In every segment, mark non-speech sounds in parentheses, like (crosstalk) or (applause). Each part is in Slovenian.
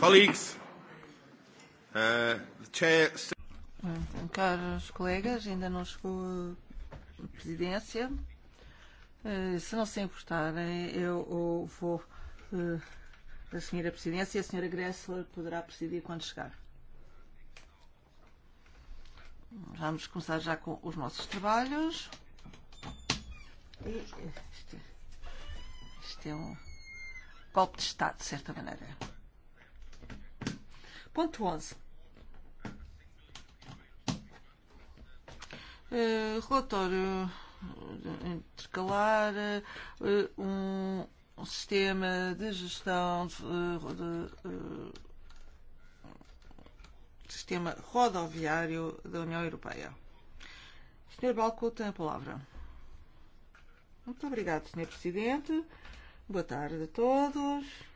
Colleagues, uh, the chair. Caros colegas, ainda não chegou a presidência. Uh, se não se importarem, eu vou uh, assumir a presidência e a senhora Gressler poderá presidir quando chegar. Vamos começar já com os nossos trabalhos. Isto e é um golpe de Estado, de certa maneira. Ponto 11. Uh, eh, relatório eh, intercalar uh, um, um sistema de gestão de, de, uh, sistema rodoviário da União Europeia. Sr. Balco tem a palavra. Muito obrigado, Sr. Presidente. Boa tarde a todos.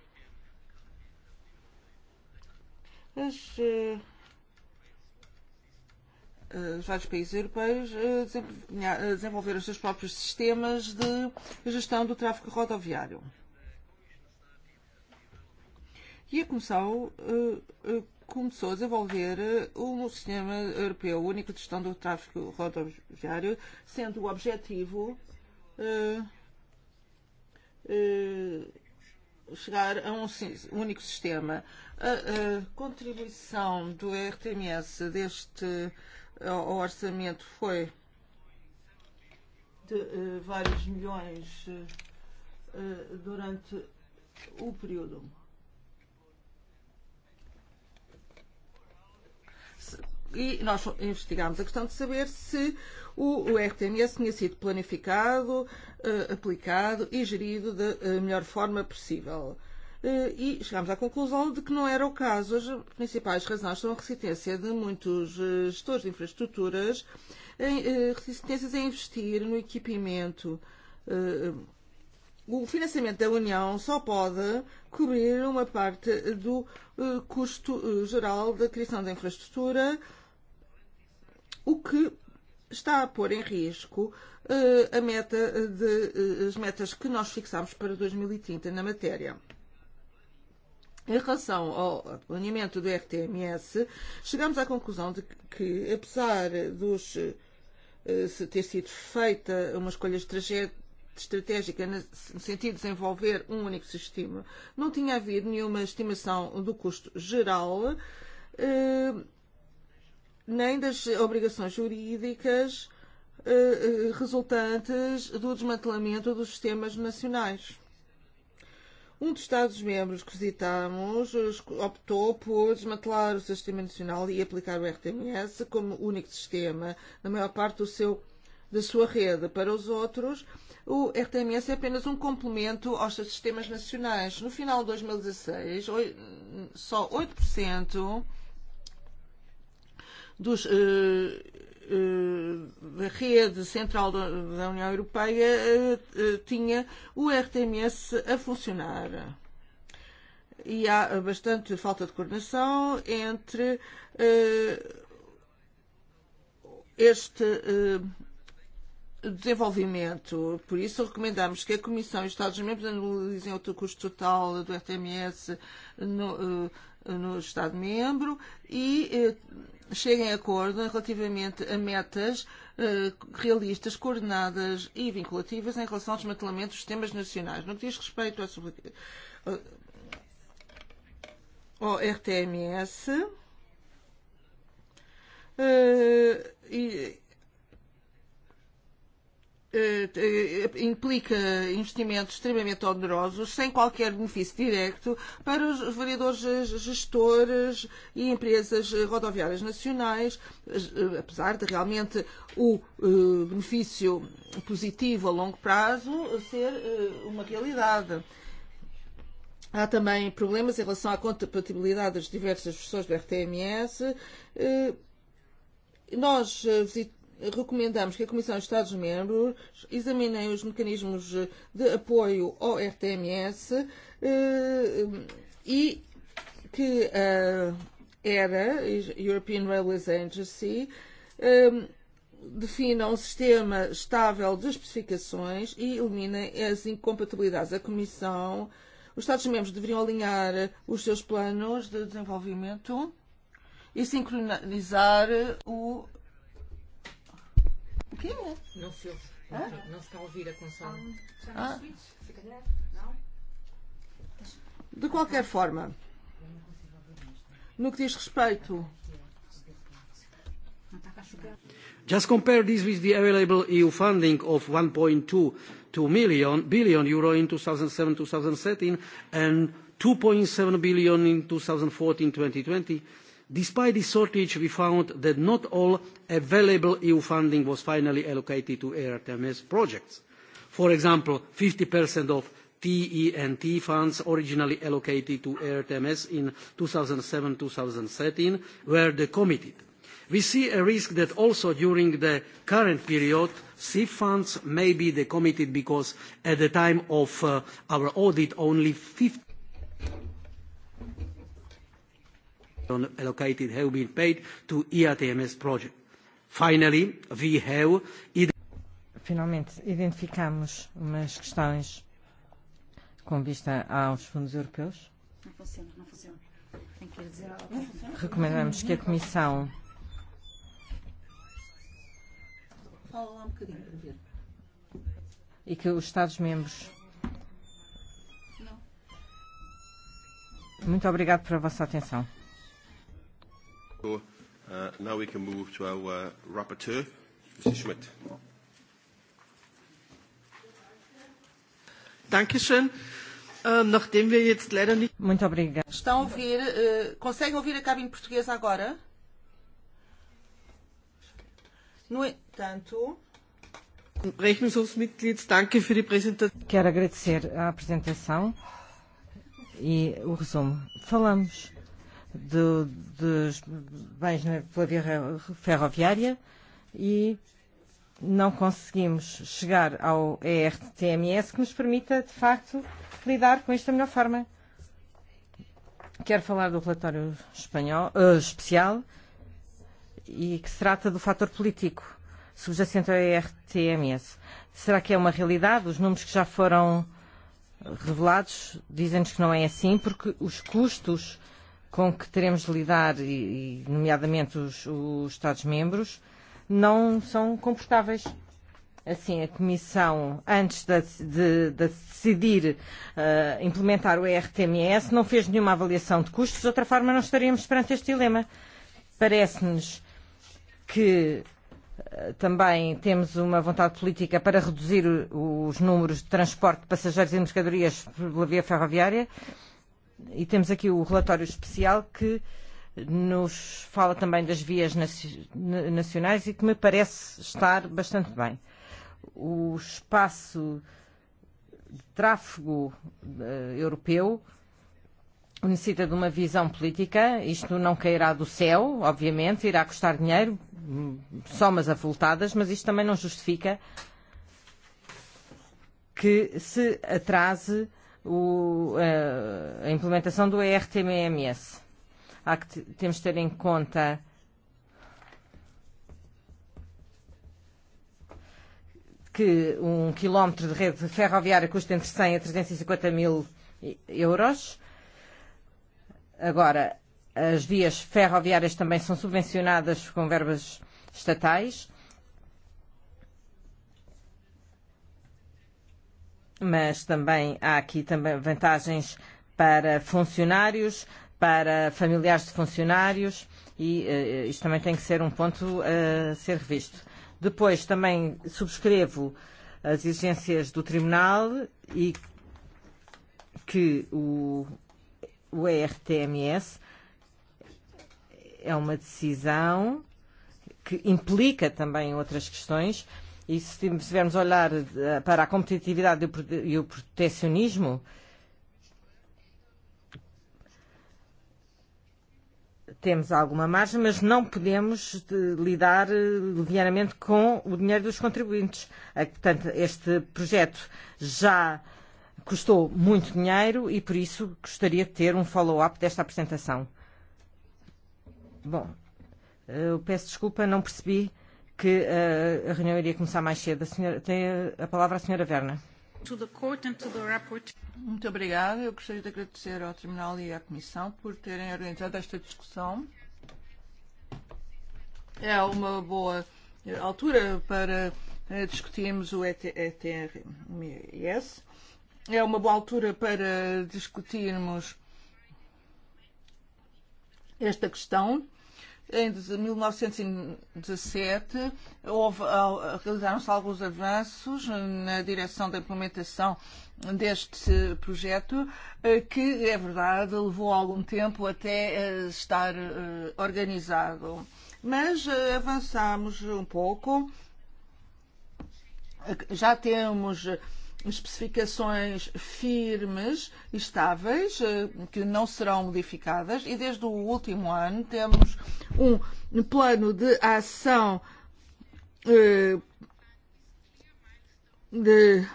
as, uh, os vários países europeus uh, desenvolveram os seus próprios sistemas de gestão do tráfego rodoviário. E a Comissão uh, uh, começou a desenvolver um sistema europeu único de gestão do tráfego rodoviário, sendo o objetivo uh, uh, chegar a um único sistema. A, a contribuição do RTMS deste ao orçamento foi de uh, vários milhões uh, durante o período. e nós investigámos a questão de saber se o, o RTMS tinha sido planificado, uh, aplicado e gerido da uh, melhor forma possível. Uh, e chegámos à conclusão de que não era o caso. As principais razões são a resistência de muitos gestores de infraestruturas, em, uh, resistências a investir no equipamento. Uh, o financiamento da União só pode cobrir uma parte do uh, custo uh, geral da criação da infraestrutura, uh, o que está a pôr em risco uh, a meta eh, de, uh, as metas que nós fixamos para 2030 e na matéria. Em relação ao planeamento do RTMS, chegamos à conclusão de que, apesar de uh, ter sido feita uma escolha estratégica no sentido de desenvolver um único sistema, não tinha havido nenhuma estimação do custo geral. Uh, nem das obrigações jurídicas eh, eh, resultantes do desmantelamento dos sistemas nacionais. Um dos Estados-membros que visitamos eh, optou por desmantelar o sistema nacional e aplicar o RTMS como único sistema na maior parte do seu, da sua rede. Para os outros, o RTMS é apenas um complemento aos seus sistemas nacionais. No final de 2016, e só 8% dos uh, uh, da rede central da, da União Europeia uh, uh, tinha o RTMS a funcionar. E há bastante falta de coordenação entre uh, este uh, desenvolvimento. Por isso, recomendamos que a Comissão e os Estados-membros analisem o custo total do RTMS no, uh, no Estado-membro e. Uh, cheguem a acordo relativamente a metas uh, realistas, coordenadas e vinculativas em relação ao desmantelamento dos sistemas nacionais. No que diz respeito ao, sub... uh, eh, ao RTMS, uh, eh, e, uh, implica investimentos extremamente onerosos, sem qualquer benefício direto, para os vereadores gestores e empresas rodoviárias nacionais, eh, apesar de realmente o uh, benefício positivo a longo prazo ser uh, uma realidade. Há também problemas em relação à compatibilidade das diversas pessoas do RTMS. Nós recomendamos que a Comissão de Estados-Membros examinem os mecanismos de apoio ao RTMS eh, e que a eh, ERA, European Railways Agency, eh, defina um sistema estável de especificações e elimina as incompatibilidades. A Comissão, os Estados-Membros deveriam alinhar os seus planos de desenvolvimento e sincronizar o quê? Não se ouve. Ah? Não, não se está a ouvir a consola. Um, ah? Fica não? De qualquer forma, no que diz respeito. Just compare this with the available EU funding of 1.2 million, billion euro in 2007 2013 and 2.7 billion in 2014 2020. Despite this shortage, we found that not all available EU funding was finally allocated to ERTMS projects. For example, 50% of TENT e funds originally allocated to ERTMS in 2007-2013 were decommitted. We see a risk that also during the current period, SIF funds may be decommitted because at the time of uh, our audit, only allocated have been paid to ERTMS project. Finally, we have ident finalmente identificamos umas questões com vista aos fundos europeus. Não funciona, não funciona. Tem que dizer algo. Funciona? Recomendamos que a comissão Fala lá um bocadinho para ver. E que os estados membros Muito obrigado pela vossa atenção. Uh, now we can move to our uh, rapporteur, Mr. Schmidt. Dankeschön. Um, ähm, nachdem wir jetzt leider nicht. Muito obrigado. Estão a ouvir, uh, conseguem ouvir a cabo em português agora? No entanto. Rechnungshofsmitglied, danke für die Präsentation. Quero agradecer a apresentação e o resumo. Falamos de, de bens pela via ferroviária e não conseguimos chegar ao ERTMS que nos permita, de facto, lidar com isto da melhor forma. Quero falar do relatório espanhol, uh, especial e que se trata do fator político subjacente ao ERTMS. Será que é uma realidade? Os números que já foram revelados dizem-nos que não é assim, porque os custos uh, com que teremos de lidar, e, e nomeadamente os, os Estados-membros, não são confortáveis. Assim, a Comissão, antes de, de, de decidir uh, implementar o ERTMS, não fez nenhuma avaliação de custos. De outra forma, não estaríamos perante este dilema. Parece-nos que uh, também temos uma vontade política para reduzir os números de transporte de passageiros e mercadorias pela via ferroviária. E temos aqui o relatório especial que nos fala também das vias nacionais e que me parece estar bastante bem. O espaço de tráfego uh, europeu necessita de uma visão política. Isto não cairá do céu, obviamente, irá custar dinheiro, somas avultadas, mas isto também não justifica que se atrase uh, o, a implementação do ERTMMS. Há que temos de ter em conta que um quilómetro de rede ferroviária custa entre 100 a 350 e mil e, euros. Agora, as vias ferroviárias também são subvencionadas com verbas estatais. mas também há aqui também vantagens para funcionários, para familiares de funcionários, e uh, isto também tem que ser um ponto a ser revisto. Depois também subscrevo as exigências do Tribunal e que o, o ERTMS é uma decisão que implica também outras questões, E se estivermos a olhar eh, para a competitividade e, e o protecionismo, temos alguma margem, mas não podemos lidar eh, levianamente com o dinheiro dos contribuintes. Eh, portanto, este projeto já custou muito dinheiro e, por isso, gostaria de ter um follow-up desta apresentação. Bom, eu peço desculpa, não percebi que a reunião iria começar mais cedo. A senhora, tem a palavra a senhora Werner. To the court and to the report. Muito obrigada. Eu gostaria de agradecer ao Tribunal e à Comissão por terem organizado esta discussão. É uma boa altura para eh, discutirmos o ETRMS. E e é uma boa altura para discutirmos esta questão em 1917, e ah, realizaram-se alguns avanços na direção da implementação deste projeto, eh, que, é verdade, levou algum tempo até eh, estar eh, organizado. Mas avançamos um pouco. Já temos especificações firmes e estáveis eh, que não serão modificadas e desde o último ano temos um plano de ação eh, de,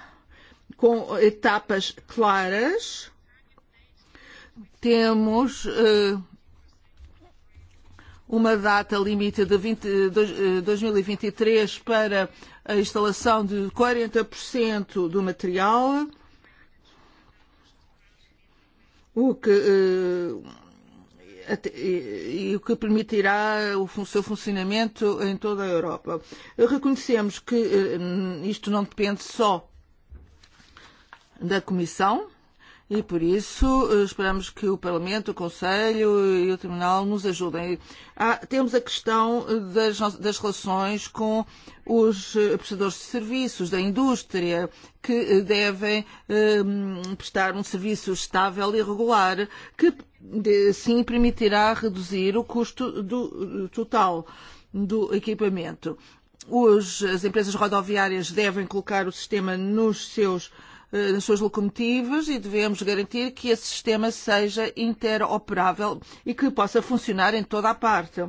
com etapas claras temos eh, uma data limite de 20, 2023 e e para a instalação de 40% do material, o que, eh, até, e, e o que permitirá o seu funcionamento em toda a Europa. Reconhecemos que eh, isto não depende só da Comissão e por isso eh, esperamos que o Parlamento, o Conselho e o Tribunal nos ajudem. Há, ah, temos a questão eh, das, no-, das relações com os eh, prestadores de serviços, da indústria, que devem um, prestar um serviço estável e regular, que sim permitirá reduzir o custo do, total do equipamento. Os, as empresas rodoviárias devem colocar o sistema nos seus uh, das eh, suas locomotivas e devemos garantir que esse sistema seja interoperável e que possa funcionar em toda a parte.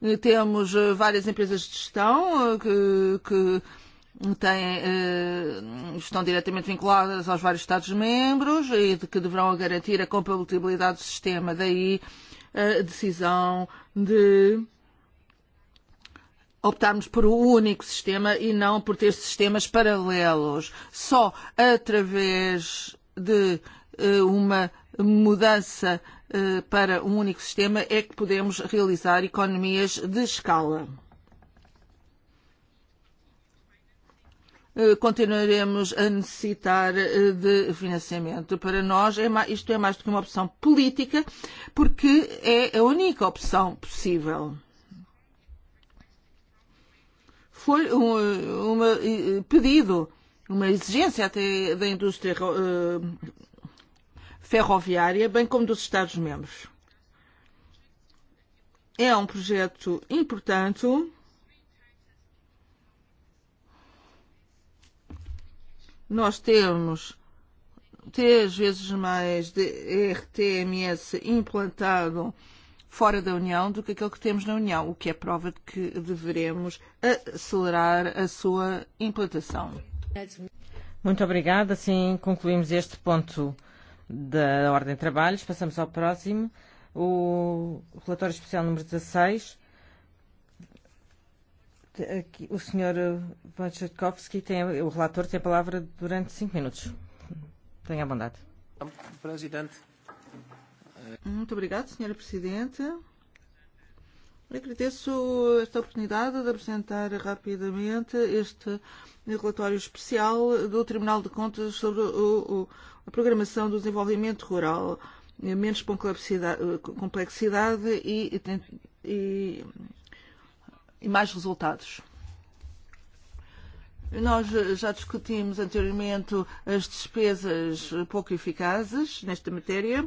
E temos eh, várias empresas de gestão que, que têm, estão diretamente vinculadas aos vários Estados-membros e de que deverão garantir a compatibilidade do sistema. Daí a decisão de optarmos por um único sistema e não por ter sistemas paralelos. Só através de uh, uma mudança uh, para um único sistema é que podemos realizar economias de escala. Eh, continuaremos a necessitar de financiamento. Para nós, isto é mais do que uma opção política, porque é a única opção possível foi um, um, um pedido, uma exigência até da indústria uh, ferroviária, bem como dos Estados-membros. É um projeto importante. Nós temos três vezes mais de RTMS implantado fora da União do que aquele que temos na União, o que é prova de que deveremos acelerar a sua implantação. Muito obrigada. Assim concluímos este ponto da Ordem de Trabalhos. Passamos ao próximo. O relatório especial número 16. Aqui, o Sr. Wojciechowski, tem, o relator, tem a palavra durante cinco minutos. Tenha a bondade. Presidente, Muito obrigada, senhora Presidente. Agradeço esta oportunidade de apresentar rapidamente este relatório especial do Tribunal de Contas sobre o, o, a programação do desenvolvimento rural, menos complexidade e, e, e, e mais resultados. Nós já discutimos anteriormente as despesas pouco eficazes nesta matéria.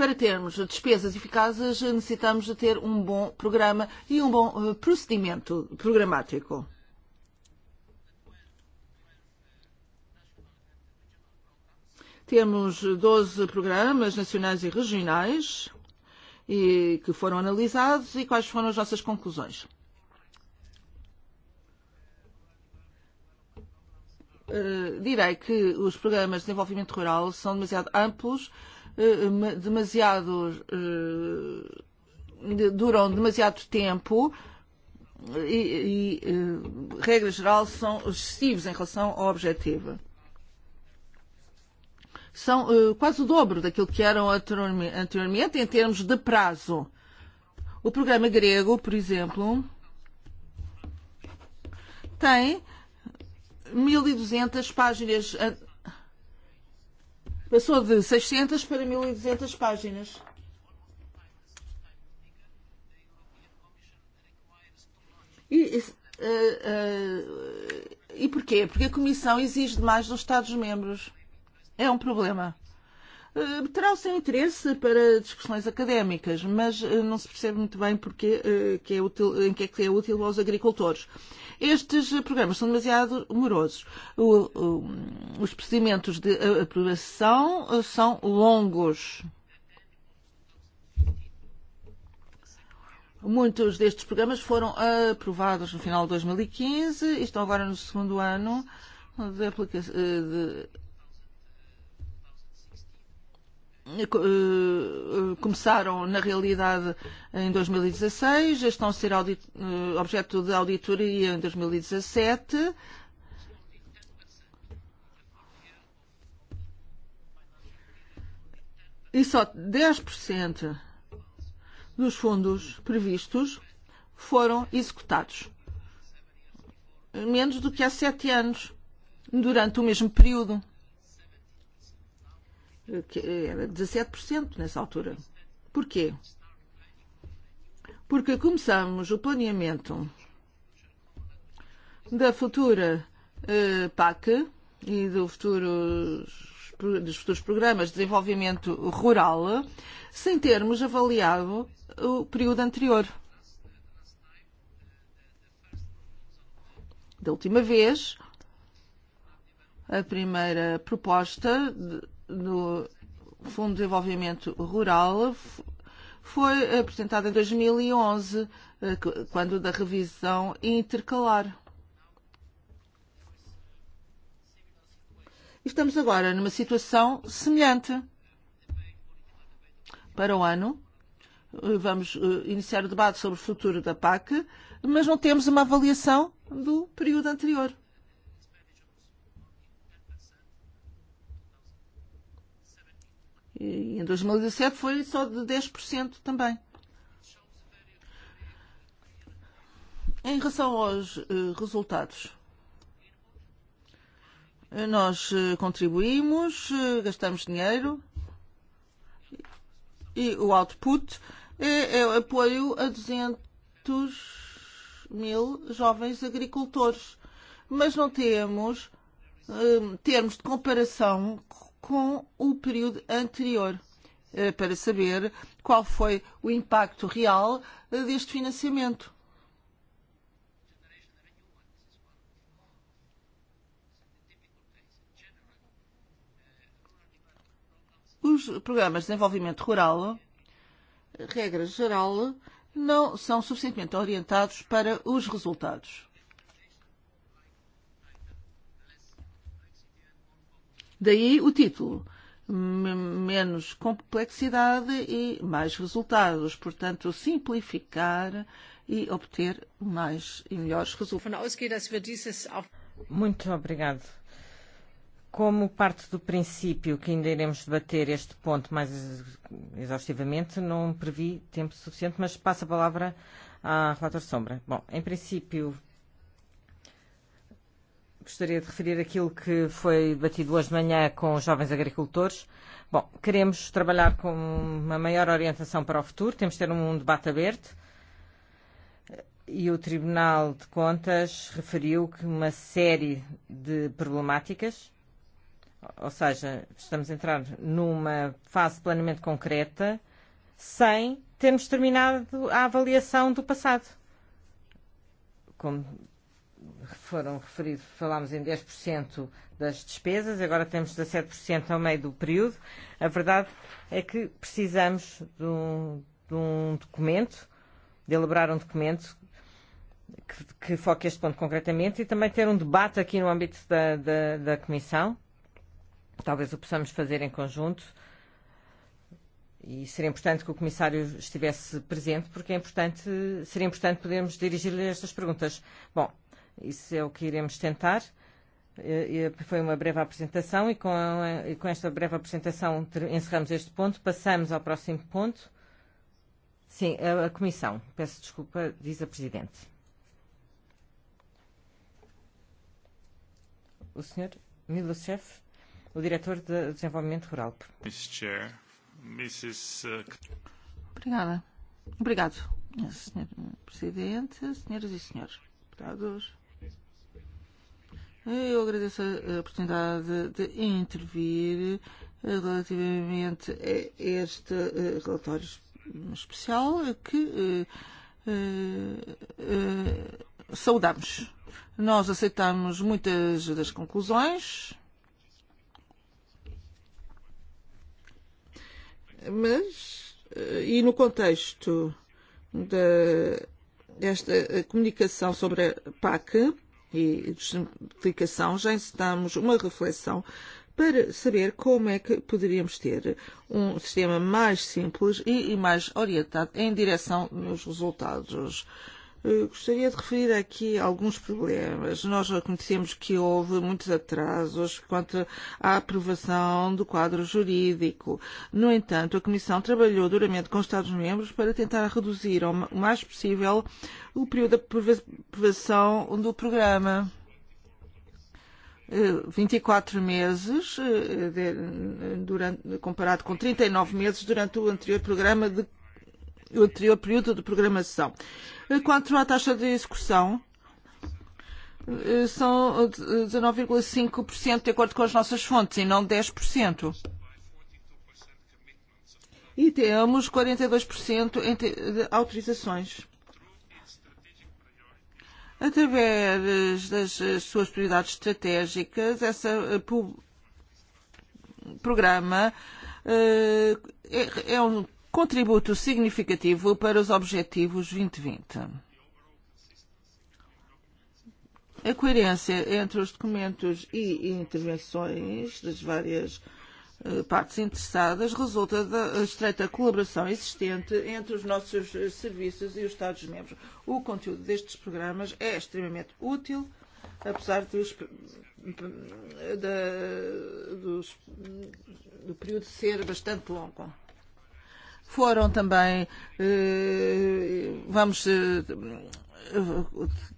para termos despesas eficazes, necessitamos de ter um bom programa e um bom eh, procedimento programático. Temos 12 programas nacionais e regionais e que foram analisados e quais foram as nossas conclusões. Uh, direi que os programas de desenvolvimento rural são demasiado amplos uh, Eh, demasiado uh, duram demasiado tempo e, e uh, regra geral são excessivos em relação ao objetivo são uh, quase o dobro daquilo que eram anteriormente em termos de prazo o programa grego por exemplo tem 1200 e páginas passou de 600 para 1200 e páginas. E, e, uh, uh, e porquê? Porque a Comissão exige demais dos Estados-membros. É um problema terá o seu interesse para discussões académicas, mas não se percebe muito bem porque, que é útil, em que é que é útil aos agricultores. Estes programas são demasiado morosos. O, o, os procedimentos de aprovação são longos. Muitos destes programas foram aprovados no final de 2015 e estão agora no segundo ano de aplicação. De, Eh, eh, começaram na realidade em 2016, já estão a ser audit, eh, objeto de auditoria em 2017. E, e só 10% dos fundos previstos foram executados. Menos do que há sete anos, durante o mesmo período que era 17% nessa altura. Porquê? Porque começamos o planeamento da futura eh, PAC e do futuro, dos futuros programas de desenvolvimento rural sem termos avaliado o período anterior. Da última vez, a primeira proposta de, do no Fundo de Desenvolvimento Rural foi apresentada em 2011, e eh, quando da revisão intercalar. E estamos agora numa situação semelhante. Para o ano, eh, vamos eh, iniciar o debate sobre o futuro da PAC, mas não temos uma avaliação do período anterior. E em 2017 e foi só de 10% também. Em relação aos uh, resultados, eh, nós uh, contribuímos, uh, gastamos dinheiro e o output é, é o apoio a 200 mil jovens agricultores. Mas não temos uh, termos de comparação com o período anterior, eh, para saber qual foi o impacto real eh, deste financiamento. Os programas de desenvolvimento rural, regra geral, não são suficientemente orientados para os resultados. Daí o título. Menos complexidade e mais resultados. Portanto, simplificar e obter mais e melhores resultados. Muito obrigado. Como parte do princípio que ainda iremos debater este ponto mais exaustivamente, não previ tempo suficiente, mas passo a palavra à Relator Sombra. Bom, em princípio, gostaria de referir aquilo que foi batido hoje de manhã com os jovens agricultores. Bom, queremos trabalhar com uma maior orientação para o futuro, temos de ter um debate aberto. E o Tribunal de Contas referiu que uma série de problemáticas, ou seja, estamos a entrar numa fase de planeamento concreta sem termos terminado a avaliação do passado. Como foram referidos, falámos em 10% das despesas, agora temos 17% ao meio do período. A verdade é que precisamos de um, de um documento, de elaborar um documento que, que foque este ponto concretamente e também ter um debate aqui no âmbito da, da, da Comissão. Talvez o possamos fazer em conjunto. E seria importante que o Comissário estivesse presente, porque é importante, seria importante podermos dirigir-lhe estas perguntas. Bom, isso e é o que iremos tentar. E, e foi uma breve apresentação e com, e com esta breve apresentação encerramos este ponto. Passamos ao próximo ponto. Sim, a, a comissão. Peço desculpa, diz a Presidente. O Sr. Milosev, o Diretor de Desenvolvimento Rural. Mrs. Chair, Mrs. Uh, Obrigada. Obrigado, Sr. Presidente, Senhoras e Senhores Deputados. Eu agradeço a oportunidade de intervir eh, relativamente a este eh, relatório especial que eh, eh, eh, saudamos. Nós aceitamos muitas das conclusões, mas e no contexto da, desta comunicação sobre a PAC, e explicação já estamos uma reflexão para saber como é que poderíamos ter um sistema mais simples e, e mais orientado em direção aos resultados. Eh, gostaria de referir aqui alguns problemas. Nós reconhecemos que houve muitos atrasos quanto à aprovação do quadro jurídico. No entanto, a Comissão trabalhou duramente com os Estados-membros para tentar reduzir o mais possível o período de aprovação do programa. 24 eh, e meses, eh, durante, comparado com 39 e meses durante o anterior programa de anterior período de programação. Eh, quanto à taxa de execução, eh, são 19,5% eh, de acordo com as nossas fontes e não 10%. E temos 42% e em autorizações. Através das suas prioridades estratégicas, esse programa é um contributo significativo para os Objetivos 2020. E A coerência entre os documentos e intervenções das várias eh, partes interessadas resulta da estreita colaboração existente entre os nossos eh, serviços e os Estados-membros. O conteúdo destes programas é extremamente útil, apesar dos, da, dos, do período ser bastante longo foram também, eh, vamos eh,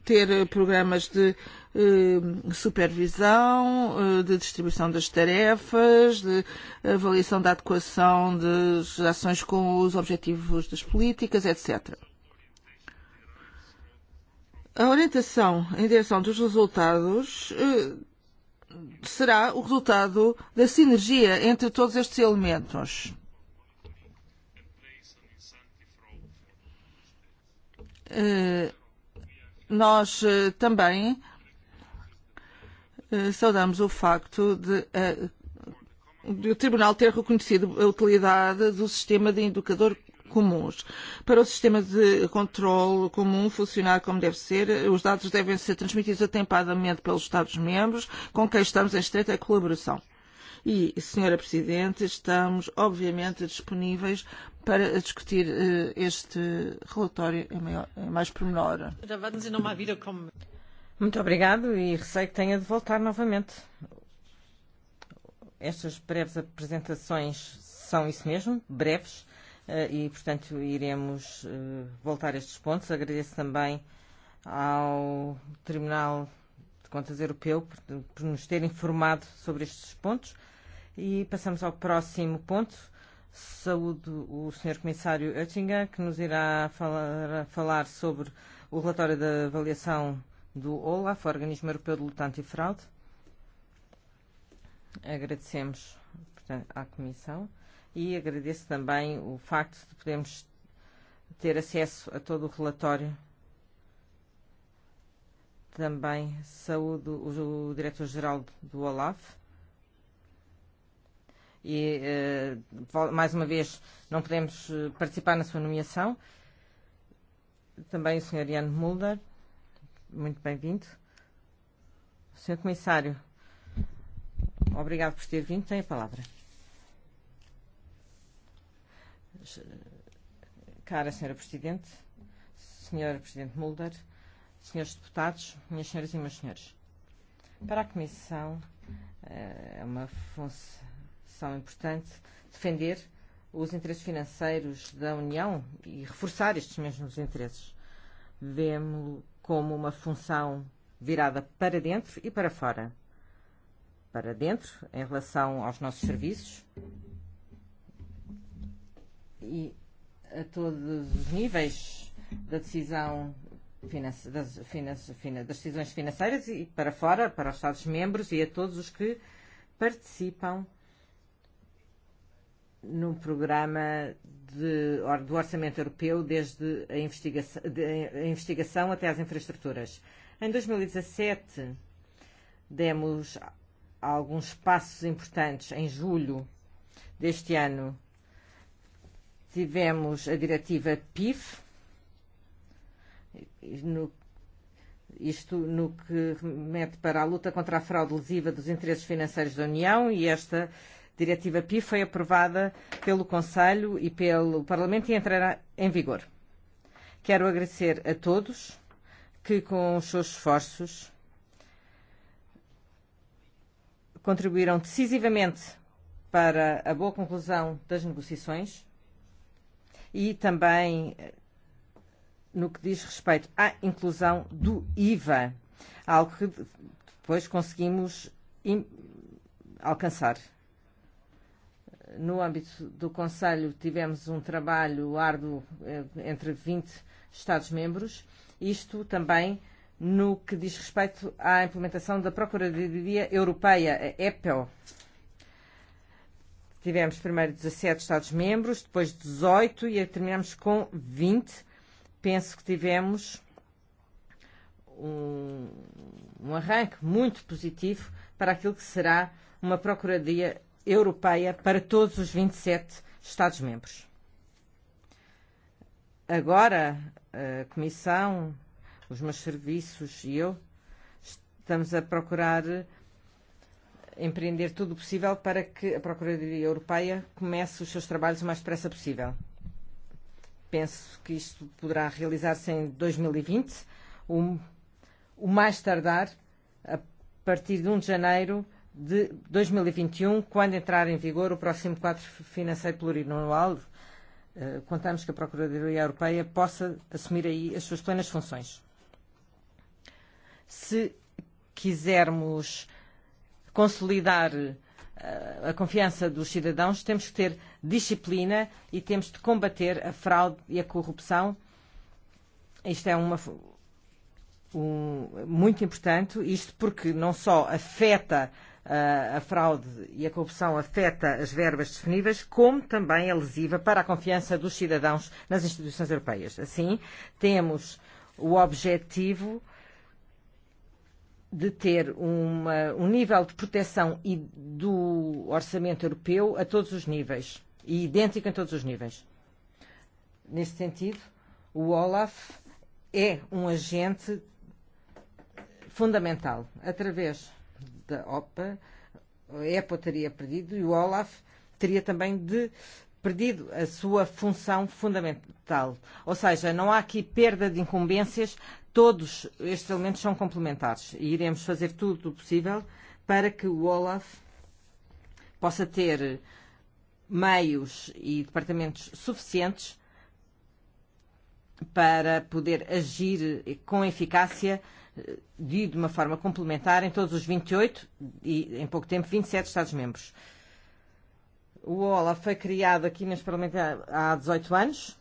ter programas de eh, supervisão, de distribuição das tarefas, de avaliação da adequação das ações com os objetivos das políticas, etc. A orientação em direção dos resultados será o resultado da sinergia entre todos estes elementos. Eh, nós eh, também eh, saudamos o facto de, de o Tribunal ter reconhecido a utilidade do sistema de indicador comuns. Para o sistema de controle comum funcionar como deve ser, os dados devem ser transmitidos atempadamente pelos Estados-membros com quem estamos em estreita colaboração. E, Senhora Presidente, estamos obviamente disponíveis para discutir eh, este relatório em, maior, em mais pormenor. Muito obrigado e receio que tenha de voltar novamente. Estas breves apresentações são isso mesmo, breves, eh, e portanto iremos eh, voltar a estes pontos. Agradeço também ao Tribunal de Contas Europeu por nos ter informado sobre estes pontos. E passamos ao próximo ponto. Saúde o Sr. Comissário Oettinger, que nos irá falar, falar sobre o relatório da avaliação do OLAF, o Organismo Europeu de Luta Antifraude. Agradecemos portanto, à Comissão e agradeço também o facto de podermos ter acesso a todo o relatório. Também saúdo o Diretor-Geral do OLAF e eh, mais uma vez não podemos eh, participar na sua nomeação. Também o Sr. Ian Mulder, muito bem-vindo. Sr. Comissário, obrigado por ter vindo. Tem a palavra. Cara Sra. Presidente, Sr. Presidente Mulder, Srs. Deputados, Minhas Senhoras e Meus Senhores, para a Comissão eh, é uma função são importantes, defender os interesses financeiros da União e reforçar estes mesmos interesses. Vemo-lo como uma função virada para dentro e para fora. Para dentro, em relação aos nossos serviços e a todos os níveis da decisão finance, das, finance, finance, das decisões financeiras e para fora, para os Estados-membros e a todos os que participam uh, no programa de, or, do Orçamento Europeu, desde a, investiga de, a investigação até às infraestruturas. Em 2017, e demos alguns passos importantes. Em julho deste ano, tivemos a diretiva PIF, no, isto no que remete para a luta contra a fraude lesiva dos interesses financeiros da União, e esta diretiva PI foi aprovada pelo Conselho e pelo Parlamento e entrará em vigor. Quero agradecer a todos que, com os seus esforços, contribuíram decisivamente para a boa conclusão das negociações e também no que diz respeito à inclusão do IVA, algo que depois conseguimos alcançar no âmbito do Conselho tivemos um trabalho árduo eh, entre 20 Estados-membros, isto também no que diz respeito à implementação da Procuradoria Europeia, a EPEL. Tivemos primeiro 17 Estados-membros, depois 18 e terminamos com 20. Penso que tivemos um, um arranque muito positivo para aquilo que será uma Procuradoria Europeia europeia para todos os 27 e Estados-membros. Agora, a Comissão, os meus serviços e eu estamos a procurar empreender tudo o possível para que a Procuradoria Europeia comece os seus trabalhos o mais depressa possível. Penso que isto poderá realizar-se em 2020, e o, o mais tardar, a partir de 1 um de janeiro de de 2021, e e um, quando entrar em vigor o próximo quadro financeiro plurianual, eh, contamos que a Procuradoria Europeia possa assumir aí as suas plenas funções. Se quisermos consolidar eh, a confiança dos cidadãos, temos que ter disciplina e temos de combater a fraude e a corrupção. Isto é uma, um, muito importante, isto porque não só afeta Eh, a fraude e a corrupção afeta as verbas disponíveis, como também é lesiva para a confiança dos cidadãos nas instituições europeias. Assim, temos o objetivo de ter uma, um nível de proteção e do orçamento europeu a todos os níveis e idêntico em todos os níveis. Neste sentido, o OLAF é um agente fundamental através da OPA, é a portaria perdido e o OLAF teria também de perdido a sua função fundamental. Ou seja, não há aqui perda de incumbências, todos estes elementos são complementares e iremos fazer tudo o possível para que o OLAF possa ter meios e departamentos suficientes para poder agir com eficácia uh, de, de uma forma complementar em todos os 28 e, e, em pouco tempo, 27 e Estados-membros. O OLAF foi criado aqui neste Parlamento há 18 anos.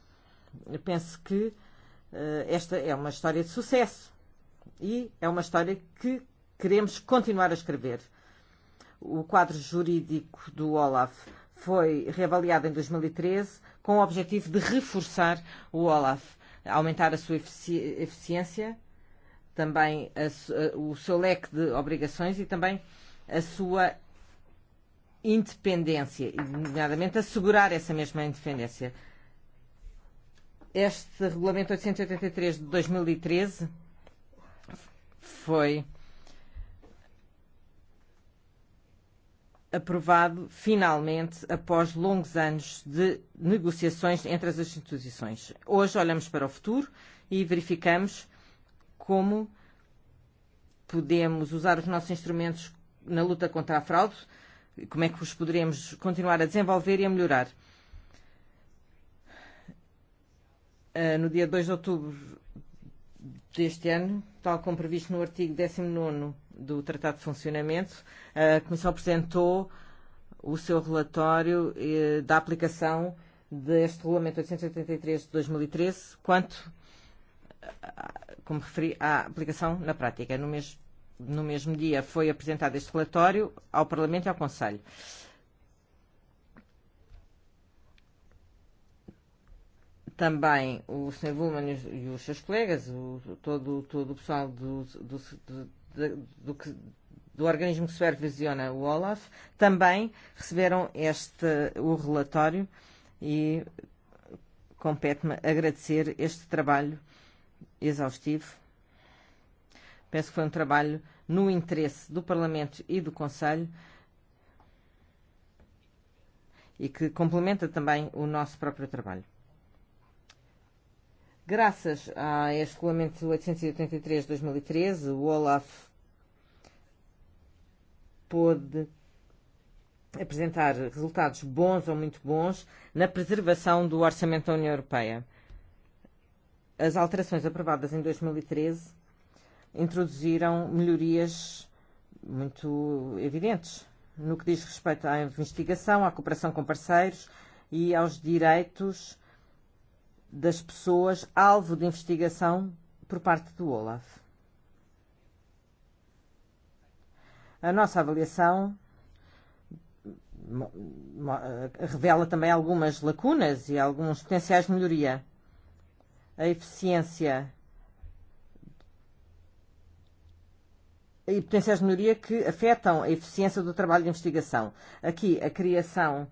Eu penso que uh, esta é uma história de sucesso e é uma história que queremos continuar a escrever. O quadro jurídico do OLAF foi reavaliado em 2013 e com o objetivo de reforçar o OLAF, aumentar a sua efici eficiência também a, o seu leque de obrigações e também a sua independência, e, nomeadamente assegurar essa mesma independência. Este Regulamento 883 e e de 2013 foi aprovado finalmente após longos anos de negociações entre as instituições. Hoje olhamos para o futuro e verificamos como podemos usar os nossos instrumentos na luta contra a fraude e como é que os poderemos continuar a desenvolver e a melhorar. Ah, no dia 2 de outubro deste ano, tal como previsto no artigo 19 do Tratado de Funcionamento, a Comissão apresentou o seu relatório eh, da aplicação deste Regulamento 883 e e de 2013 e quanto como referi, à aplicação na prática. No, mes, no mesmo dia foi apresentado este relatório ao Parlamento e ao Conselho. Também o Sr. Bullman e, e os seus colegas, o, todo, todo o pessoal do, do, do, do, que, do organismo que supervisiona o OLAF, também receberam este, o relatório e compete-me agradecer este trabalho exaustivo. Penso que foi um trabalho no interesse do Parlamento e do Conselho e que complementa também o nosso próprio trabalho. Graças a este regulamento 883 e e de 2013, e o OLAF pôde apresentar resultados bons ou muito bons na preservação do orçamento da União Europeia as alterações aprovadas em 2013 e introduziram melhorias muito evidentes no que diz respeito à investigação, à cooperação com parceiros e aos direitos das pessoas alvo de investigação por parte do OLAF. A nossa avaliação revela também algumas lacunas e alguns potenciais de melhoria a eficiência e potenciais de melhoria que afetam a eficiência do trabalho de investigação. Aqui, a criação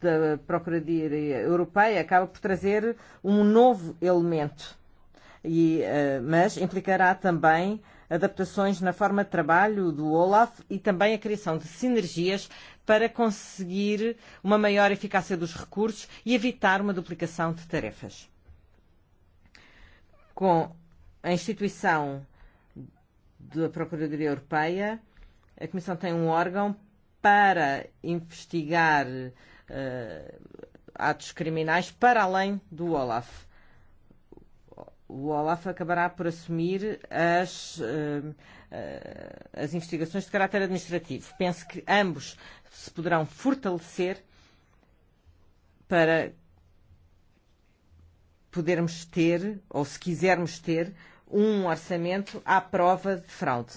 da Procuradoria Europeia acaba por trazer um novo elemento, e, eh, mas implicará também adaptações na forma de trabalho do OLAF e também a criação de sinergias para conseguir uma maior eficácia dos recursos e evitar uma duplicação de tarefas com a instituição da Procuradoria Europeia, a Comissão tem um órgão para investigar uh, atos criminais para além do OLAF. O OLAF acabará por assumir as, uh, uh, as investigações de caráter administrativo. Penso que ambos se poderão fortalecer para podermos ter, ou se quisermos ter, um orçamento à prova de fraude.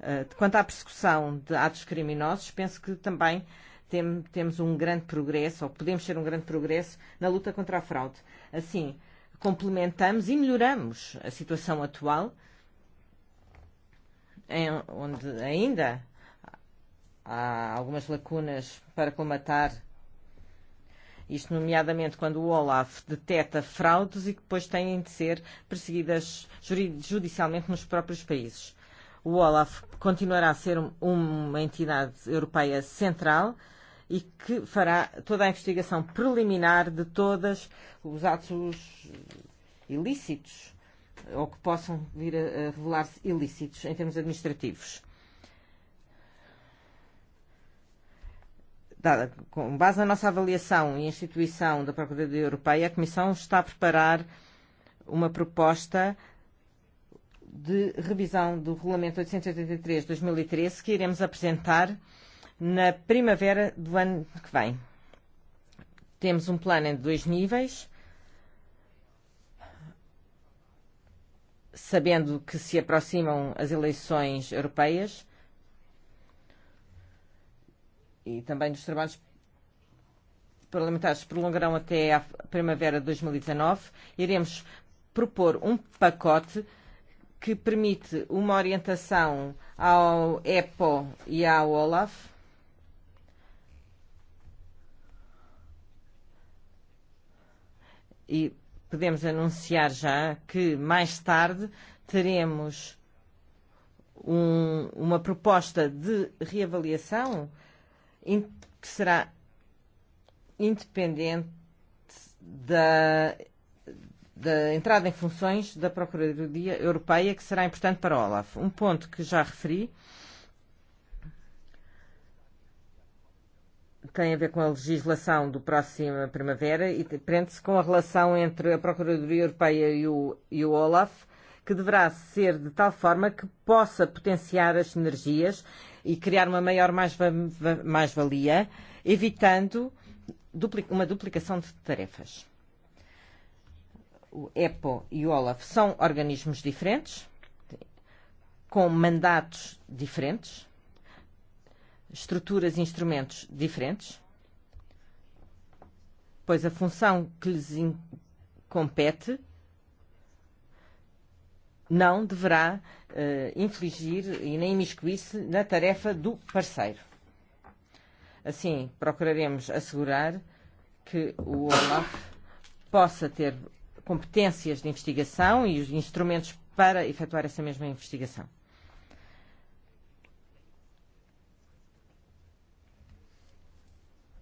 Eh, quanto à persecução de atos criminosos, penso que também tem, temos um grande progresso, ou podemos ter um grande progresso, na luta contra a fraude. Assim, complementamos e melhoramos a situação atual, em, onde ainda há algumas lacunas para colmatar Isto, nomeadamente, quando o Olaf deteta fraudes e que depois têm de ser perseguidas judicialmente nos próprios países. O Olaf continuará a ser um, uma entidade europeia central e que fará toda a investigação preliminar de todos os atos ilícitos ou que possam vir a revelar-se ilícitos em termos administrativos. dada, com base na nossa avaliação e instituição da Procuradoria Europeia, a Comissão está a preparar uma proposta de revisão do Regulamento 883-2013 e e e que iremos apresentar na primavera do ano que vem. Temos um plano em dois níveis, sabendo que se aproximam as eleições europeias, e também nos trabalhos parlamentares prolongarão até à primavera de 2019, e iremos propor um pacote que permite uma orientação ao EPO e ao OLAF. E podemos anunciar já que mais tarde teremos um, uma proposta de reavaliação in que será independente da, da entrada em funções da Procuradoria Europeia, que será importante para a OLAF. Um ponto que já referi tem a ver com a legislação do próximo primavera e prende-se com a relação entre a Procuradoria Europeia e o, e o OLAF que deverá ser de tal forma que possa potenciar as sinergias e criar uma maior mais-valia, evitando uma duplicação de tarefas. O EPO e o OLAF são organismos diferentes, com mandatos diferentes, estruturas e instrumentos diferentes, pois a função que lhes compete não deverá uh, infligir e nem imiscuir-se na tarefa do parceiro. Assim, procuraremos assegurar que o Olaf possa ter competências de investigação e os instrumentos para efetuar essa mesma investigação.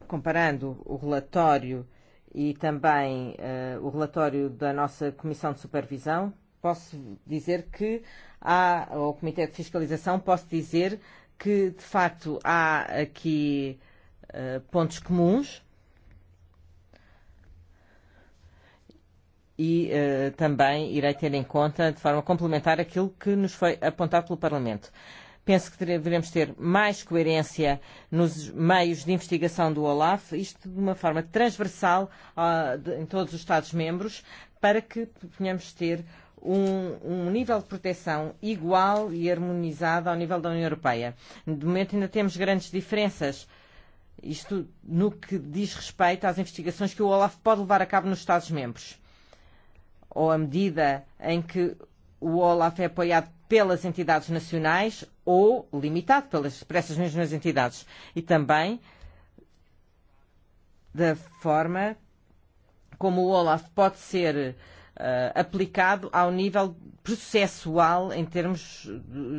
Comparando o relatório e também uh, o relatório da nossa Comissão de Supervisão, posso dizer que há, ou o Comitê de Fiscalização, posso dizer que, de facto, há aqui uh, pontos comuns e uh, também irei ter em conta, de forma complementar, aquilo que nos foi apontado pelo Parlamento. Penso que devemos ter mais coerência nos meios de investigação do OLAF, isto de uma forma transversal uh, de, em todos os Estados-membros, para que venhamos ter um, um nível de proteção igual e harmonizado ao nível da União Europeia. De momento ainda temos grandes diferenças. Isto no que diz respeito às investigações que o Olaf pode levar a cabo nos Estados-membros. Ou à medida em que o Olaf é apoiado pelas entidades nacionais ou limitado pelas, por essas mesmas entidades. E também da forma como o Olaf pode ser uh, uh, aplicado ao nível processual em termos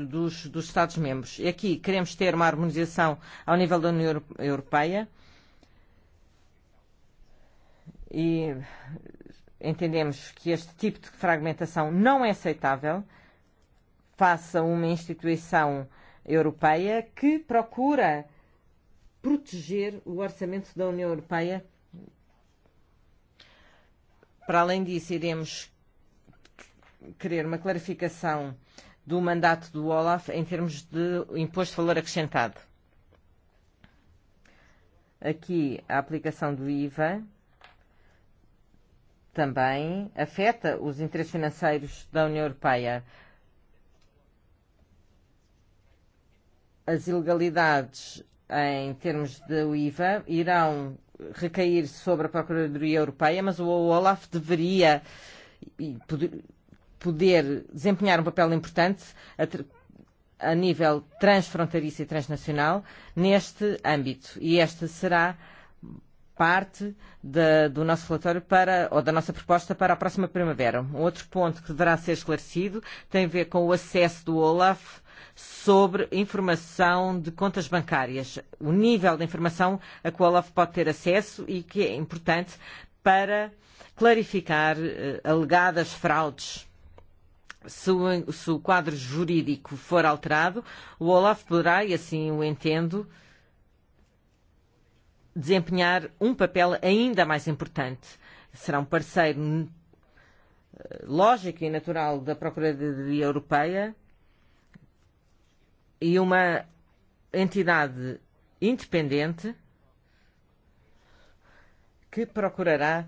dos, dos Estados-membros. E aqui queremos ter uma harmonização ao nível da União Europeia e entendemos que este tipo de fragmentação não é aceitável face a uma instituição europeia que procura proteger o orçamento da União Europeia para além disso, iremos querer uma clarificação do mandato do Olaf em termos de imposto de valor acrescentado. Aqui, a aplicação do IVA também afeta os interesses financeiros da União Europeia. As ilegalidades em termos do IVA irão recair sobre a Procuradoria Europeia, mas o Olaf deveria e, poder desempenhar um papel importante a nível transfronteiriço e transnacional neste âmbito. E esta será parte de, do nosso relatório para, ou da nossa proposta para a próxima primavera. Um outro ponto que deverá ser esclarecido tem a ver com o acesso do Olaf sobre informação de contas bancárias, o nível de informação a qual ela pode ter acesso e que é importante para clarificar uh, alegadas fraudes. Se o, se o quadro jurídico for alterado, o Olaf poderá, e assim o entendo, desempenhar um papel ainda mais importante. Será um parceiro eh, lógico e natural da Procuradoria Europeia e uma entidade independente que procurará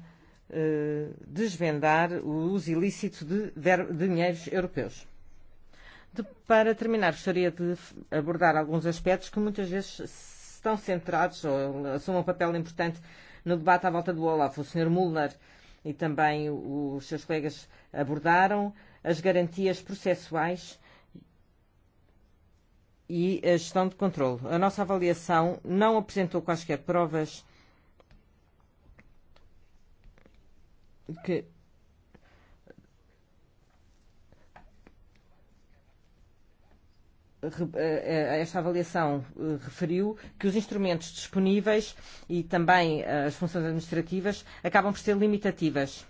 uh, desvendar os ilícitos de, de dinheiros europeus. De, para terminar, gostaria de abordar alguns aspectos que muitas vezes estão centrados ou assumem um papel importante no debate à volta do Olaf. O Sr. Muller e também os seus colegas abordaram as garantias processuais uh, e a eh, gestão de controle. A nossa avaliação não apresentou quaisquer provas que eh, eh, Esta avaliação referiu que os instrumentos disponíveis e também as funções administrativas acabam por ser limitativas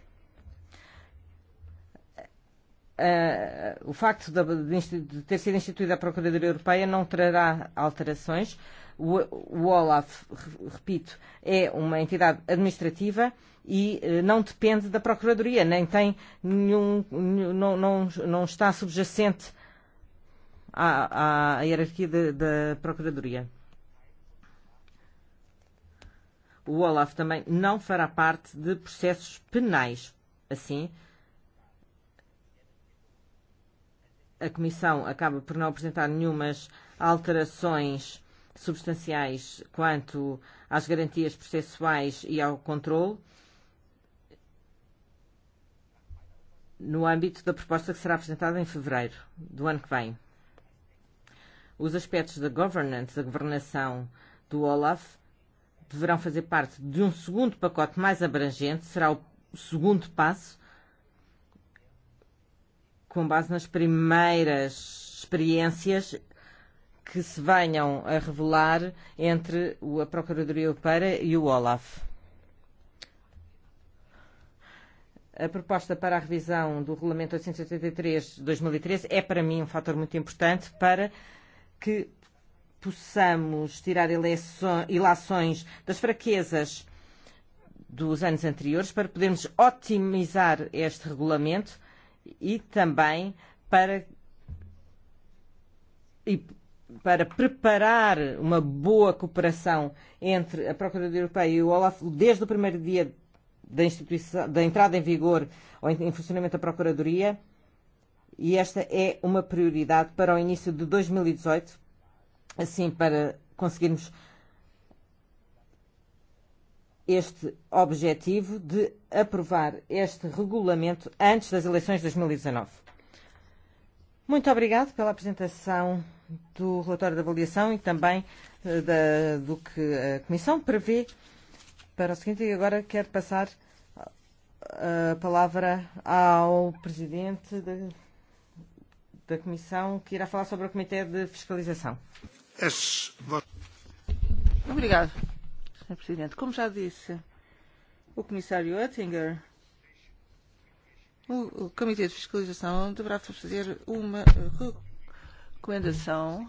uh, o facto de, de ter sido instituída a Procuradoria Europeia não trará alterações. O, o OLAF, repito, é uma entidade administrativa e uh, não depende da Procuradoria, nem tem nenhum, nenhum não, não, não está subjacente à, à hierarquia de, da Procuradoria. O OLAF também não fará parte de processos penais. Assim, uh, a Comissão acaba por não apresentar nenhumas alterações substanciais quanto às garantias processuais e ao controle no âmbito da proposta que será apresentada em fevereiro do ano que vem. Os aspectos da governance, da governação do OLAF, deverão fazer parte de um segundo pacote mais abrangente, será o segundo passo com base nas primeiras experiências que se venham a revelar entre a Procuradoria Europeia e o OLAF. A proposta para a revisão do Regulamento 883-2013 e e e é, para mim, um fator muito importante para que possamos tirar ilações das fraquezas dos anos anteriores, para podermos otimizar este regulamento e também para, e para preparar uma boa cooperação entre a Procuradoria Europeia e o OLAF desde o primeiro dia da, instituição, da entrada em vigor ou em funcionamento da Procuradoria. E esta é uma prioridade para o início de 2018, e assim para conseguirmos uh, este objetivo de aprovar este regulamento antes das eleições de 2019. E Muito obrigado pela apresentação do relatório de avaliação e também eh, da, do que a Comissão prevê para o seguinte. E agora quero passar eh, a palavra ao Presidente da, da Comissão, que irá falar sobre o Comitê de Fiscalização. Obrigado. Herr Präsident. Komm, schau dies. Kommissario Oettinger. O Comitê de Fiscalização deverá fazer uma eh, recomendação.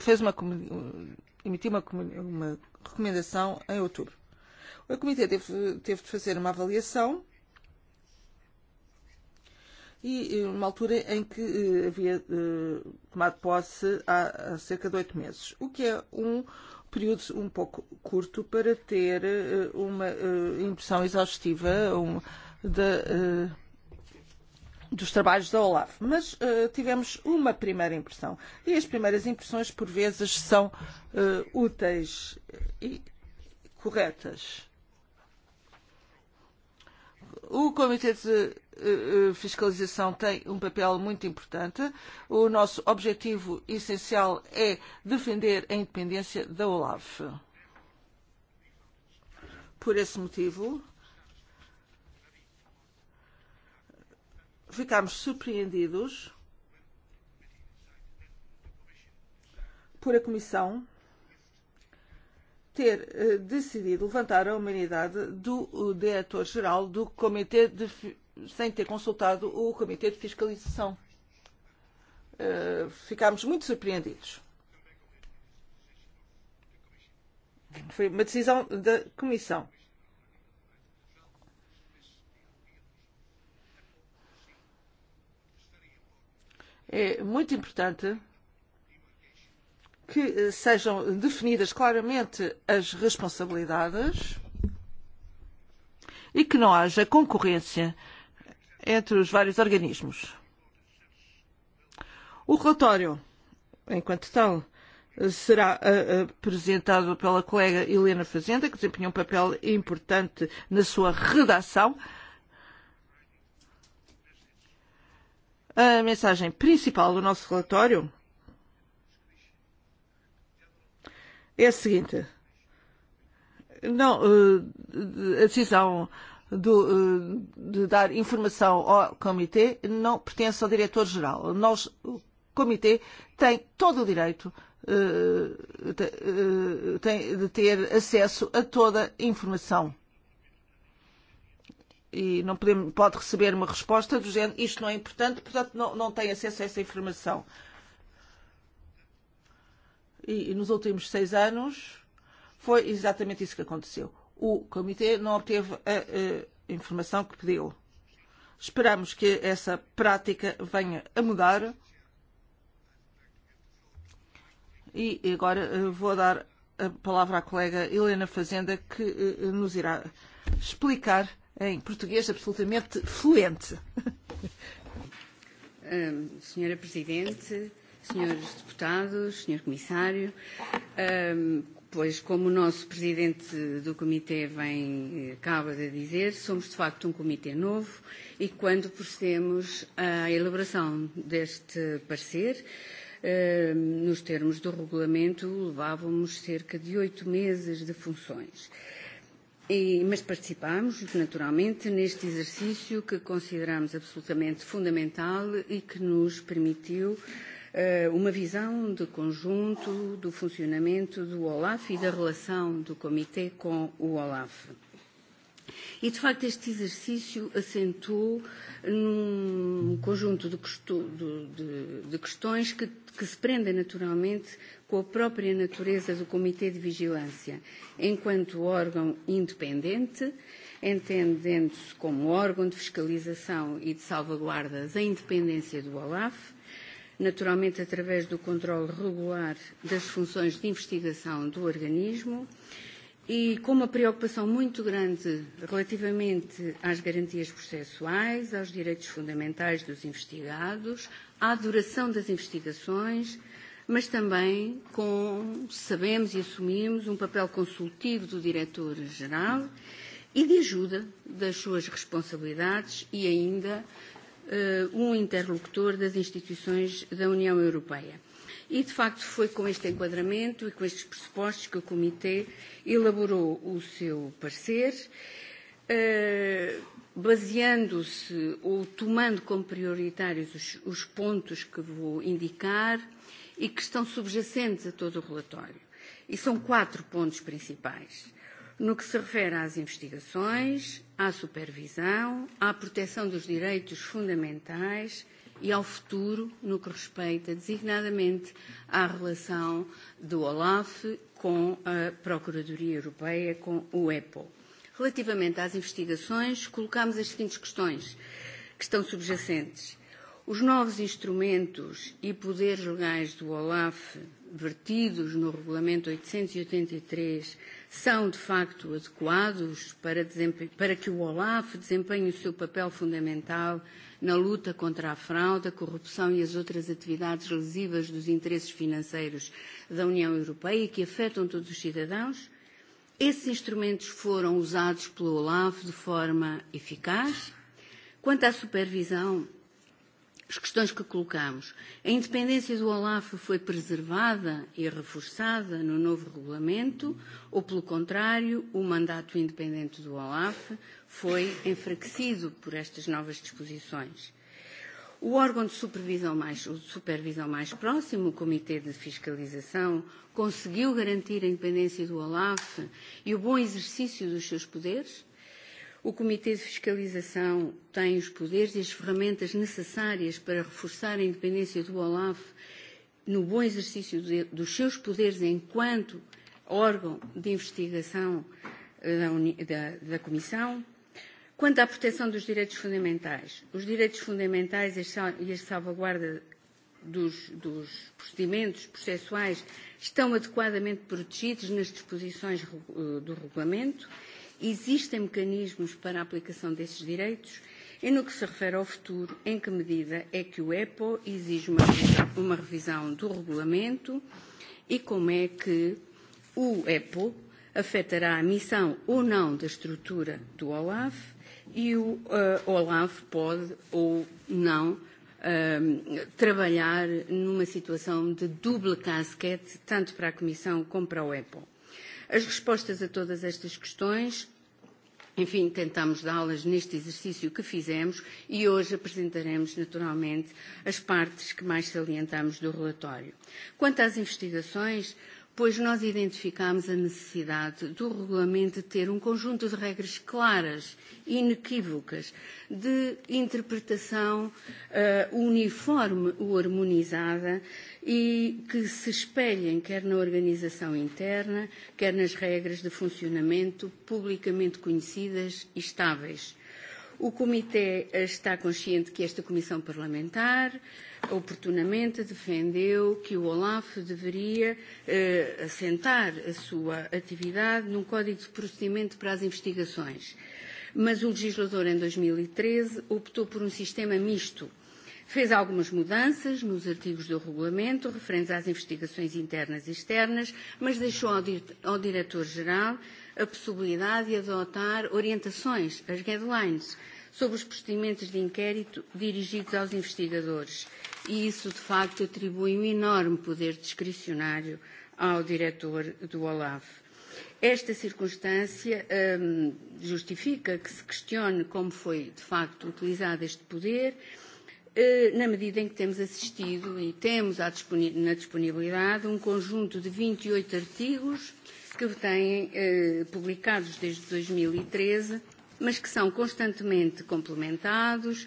Fez uma, emitiu uma, uma recomendação em outubro. O Comitê teve, teve de fazer uma avaliação E, e uma altura em que uh, havia uh, tomado posse há, há cerca de oito meses, o que é um período um pouco curto para ter uh, uma uh, impressão exaustiva um, de, uh, dos trabalhos da Olaf. Mas uh, tivemos uma primeira impressão e as primeiras impressões, por vezes, são uh, úteis e corretas. O Comitê de eh, eh, Fiscalização tem um papel muito importante. O nosso objetivo essencial é defender a independência da OLAF. Por esse motivo, ficamos surpreendidos por a Comissão ter uh, decidido levantar a humanidade do diretor-geral do Comitê de sem ter consultado o Comitê de Fiscalização. Uh, ficámos muito surpreendidos. Foi uma decisão da Comissão. É muito importante que eh, sejam definidas claramente as responsabilidades e que não haja concorrência entre os vários organismos. O relatório, enquanto tal, eh, será eh, apresentado pela colega Helena Fazenda, que desempenhou um papel importante na sua redação. A mensagem principal do nosso relatório é a seguinte. Não, eh, a decisão do, eh, de dar informação ao Comitê não pertence ao Diretor-Geral. O Comitê tem todo o direito eh, de ter acesso a toda a informação. E não pode receber uma resposta do género. Isto não é importante, portanto, não, não tem acesso a essa informação e, e nos últimos seis anos foi exatamente isso que aconteceu. O Comitê não obteve a, a informação que pediu. Esperamos que essa prática venha a mudar. E agora eh, vou dar a palavra à colega Helena Fazenda, que eh, nos irá explicar em português absolutamente fluente. Hum, (laughs) senhora Presidente, Senhores deputados, senhor comissário, ehm, pois como o nosso presidente do comitê vem eh, acaba de dizer, somos de facto um comitê novo e quando procedemos à elaboração deste parecer, ehm, nos termos do regulamento, levávamos cerca de oito meses de funções. E, mas participamos, naturalmente, neste exercício que consideramos absolutamente fundamental e que nos permitiu uh, uh, uma visão de conjunto do funcionamento do OLAF e da relação do Comitê com o OLAF. E, de facto, este exercício assentou num conjunto de, questu- de, de, de questões que, que se prendem naturalmente com a própria natureza do Comitê de Vigilância, enquanto órgão independente, entendendo-se como órgão de fiscalização e de salvaguarda da independência do OLAF, naturalmente através do controle regular das funções de investigação do organismo e com uma preocupação muito grande relativamente às garantias processuais, aos direitos fundamentais dos investigados, à duração das investigações, mas também com, sabemos e assumimos, um papel consultivo do diretor-geral e de ajuda das suas responsabilidades e ainda uh, um interlocutor das instituições da União Europeia. E, de facto, foi com este enquadramento e com estes pressupostos que o Comitê elaborou o seu parecer, uh, baseando-se ou tomando como prioritários os, os pontos que vou indicar e que estão subjacentes a todo o relatório. E são quatro pontos principais. No que se refere às investigações, à supervisão, à proteção dos direitos fundamentais e ao futuro no que respeita designadamente à relação do OLAF com a Procuradoria Europeia, com o EPO. Relativamente às investigações, colocamos as seguintes questões que estão subjacentes. Os novos instrumentos e poderes legais do OLAF, vertidos no Regulamento 883 são de facto adequados para, para que o OLAF desempenhe o seu papel fundamental na luta contra a fraude, a corrupção e as outras atividades lesivas dos interesses financeiros da União Europeia e que afetam todos os cidadãos. Esses instrumentos foram usados pelo OLAF de forma eficaz. Quanto à supervisão, as questões que colocamos. A independência do OLAF foi preservada e reforçada no novo regulamento, ou, pelo contrário, o mandato independente do OLAF foi enfraquecido por estas novas disposições. O órgão de supervisão mais, de supervisão mais próximo, o Comitê de Fiscalização, conseguiu garantir a independência do OLAF e o bom exercício dos seus poderes? O Comitê de Fiscalização tem os poderes e as ferramentas necessárias para reforçar a independência do OLAF no bom exercício de, dos seus poderes enquanto órgão de investigação eh, da, da, da Comissão. Quanto à proteção dos direitos fundamentais, os direitos fundamentais e a e salvaguarda dos, dos procedimentos processuais estão adequadamente protegidos nas disposições eh, do regulamento existem mecanismos para a aplicação desses direitos? E no que se refere ao futuro, em que medida é que o EPO exige uma, uma revisão do regulamento e como é que o EPO afetará a missão ou não da estrutura do OLAF e o uh, OLAF pode ou não uh, trabalhar numa situação de dupla casquete, tanto para a Comissão como para o EPO? as respostas a todas estas questões. Enfim, tentámos dá-las neste exercício que fizemos e hoje apresentaremos naturalmente as partes que mais salientamos do relatório. Quanto às investigações, Pois nós identificámos a necessidade do regulamento de ter um conjunto de regras claras, inequívocas, de interpretação uh, uniforme ou harmonizada e que se espelhem quer na organização interna, quer nas regras de funcionamento publicamente conhecidas e estáveis. O Comitê está consciente que esta Comissão Parlamentar uh, oportunamente defendeu que o Olaf deveria eh, assentar a sua atividade num código de procedimento para as investigações. Mas o legislador, em 2013, e optou por um sistema misto. Fez algumas mudanças nos artigos do regulamento referentes às investigações internas e externas, mas deixou ao, dire ao diretor-geral a possibilidade de adotar orientações, as guidelines, sobre os procedimentos de inquérito dirigidos aos investigadores. E isso, de facto, atribui um enorme poder discricionário ao diretor do OLAF. Esta circunstância hum, justifica que se questione como foi, de facto, utilizado este poder, eh, na medida em que temos assistido e temos à disponibilidade, na disponibilidade um conjunto de 28 e artigos que têm eh, publicados desde 2013 mas que são constantemente complementados,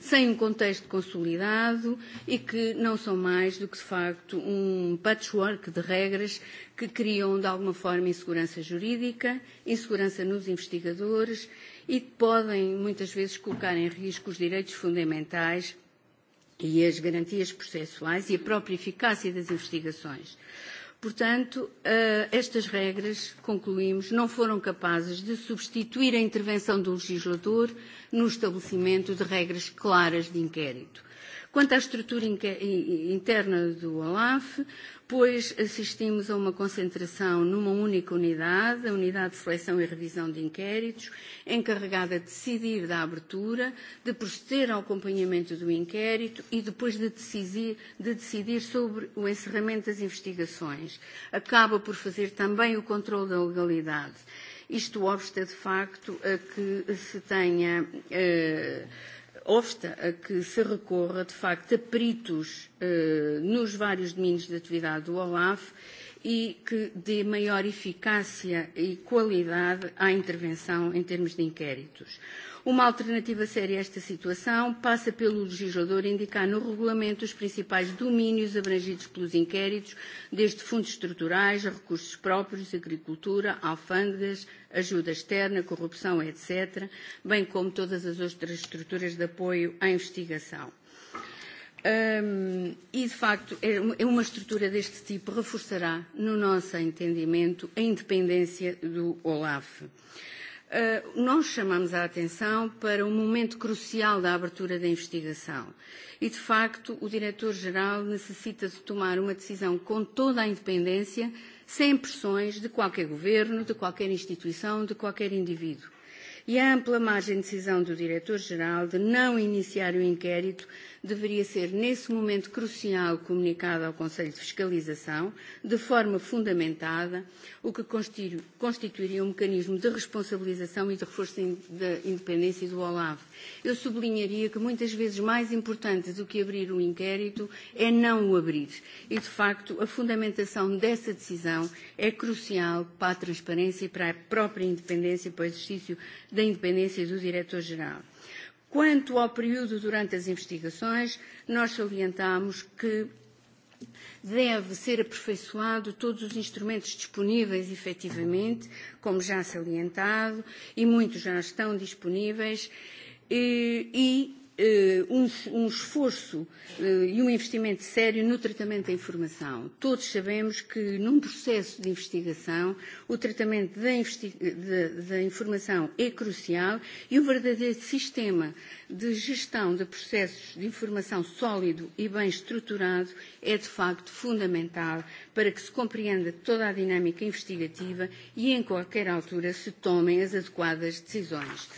sem um contexto consolidado e que não são mais do que, de facto, um patchwork de regras que criam, de alguma forma, insegurança jurídica, insegurança nos investigadores e que podem, muitas vezes, colocar em risco os direitos fundamentais e as garantias processuais e a própria eficácia das investigações. Uh, Portanto, eh, estas regras, concluímos, não foram capazes de substituir a intervenção do legislador no estabelecimento de regras claras de inquérito. Quanto à estrutura interna do OLAF, pois assistimos a uma concentração numa única unidade, a Unidade de Seleção e Revisão de Inquéritos, encarregada de decidir da abertura, de proceder ao acompanhamento do inquérito e depois de decidir, de decidir sobre o encerramento das investigações. Acaba por fazer também o controle da legalidade. Isto obsta, de facto, a que se tenha. Eh, obsta a que se recorra, de facto, a peritos eh, nos vários domínios de atividade do OLAF e que dê maior eficácia e qualidade à intervenção em termos de inquéritos. Uma alternativa séria a esta situação passa pelo legislador indicar no regulamento os principais domínios abrangidos pelos inquéritos, desde fundos estruturais a recursos próprios, agricultura, alfândegas, ajuda externa, corrupção, etc., bem como todas as outras estruturas de apoio à investigação. Um, e, de facto, é uma estrutura deste tipo reforçará, no nosso entendimento, a independência do OLAF. Uh, Uh, nós chamamos a atenção para um momento crucial da abertura da investigação. E, de facto, o Diretor-Geral necessita de tomar uma decisão com toda a independência, sem pressões de qualquer governo, de qualquer instituição, de qualquer indivíduo. E a ampla margem de decisão do Diretor-Geral de não iniciar o inquérito deveria ser, nesse momento crucial, comunicado ao Conselho de Fiscalização, de forma fundamentada, o que constituiria um mecanismo de responsabilização e de reforço da independência do OLAV. Eu sublinharia que, muitas vezes, mais importante do que abrir um inquérito é não o abrir. E, de facto, a fundamentação dessa decisão é crucial para a transparência e para a própria independência, para o exercício da independência do Diretor-Geral. Quanto ao período durante as investigações, nós salientamos que deve ser aperfeiçoado todos os instrumentos disponíveis efetivamente, como já salientado, e muitos já estão disponíveis, eh, e, e uh, um, um esforço uh, e um investimento sério no tratamento da informação. Todos sabemos que num processo de investigação o tratamento da, investi de, da informação é crucial e o verdadeiro sistema de gestão de processos de informação sólido e bem estruturado é de facto fundamental para que se compreenda toda a dinâmica investigativa e em qualquer altura se tomem as adequadas decisões.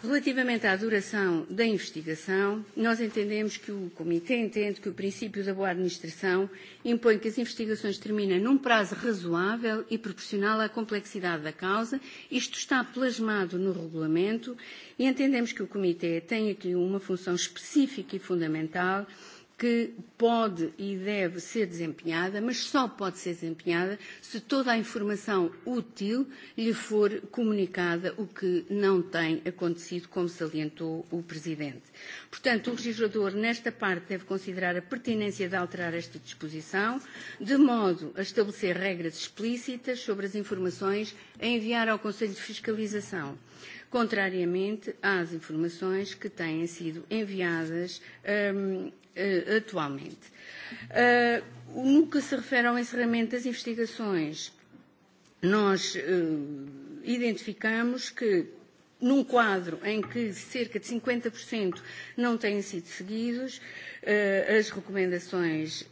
Relativamente à duração da investigação, nós entendemos que o Comitê entende que o princípio da boa administração impõe que as investigações terminem num prazo razoável e proporcional à complexidade da causa. Isto está plasmado no regulamento e entendemos que o Comitê tem aqui uma função específica e fundamental que pode e deve ser desempenhada, mas só pode ser desempenhada se toda a informação útil lhe for comunicada, o que não tem acontecido, como salientou o Presidente. Portanto, o legislador, nesta parte, deve considerar a pertinência de alterar esta disposição, de modo a estabelecer regras explícitas sobre as informações a enviar ao Conselho de Fiscalização contrariamente às informações que têm sido enviadas um, uh, atualmente. Uh, no que se refere ao encerramento das investigações, nós uh, identificamos que num quadro em que cerca de 50% não têm sido seguidos uh, as recomendações uh,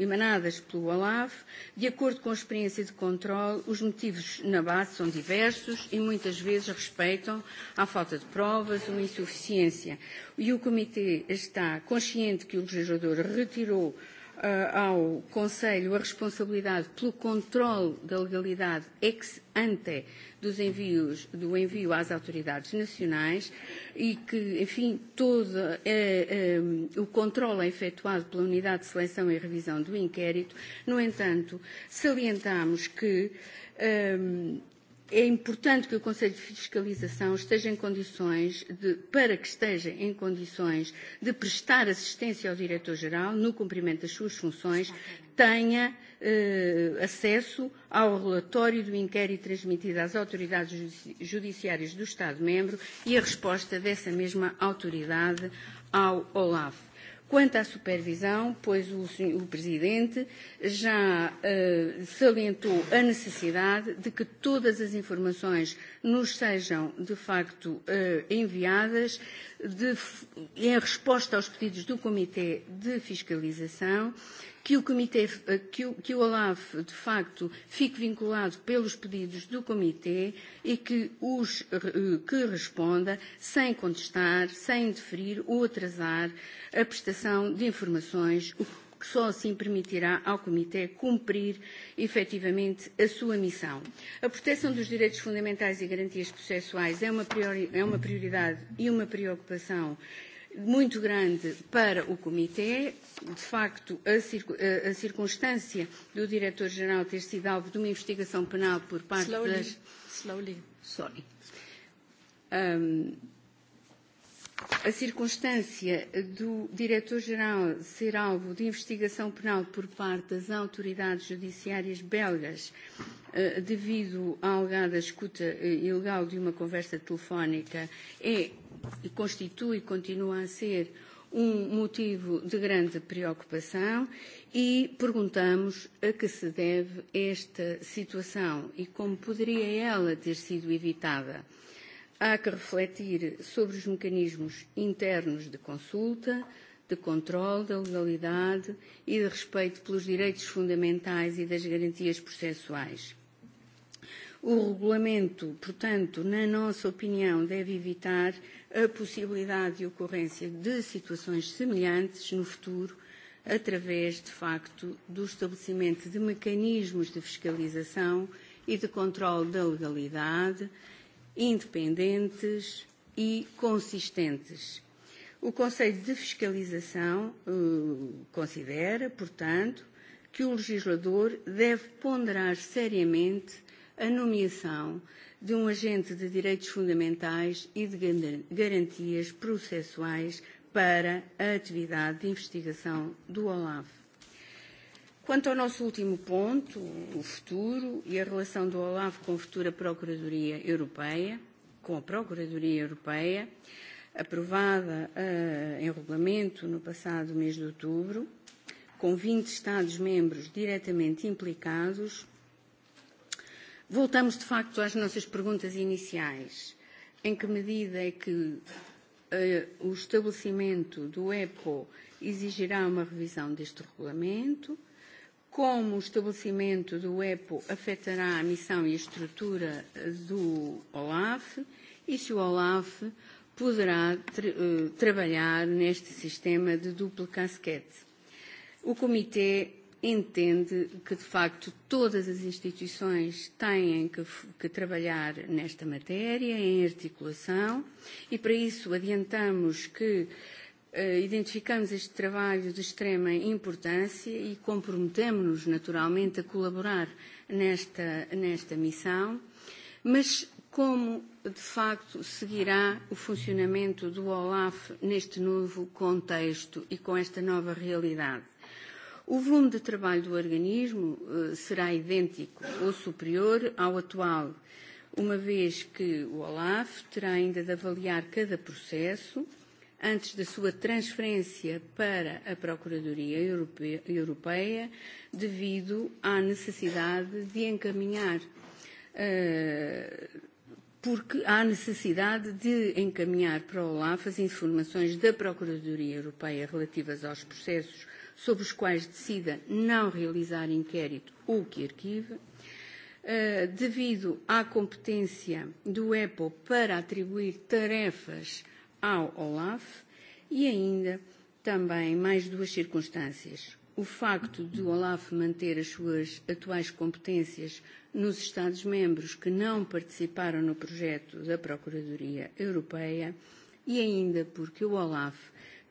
emanadas pelo OLAF, de acordo com a experiência de controle, os motivos na base são diversos e muitas vezes respeitam à falta de provas ou insuficiência. E o Comitê está consciente que o legislador retirou uh, ao Conselho a responsabilidade pelo controle da legalidade ex ante dos envios, do envio às autoridades nacionais e que, enfim, todo uh, eh, um, eh, o controle é efetuado pela Unidade de Seleção e Revisão do Inquérito. No entanto, salientamos que um, é importante que o Conselho de Fiscalização esteja em condições de, para que esteja em condições de prestar assistência ao Diretor-Geral no cumprimento das suas funções, tenha eh, acesso ao relatório do inquérito transmitido às autoridades judiciárias do Estado-membro e a resposta dessa mesma autoridade ao OLAF. Quanto à supervisão, pois o, o Presidente já uh, salientou a necessidade de que todas as informações nos sejam, de facto, uh, enviadas de, em resposta aos pedidos do Comitê de Fiscalização que o, comitê, eh, que, o, que o ALAF, de facto, fique vinculado pelos pedidos do Comitê e que os eh, que responda, sem contestar, sem deferir ou atrasar a prestação de informações, o que só assim permitirá ao Comitê cumprir efetivamente a sua missão. A proteção dos direitos fundamentais e garantias processuais é uma, priori, é uma prioridade e uma preocupação muito grande para o Comitê. De facto, a, circu a circunstância do Diretor-Geral ter sido alvo de uma investigação penal por parte slowly, das. Slowly. Sorry. Um, a circunstância do Diretor-Geral ser alvo de investigação penal por parte das autoridades judiciárias belgas eh, devido à alegada escuta eh, ilegal de uma conversa telefónica é e constitui, continua a ser um motivo de grande preocupação e perguntamos a que se deve esta situação e como poderia ela ter sido evitada. Há que refletir sobre os mecanismos internos de consulta, de controle da legalidade e de respeito pelos direitos fundamentais e das garantias processuais. O regulamento, portanto, na nossa opinião, deve evitar a possibilidade e ocorrência de situações semelhantes no futuro, através, de facto, do estabelecimento de mecanismos de fiscalização e de controle da legalidade, independentes e consistentes. O Conselho de Fiscalização uh, considera, portanto, que o legislador deve ponderar seriamente a nomeação de um agente de direitos fundamentais e de garantias processuais para a atividade de investigação do OLAF. Quanto ao nosso último ponto, o futuro e a relação do OLAF com a futura Procuradoria Europeia, com a Procuradoria Europeia, aprovada uh, em regulamento no passado mês de outubro, com 20 Estados-membros diretamente implicados, Voltamos, de facto, às nossas perguntas iniciais. Em que medida é que uh, o estabelecimento do EPO exigirá uma revisão deste regulamento? Como o estabelecimento do EPO afetará a missão e a estrutura eh, do OLAF? E se o OLAF poderá tra eh, trabalhar neste sistema de dupla casquete? O Comitê entende que, de facto, todas as instituições têm que, que trabalhar nesta matéria, em articulação, e para isso adiantamos que uh, identificamos este trabalho de extrema importância e comprometemos-nos, naturalmente, a colaborar nesta, nesta missão, mas como, de facto, seguirá o funcionamento do OLAF neste novo contexto e com esta nova realidade? O volume de trabalho do organismo eh, será idêntico ou superior ao atual, uma vez que o OLAF terá ainda de avaliar cada processo antes da sua transferência para a Procuradoria Europeia, devido à necessidade de encaminhar. Eh, porque há necessidade de encaminhar para o OLAF as informações da Procuradoria Europeia relativas aos processos sobre os quais decida não realizar inquérito ou que arquive, eh, devido à competência do EPO para atribuir tarefas ao OLAF e ainda também mais duas circunstâncias. O facto de o OLAF manter as suas atuais competências nos Estados-membros que não participaram no projeto da Procuradoria Europeia e ainda porque o OLAF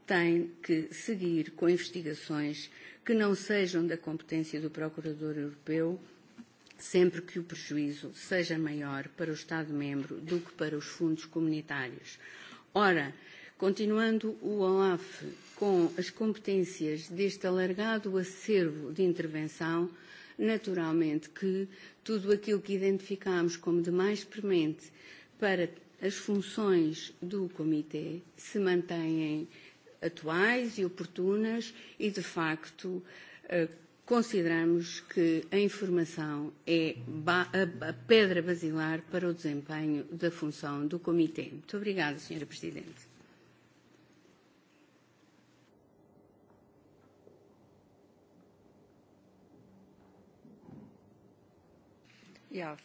tem que seguir com investigações que não sejam da competência do Procurador Europeu, sempre que o prejuízo seja maior para o Estado-membro do que para os fundos comunitários. Ora, continuando o OLAF com as competências deste alargado acervo de intervenção, naturalmente que tudo aquilo que identificámos como de mais premente para as funções do Comitê se mantêm atuais e oportunas e, de facto, eh, consideramos que a informação é a pedra basilar para o desempenho da função do Comitê. Muito obrigada, Sra. Presidente. Ja,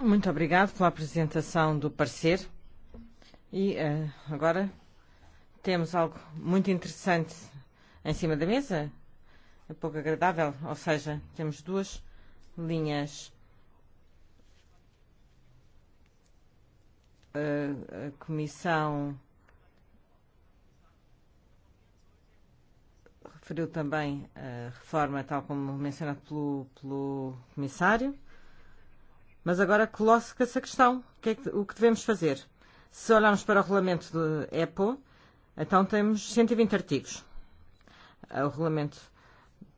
Muito obrigado pela apresentação do parecer. E uh, agora temos algo muito interessante em cima da mesa, é pouco agradável, ou seja, temos duas linhas uh, a comissão referiu também a reforma tal como mencionado pelo, pelo comissário. Mas agora coloca-se a questão, o que, é que, o que devemos fazer? Se olharmos para o regulamento de EPO, então temos 120 e artigos. Eh, o regulamento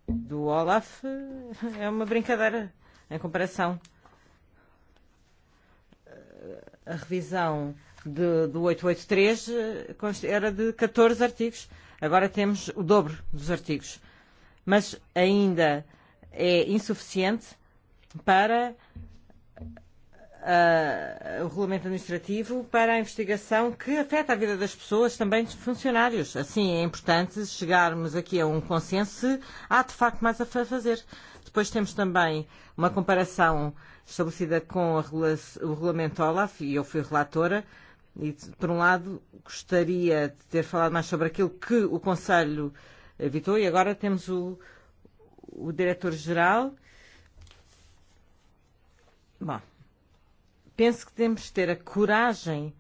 do Olaf eh, é uma brincadeira em comparação. Eh, a revisão de, do 883 e e era de 14 artigos. Agora temos o dobro dos artigos. Mas ainda é insuficiente para uh, o regulamento administrativo para a investigação que afeta a vida das pessoas, também dos funcionários. Assim, é importante chegarmos aqui a um consenso se há, de facto, mais a fazer. Depois temos também uma comparação estabelecida com a regula o regulamento OLAF, e eu fui relatora, e, por um lado, gostaria de ter falado mais sobre aquilo que o Conselho evitou, e agora temos o, o Diretor-Geral. Bom, penso que temos de ter a coragem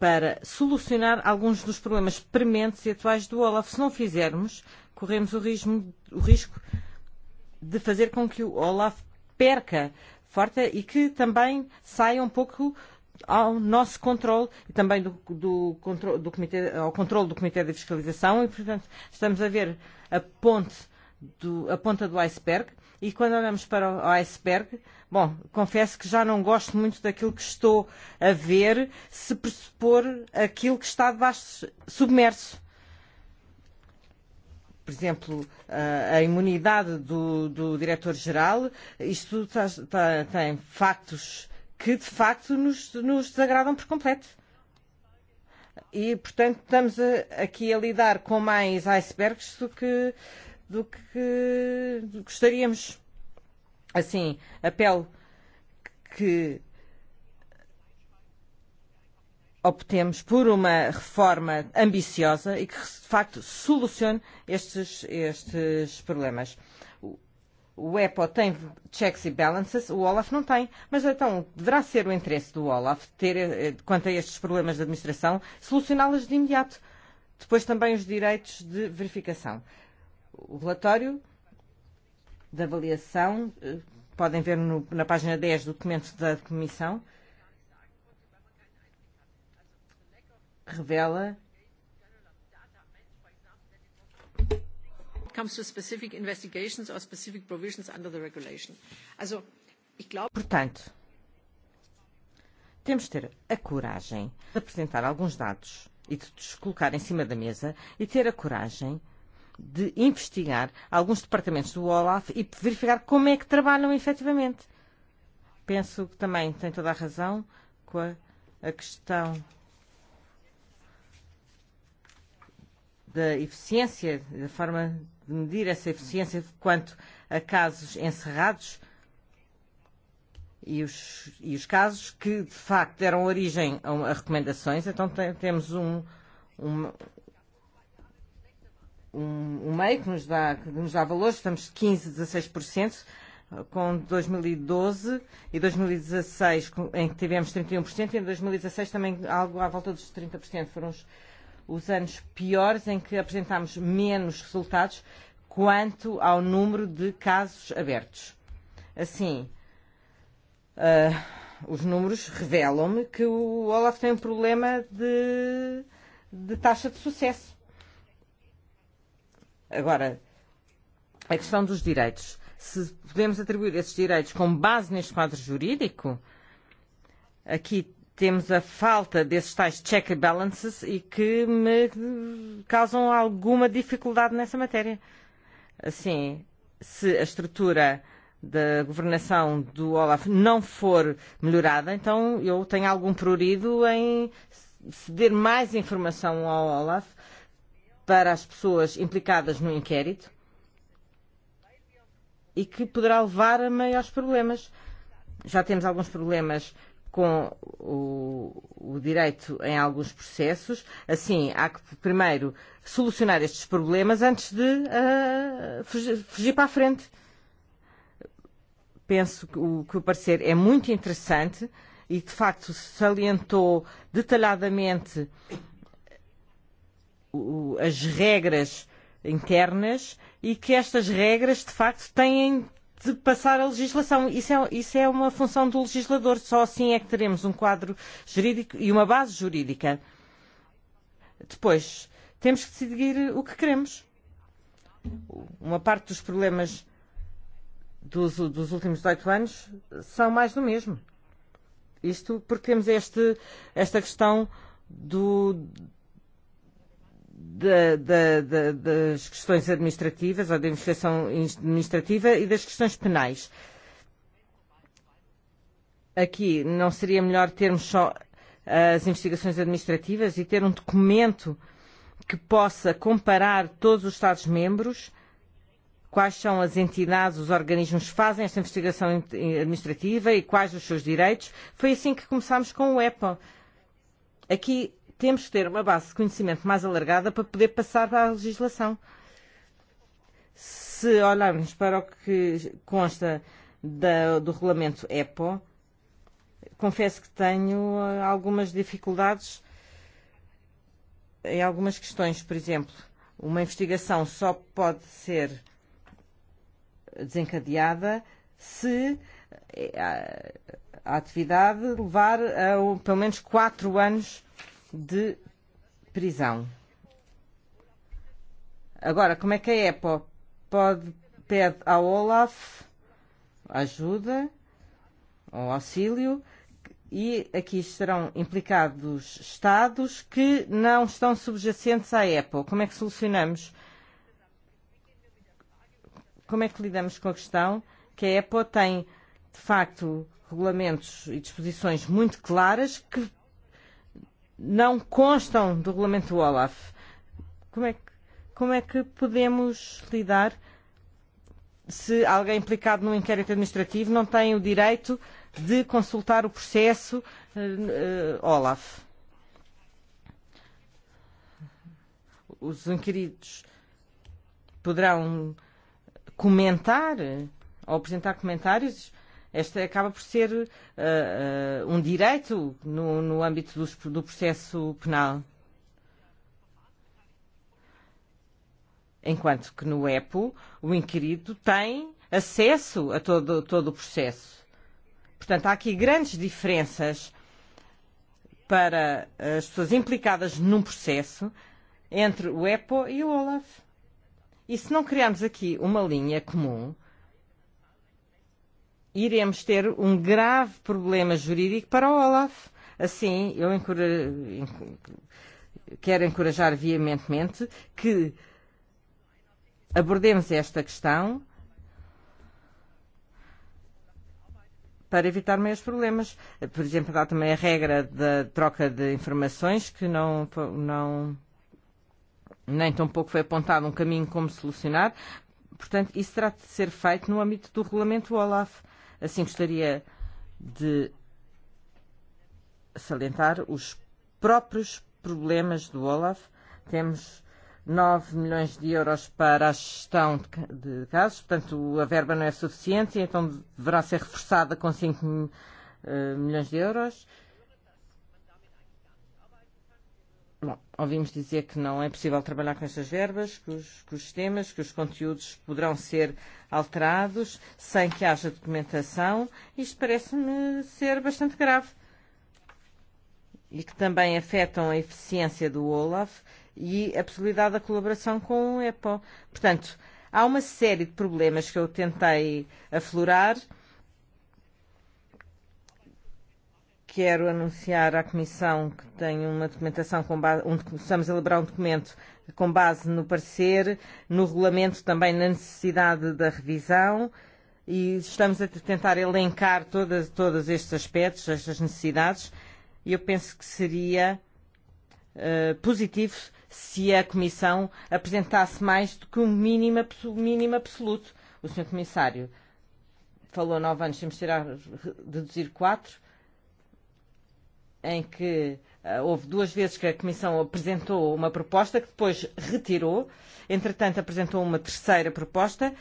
para solucionar alguns dos problemas prementes e atuais do Olaf. Se não fizermos, corremos o risco, o risco de fazer com que o Olaf perca forte e que também saia um pouco ao nosso controle e também do, do, do, do comitê, ao controle do Comitê de Fiscalização. E, portanto, estamos a ver a, ponte do, a ponta do iceberg e quando olhamos para o iceberg, Bom, confesso que já não gosto muito daquilo que estou a ver, se pressupor aquilo que está debaixo, submerso. Por exemplo, a imunidade do, do diretor-geral, isto tem factos que, de facto, nos, nos desagradam por completo. E, portanto, estamos a, aqui a lidar com mais icebergs do que, do que gostaríamos assim, a pele que obtemos por uma reforma ambiciosa e que, de facto, solucione estes, estes problemas. O EPO tem checks e balances, o OLAF não tem. Mas então, deverá ser o interesse do OLAF ter, eh, quanto a estes problemas de administração, solucioná-los de imediato. Depois também os direitos de verificação. O relatório de avaliação. Eh, podem ver no, na página 10 do documento da Comissão. Revela. Portanto, temos de ter a coragem de apresentar alguns dados e de descolocar em cima da mesa e ter a coragem de investigar alguns departamentos do OLAF e verificar como é que trabalham efetivamente. Penso que também tem toda a razão com a, a questão da eficiência, da forma de medir essa eficiência quanto a casos encerrados e os, e os casos que, de facto, deram origem a, a recomendações. Então, tem, temos um, um, um, um meio que nos, dá, que nos dá valores, estamos 15, 16%. Eh, com 2012 e 2016, e e em que tivemos 31%, e, um e em 2016 também algo à volta dos 30%. Foram os, os anos piores em que apresentámos menos resultados quanto ao número de casos abertos. Assim, uh, os números revelam-me que o Olaf tem um problema de, de taxa de sucesso. Agora, a questão dos direitos. Se podemos atribuir esses direitos com base neste quadro jurídico, aqui temos a falta desses tais check and balances e que me causam alguma dificuldade nessa matéria. Assim, se a estrutura da governação do Olaf não for melhorada, então eu tenho algum prurido em ceder mais informação ao Olaf para as pessoas implicadas no inquérito e que poderá levar a maiores problemas. Já temos alguns problemas com o, o direito em alguns processos. Assim, há que primeiro solucionar estes problemas antes de uh, fugir, fugir para a frente. Penso que o, que o parecer é muito interessante e, de facto, salientou detalhadamente as regras internas e que estas regras, de facto, têm de passar a legislação. Isso é, isso é uma função do legislador. Só assim é que teremos um quadro jurídico e uma base jurídica. Depois, temos que decidir o que queremos. Uma parte dos problemas dos, dos últimos oito anos são mais do mesmo. Isto porque temos este, esta questão do, de, de, de, das questões administrativas ou da investigação administrativa e das questões penais. Aqui não seria melhor termos só eh, as investigações administrativas e ter um documento que possa comparar todos os Estados-membros, quais são as entidades, os organismos que fazem esta investigação administrativa e quais os seus direitos. Foi assim que começámos com o EPO. Aqui temos que ter uma base de conhecimento mais alargada para poder passar para a legislação. Se olharmos para o que consta da, do regulamento EPO, confesso que tenho eh, algumas dificuldades em algumas questões. Por exemplo, uma investigação só pode ser desencadeada se eh, a, a atividade levar a, a, um, pelo menos quatro anos de prisão. Agora, como é que é? Pode, pede ao Olaf ajuda ou auxílio. E aqui estarão implicados Estados que não estão subjacentes à Apple. Como é que solucionamos? Como é que lidamos com a questão que a Apple tem, de facto, regulamentos e disposições muito claras que não constam do regulamento do Olaf. Como é que, como é que podemos lidar se alguém implicado num inquérito administrativo não tem o direito de consultar o processo uh, uh, Olaf? Os inquiridos poderão comentar ou apresentar comentários? Uh, Este acaba por ser uh, uh, um direito no, no âmbito do, do processo penal. Enquanto que no EPO, o inquirido tem acesso a todo, todo o processo. Portanto, há aqui grandes diferenças para as pessoas implicadas num processo entre o EPO e o OLAF. E se não criarmos aqui uma linha comum, iremos ter um grave problema jurídico para o Olaf. Assim, eu encora... quero encorajar veementemente que abordemos esta questão para evitar maiores problemas. Por exemplo, há também a regra da troca de informações que não. não... Nem tão pouco foi apontado um caminho como solucionar. Portanto, isso terá de ser feito no âmbito do regulamento OLAF. Assim, gostaria de salientar os próprios problemas do Olaf. Temos 9 milhões de euros para a gestão de casos, portanto, a verba não é suficiente, então deverá ser reforçada com 5 eh, milhões de euros. Bom, ouvimos dizer que não é possível trabalhar com estas verbas, que os, que os temas, que os conteúdos poderão ser alterados sem que haja documentação. Isto parece-me ser bastante grave. E que também afetam a eficiência do OLAF e a possibilidade da colaboração com o EPO. Portanto, há uma série de problemas que eu tentei aflorar. quero anunciar à Comissão que tenho uma documentação com base, um onde começamos a elaborar um documento com base no parecer, no regulamento também na necessidade da revisão e estamos a tentar elencar todas, todos estes aspectos, estas necessidades e eu penso que seria uh, positivo se a Comissão apresentasse mais do que um mínimo, mínimo absoluto. O Sr. Comissário falou nove anos, temos de deduzir quatro em que uh, houve duas vezes que a Comissão apresentou uma proposta que depois retirou, entretanto apresentou uma terceira proposta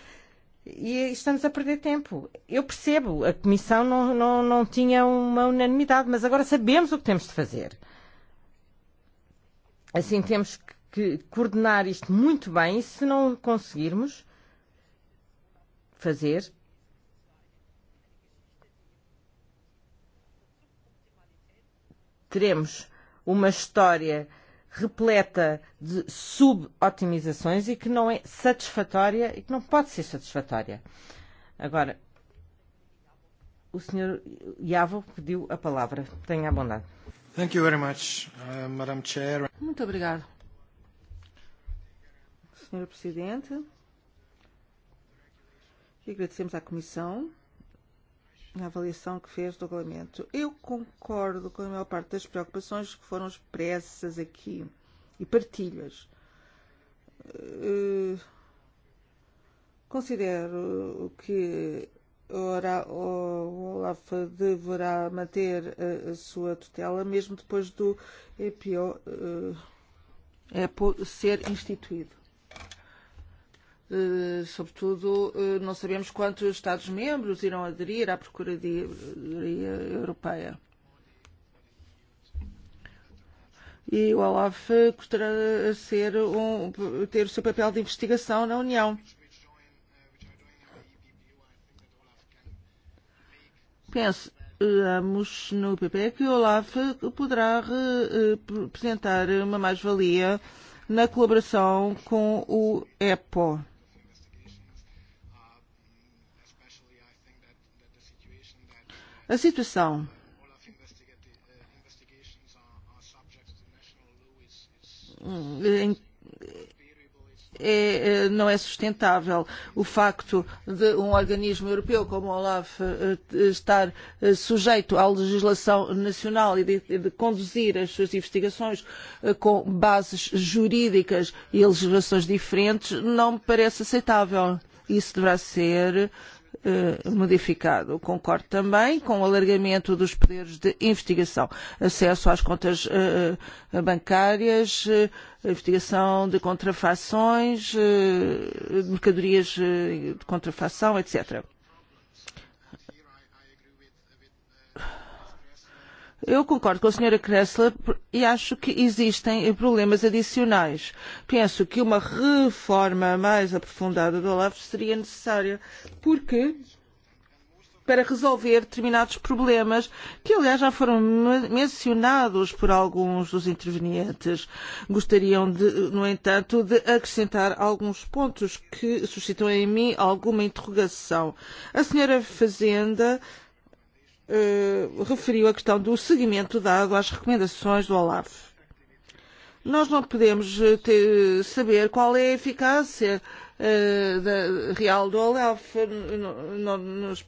e estamos a perder tempo. Eu percebo, a Comissão não, não, não tinha uma unanimidade, mas agora sabemos o que temos de fazer. Assim temos que coordenar isto muito bem e se não conseguirmos fazer, teremos uma história repleta de sub-otimizações e que não é satisfatória e que não pode ser satisfatória. Agora, o senhor Iavo pediu a palavra. Tenha a bondade. Thank you very much, uh, Madam Chair. Muito obrigado. Senhor Presidente, e agradecemos à Comissão na avaliação que fez do regulamento. Eu concordo com a maior parte das preocupações que foram expressas aqui e partilhas. Eh, considero que ora, o Olaf deverá manter a, a sua tutela mesmo depois do EPO, uh, eh, EPO ser instituído. Eh, sobretudo, eh, não sabemos quantos Estados-membros irão aderir à Procuradoria Europeia. E o Olaf gostaria de ser um, ter o seu papel de investigação na União. Penso, vamos eh, no PP, que o Olaf poderá representar uma mais-valia na colaboração com o EPO. A situação. É, não é sustentável o facto de um organismo europeu como o Olaf eh, estar eh, sujeito à legislação nacional e de, e de conduzir as suas investigações eh, com bases jurídicas e legislações diferentes não me parece aceitável. Isso deverá ser uh, Eh, modificado. Concordo também com o alargamento dos poderes de investigação, acesso às contas eh, eh, bancárias, investigação de contrafações, mercadorias de contrafação, etc. Eu concordo com a senhora Kressler e acho que existem problemas adicionais. Penso que uma reforma mais aprofundada do Olaf seria necessária porque para resolver determinados problemas que, aliás, já foram mencionados por alguns dos intervenientes. Gostariam, de, no entanto, de acrescentar alguns pontos que suscitam em mim alguma interrogação. A senhora Fazenda uh, Eh, referiu a questão do seguimento dado às recomendações do Olaf. Nós não podemos eh, ter, saber qual é a eficácia uh, da, real do Olaf. Não, não, nos,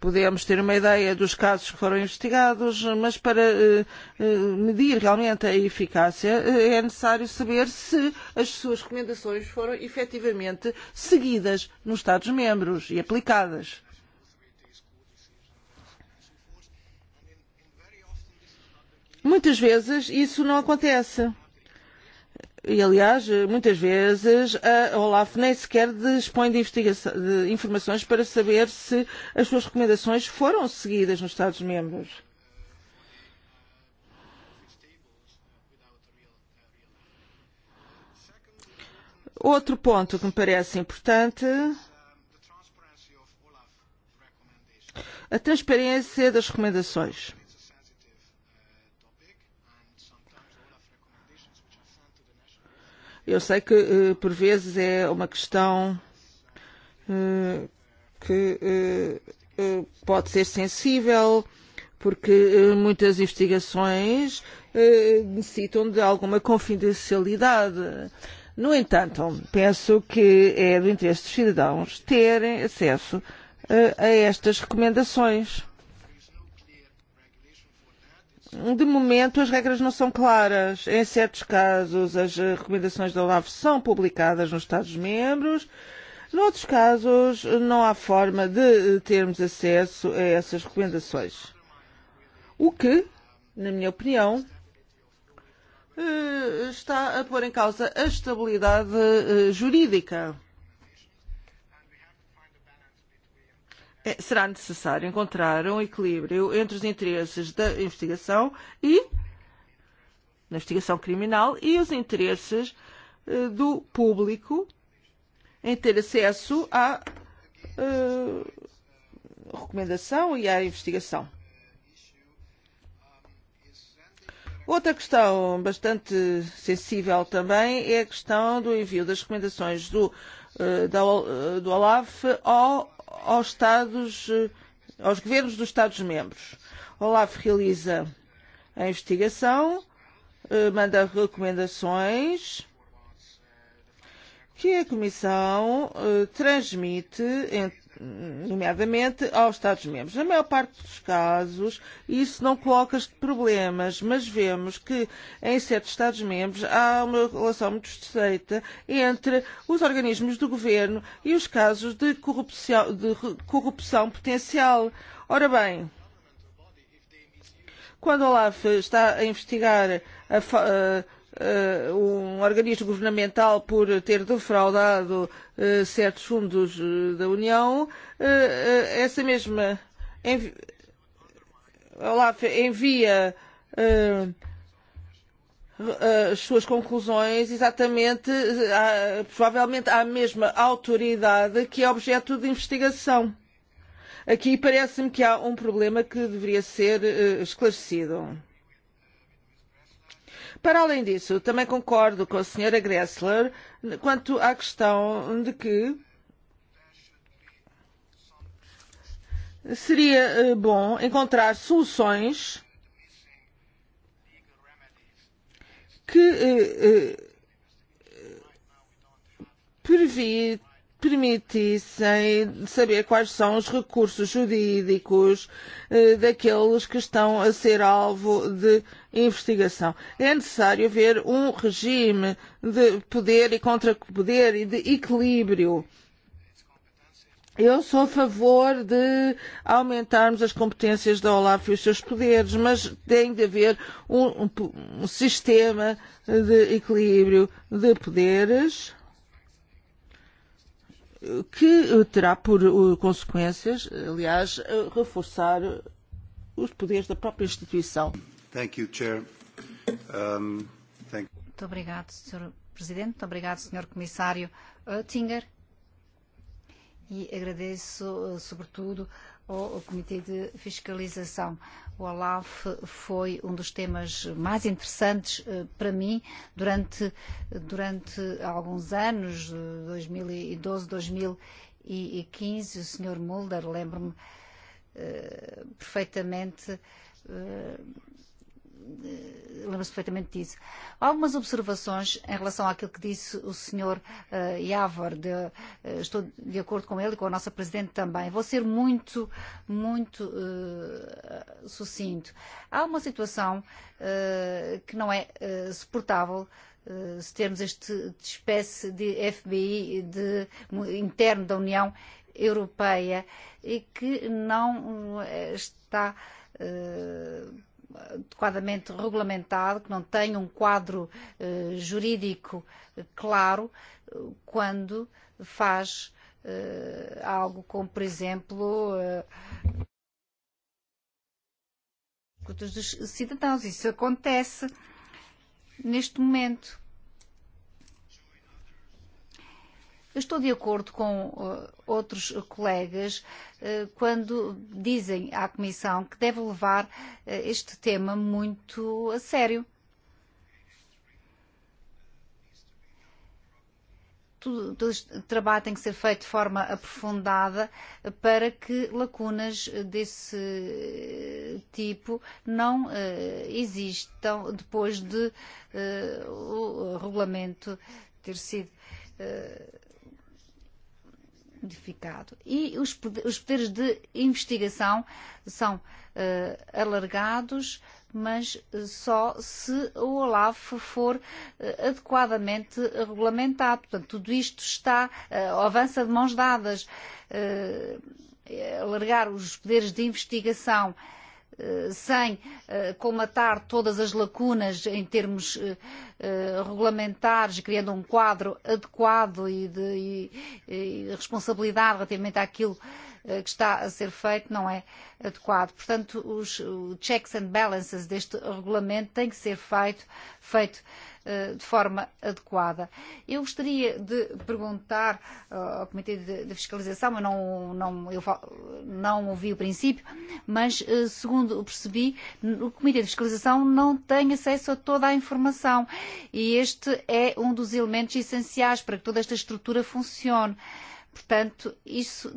podemos ter uma ideia dos casos que foram investigados, mas para uh, uh, medir realmente a eficácia uh, é necessário saber se as suas recomendações foram efetivamente seguidas nos Estados-membros e aplicadas. Muitas vezes isso não acontece. E, aliás, muitas vezes a Olaf nem sequer dispõe de, de informações para saber se as suas recomendações foram seguidas nos Estados-membros. Outro ponto que me parece importante a transparência das recomendações. Eu sei que uh, por vezes é uma questão uh, que uh, uh, pode ser sensível, porque uh, muitas investigações uh, necessitam de alguma confidencialidade. No entanto, penso que é do interesse dos cidadãos terem acesso uh, a estas recomendações de momento as regras não são claras. Em certos casos as recomendações da OLAF são publicadas nos Estados-membros. Noutros casos não há forma de eh, termos acesso a essas recomendações. O que, na minha opinião, eh, está a pôr em causa a estabilidade eh, jurídica. será necessário encontrar um equilíbrio entre os interesses da investigação e na investigação criminal e os interesses eh, do público em ter acesso à uh, recomendação e à investigação. Outra questão bastante sensível também é a questão do envio das recomendações do, uh, da, uh, do Olaf ao aos Estados, aos governos dos Estados-membros. Olaf realiza a investigação, eh, manda recomendações que a Comissão eh, transmite, entre nomeadamente aos Estados-membros. Na maior parte dos casos, isso não coloca problemas, mas vemos que em certos Estados-membros há uma relação muito estreita entre os organismos do governo e os casos de corrupção, de corrupção potencial. Ora bem, quando a Olaf está a investigar a. a eh, uh, um organismo governamental por ter defraudado uh, certos fundos uh, da União, uh, uh, essa mesma envi Olaf envia uh, as suas conclusões exatamente, a, provavelmente à mesma autoridade que é objeto de investigação. Aqui parece-me que há um problema que deveria ser uh, esclarecido para além disso, também concordo com a senhora Gressler quanto à questão de que seria eh, bom encontrar soluções que eh, eh, permitissem saber quais são os recursos jurídicos daqueles que estão a ser alvo de investigação. É necessário haver um regime de poder e contra-poder e de equilíbrio. Eu sou a favor de aumentarmos as competências da OLAF e os seus poderes, mas tem de haver um, um, um sistema de equilíbrio de poderes que terá por consequências, aliás, reforçar os poderes da própria instituição. Muito um, obrigado, Sr. Presidente. Muito obrigado, Sr. Comissário Oettinger. E agradeço, sobretudo, ao Comitê de Fiscalização. O Olaf foi um dos temas mais interessantes eh, para mim durante, durante alguns anos, 2012, 2015. E e o Sr. Mulder, lembro-me uh, perfeitamente. Uh, Eh, lembro-me perfeitamente disso. Algumas observações em relação àquilo que disse o senhor uh, eh, Yavor. De, uh, estou de acordo com ele e com a nossa Presidente também. Vou ser muito, muito uh, sucinto. Há uma situação uh, que não é uh, suportável uh, se termos este de espécie de FBI de, de, interno da União Europeia e que não está. Uh, adequadamente regulamentado, que não tem um quadro eh, jurídico eh, claro quando faz eh, algo como, por exemplo, dos cidadãos. Isso acontece neste momento. Eu estou de acordo com uh, outros colegas uh, quando dizem à Comissão que deve levar uh, este tema muito a sério. Tudo, todo este trabalho tem que ser feito de forma aprofundada para que lacunas desse tipo não uh, existam depois de uh, o regulamento ter sido. Uh, modificado. E os, os poderes de investigação são uh, alargados, mas eh, só se o OLAF for uh, adequadamente regulamentado. Portanto, tudo isto está, uh, avança de mãos dadas. Uh, alargar os poderes de investigação uh, sem eh, comatar todas as lacunas em termos eh, eh, regulamentares, criando um quadro adequado e de e, e responsabilidade relativamente àquilo que Eh, que está a ser feito não é adequado. Portanto, os checks and balances deste regulamento têm que ser feito, feito eh, de forma adequada. Eu gostaria de perguntar eh, ao Comitê de Fiscalização, eu não, não, eu não ouvi o princípio, mas segundo percebi, o Comitê de Fiscalização não tem acesso a toda a informação e este é um dos elementos essenciais para que toda esta estrutura funcione. Portanto, isso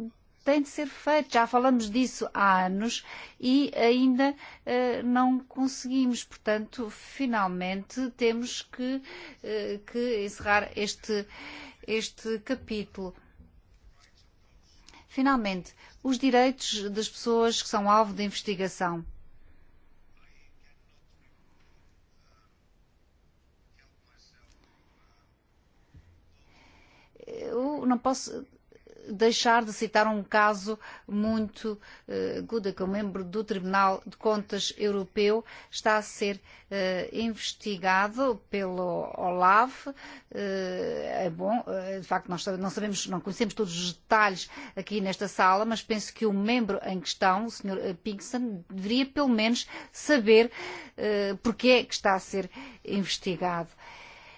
tem de ser feito. Já falamos disso há anos e ainda uh, não conseguimos. Portanto, finalmente temos que, uh, que encerrar este, este capítulo. Finalmente, os direitos das pessoas que são alvo de investigação. Eu não posso deixar de citar um caso muito uh, eh, aguda, que o membro do Tribunal de Contas Europeu está a ser uh, investigado pelo Olaf. Uh, é bom, uh, de facto, nós não sabemos, não conhecemos todos os detalhes aqui nesta sala, mas penso que o membro em questão, o Sr. Pinkson, deveria pelo menos saber uh, porque é que está a ser investigado.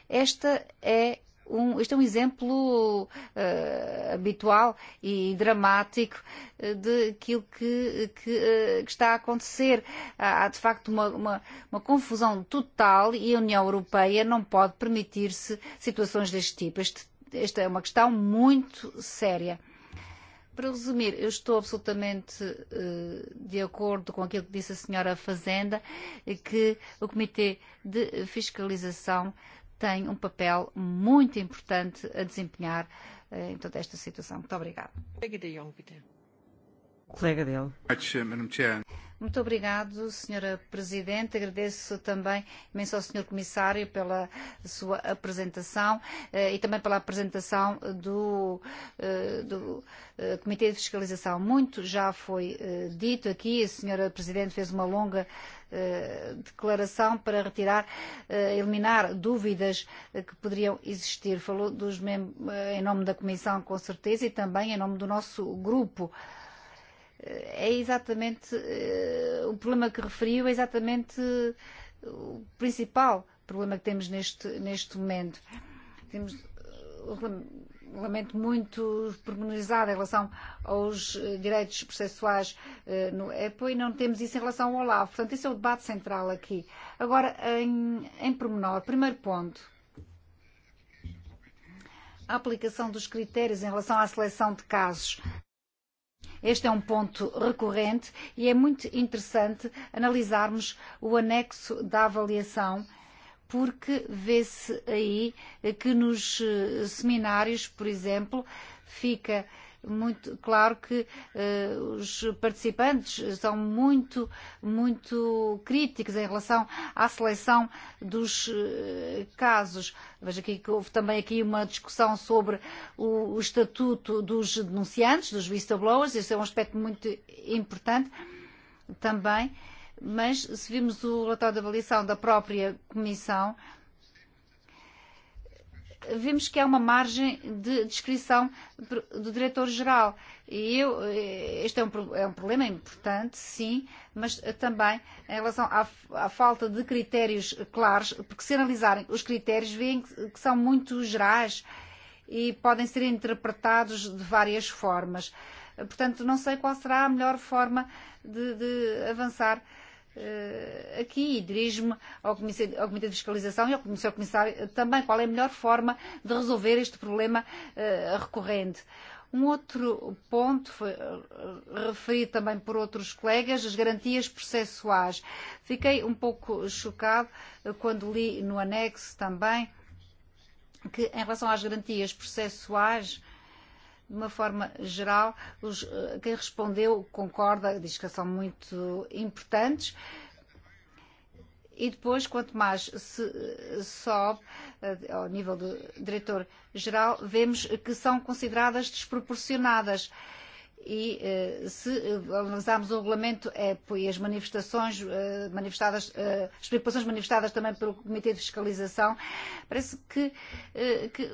Esta é um, este é um exemplo uh, habitual e dramático eh, de aquilo que, que, uh, que está a acontecer. Há, de facto, uma, uma, uma confusão total e a União Europeia não pode permitir-se situações deste tipo. Este, esta é uma questão muito séria. Para resumir, eu estou absolutamente uh, de acordo com aquilo que disse a senhora Fazenda, que o Comitê de Fiscalização uh, tem um papel muito importante a desempenhar eh, em toda esta situação. Muito obrigada. Obrigada, colega dele. Muito obrigado, Sra. Presidente. Agradeço também imenso ao Sr. Comissário pela sua apresentação eh, e também pela apresentação do, eh, do eh, Comitê de Fiscalização. Muito já foi dito aqui, a Sra. Presidente fez uma longa declaração para retirar, eliminar dúvidas que poderiam existir. Falou dos mem- em nome da Comissão, com certeza, e também em nome do nosso grupo é exatamente eh, o problema que referiu, é exatamente eh, o principal problema que temos neste, neste momento. Temos eh, um, um regulamento muito pormenorizado em relação aos direitos processuais no EPO e não temos isso em relação ao OLAV. Portanto, esse é o debate central aqui. Agora, em, em pormenor, primeiro ponto. A aplicação dos critérios em relação à seleção de casos. Este é um ponto recorrente e é muito interessante analisarmos o anexo da avaliação, porque vê-se aí que nos eh, seminários, por exemplo, fica uh, muito claro que uh, os participantes são muito, muito críticos em relação à seleção dos uh, casos. Veja aqui que houve também aqui uma discussão sobre o, o estatuto dos denunciantes, dos whistleblowers. Esse é um aspecto muito importante também. Mas se vimos o relatório de avaliação da própria comissão, vemos que há uma margem de descrição do diretor-geral. E eu, eh, este é um, é um problema importante, sim, mas eh, também em relação à, à falta de critérios claros, porque se analisarem os critérios, veem que, que são muito gerais e podem ser interpretados de várias formas. Portanto, não sei qual será a melhor forma de, de avançar uh, Eh, aqui e dirijo-me ao, ao Comitê de Fiscalização e ao Sr. Comissário também qual é a melhor forma de resolver este problema eh, recorrente. Um outro ponto foi eh, referido também por outros colegas, as garantias processuais. Fiquei um pouco chocado quando li no anexo também que em relação às garantias processuais uh, de uma forma geral, os, eh, quem respondeu concorda, diz que são muito importantes. E depois, quanto mais se eh, sobe eh, ao nível do diretor-geral, vemos que são consideradas desproporcionadas. Uh, e eh, se avançarmos eh, o regulamento é, e as manifestações eh, manifestadas, as preocupações manifestadas também pelo Comitê de Fiscalização, parece que, que,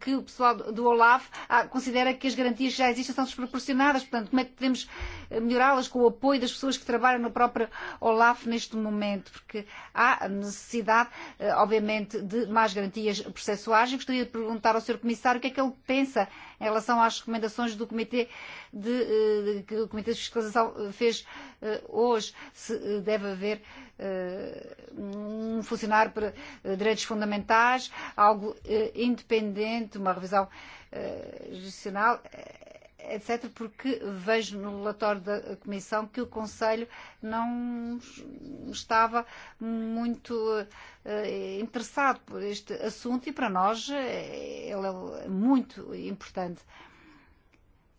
que o pessoal do Olaf ah, considera que as garantias que já existem são desproporcionadas. Portanto, como é que podemos melhorá-las com o apoio das pessoas que trabalham no próprio Olaf neste momento? Porque há necessidade, obviamente, de mais garantias processuais. Eu gostaria de perguntar ao Sr. Comissário o que é que ele pensa em relação às recomendações conclusões do Comitê de, de, eh, de, que o Comitê de Fiscalização fez uh, hoje. Se uh, deve haver uh, um funcionário para uh, direitos fundamentais, algo uh, independente, uma revisão uh, judicial. Uh, etc., porque vejo no relatório da Comissão que o Conselho não estava muito uh, interessado por este assunto e para nós ele é muito importante. Uh,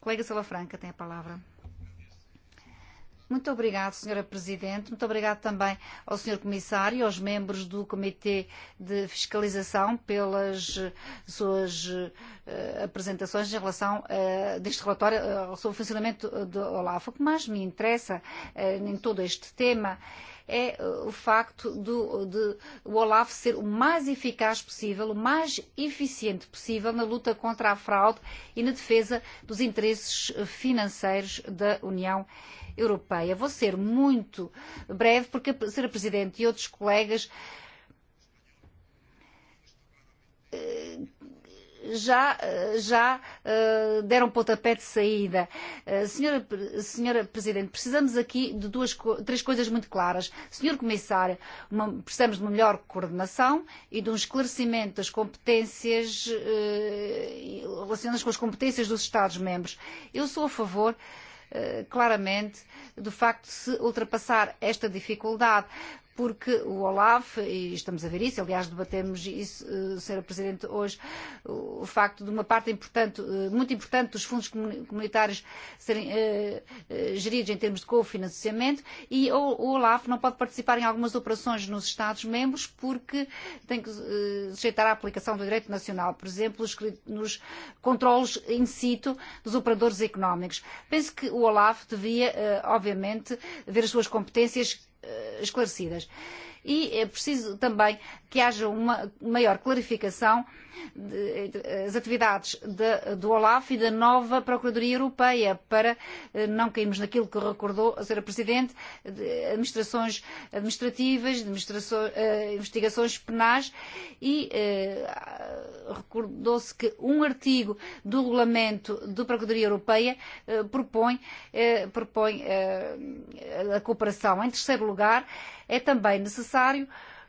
Colega Salafranca tem a palavra. Muito obrigado, Sra. Presidente. Muito obrigado também ao Sr. Comissário e aos membros do Comitê de Fiscalização pelas suas uh, apresentações em relação uh, deste relatório uh, sobre o funcionamento eh, do OLAF. O que mais me interessa uh, em todo este tema é eh, o facto do, de o Olaf ser o mais eficaz possível, o mais eficiente possível na luta contra a fraude e na defesa dos interesses eh, financeiros da União Europeia. Vou ser muito breve, porque a Sra. Presidente e outros colegas eh, já, já eh, deram pontapé de saída. Eh, senhora, senhora Presidente, precisamos aqui de duas, três coisas muito claras. Senhor Comissário, uma, precisamos de uma melhor coordenação e de um esclarecimento das competências eh, relacionadas com as competências dos Estados-membros. Eu sou a favor claramente do facto de se ultrapassar esta dificuldade, porque o Olaf, e estamos a ver isso, aliás, debatemos isso, eh, Sra. Presidente, hoje, o facto de uma parte importante, eh, muito importante dos fundos comunitários serem eh, geridos em termos de cofinanciamento, e o Olaf não pode participar em algumas operações nos Estados-membros porque tem que sujeitar a aplicação do direito nacional, por exemplo, nos controlos in situ dos operadores económicos. Penso que o Olaf devia, obviamente, ver as suas competências uh, esclarecidas. E é preciso também que haja uma maior clarificação uh, Eh, as atividades da DOLAF e da nova Procuradoria Europeia para eh, não cairmos naquilo que recordou a Sra. Presidente, de administrações administrativas, de administrações, eh, investigações penais e recordou-se que um artigo do regulamento da Procuradoria Europeia propõe, propõe a cooperação. Em terceiro lugar, é também necessário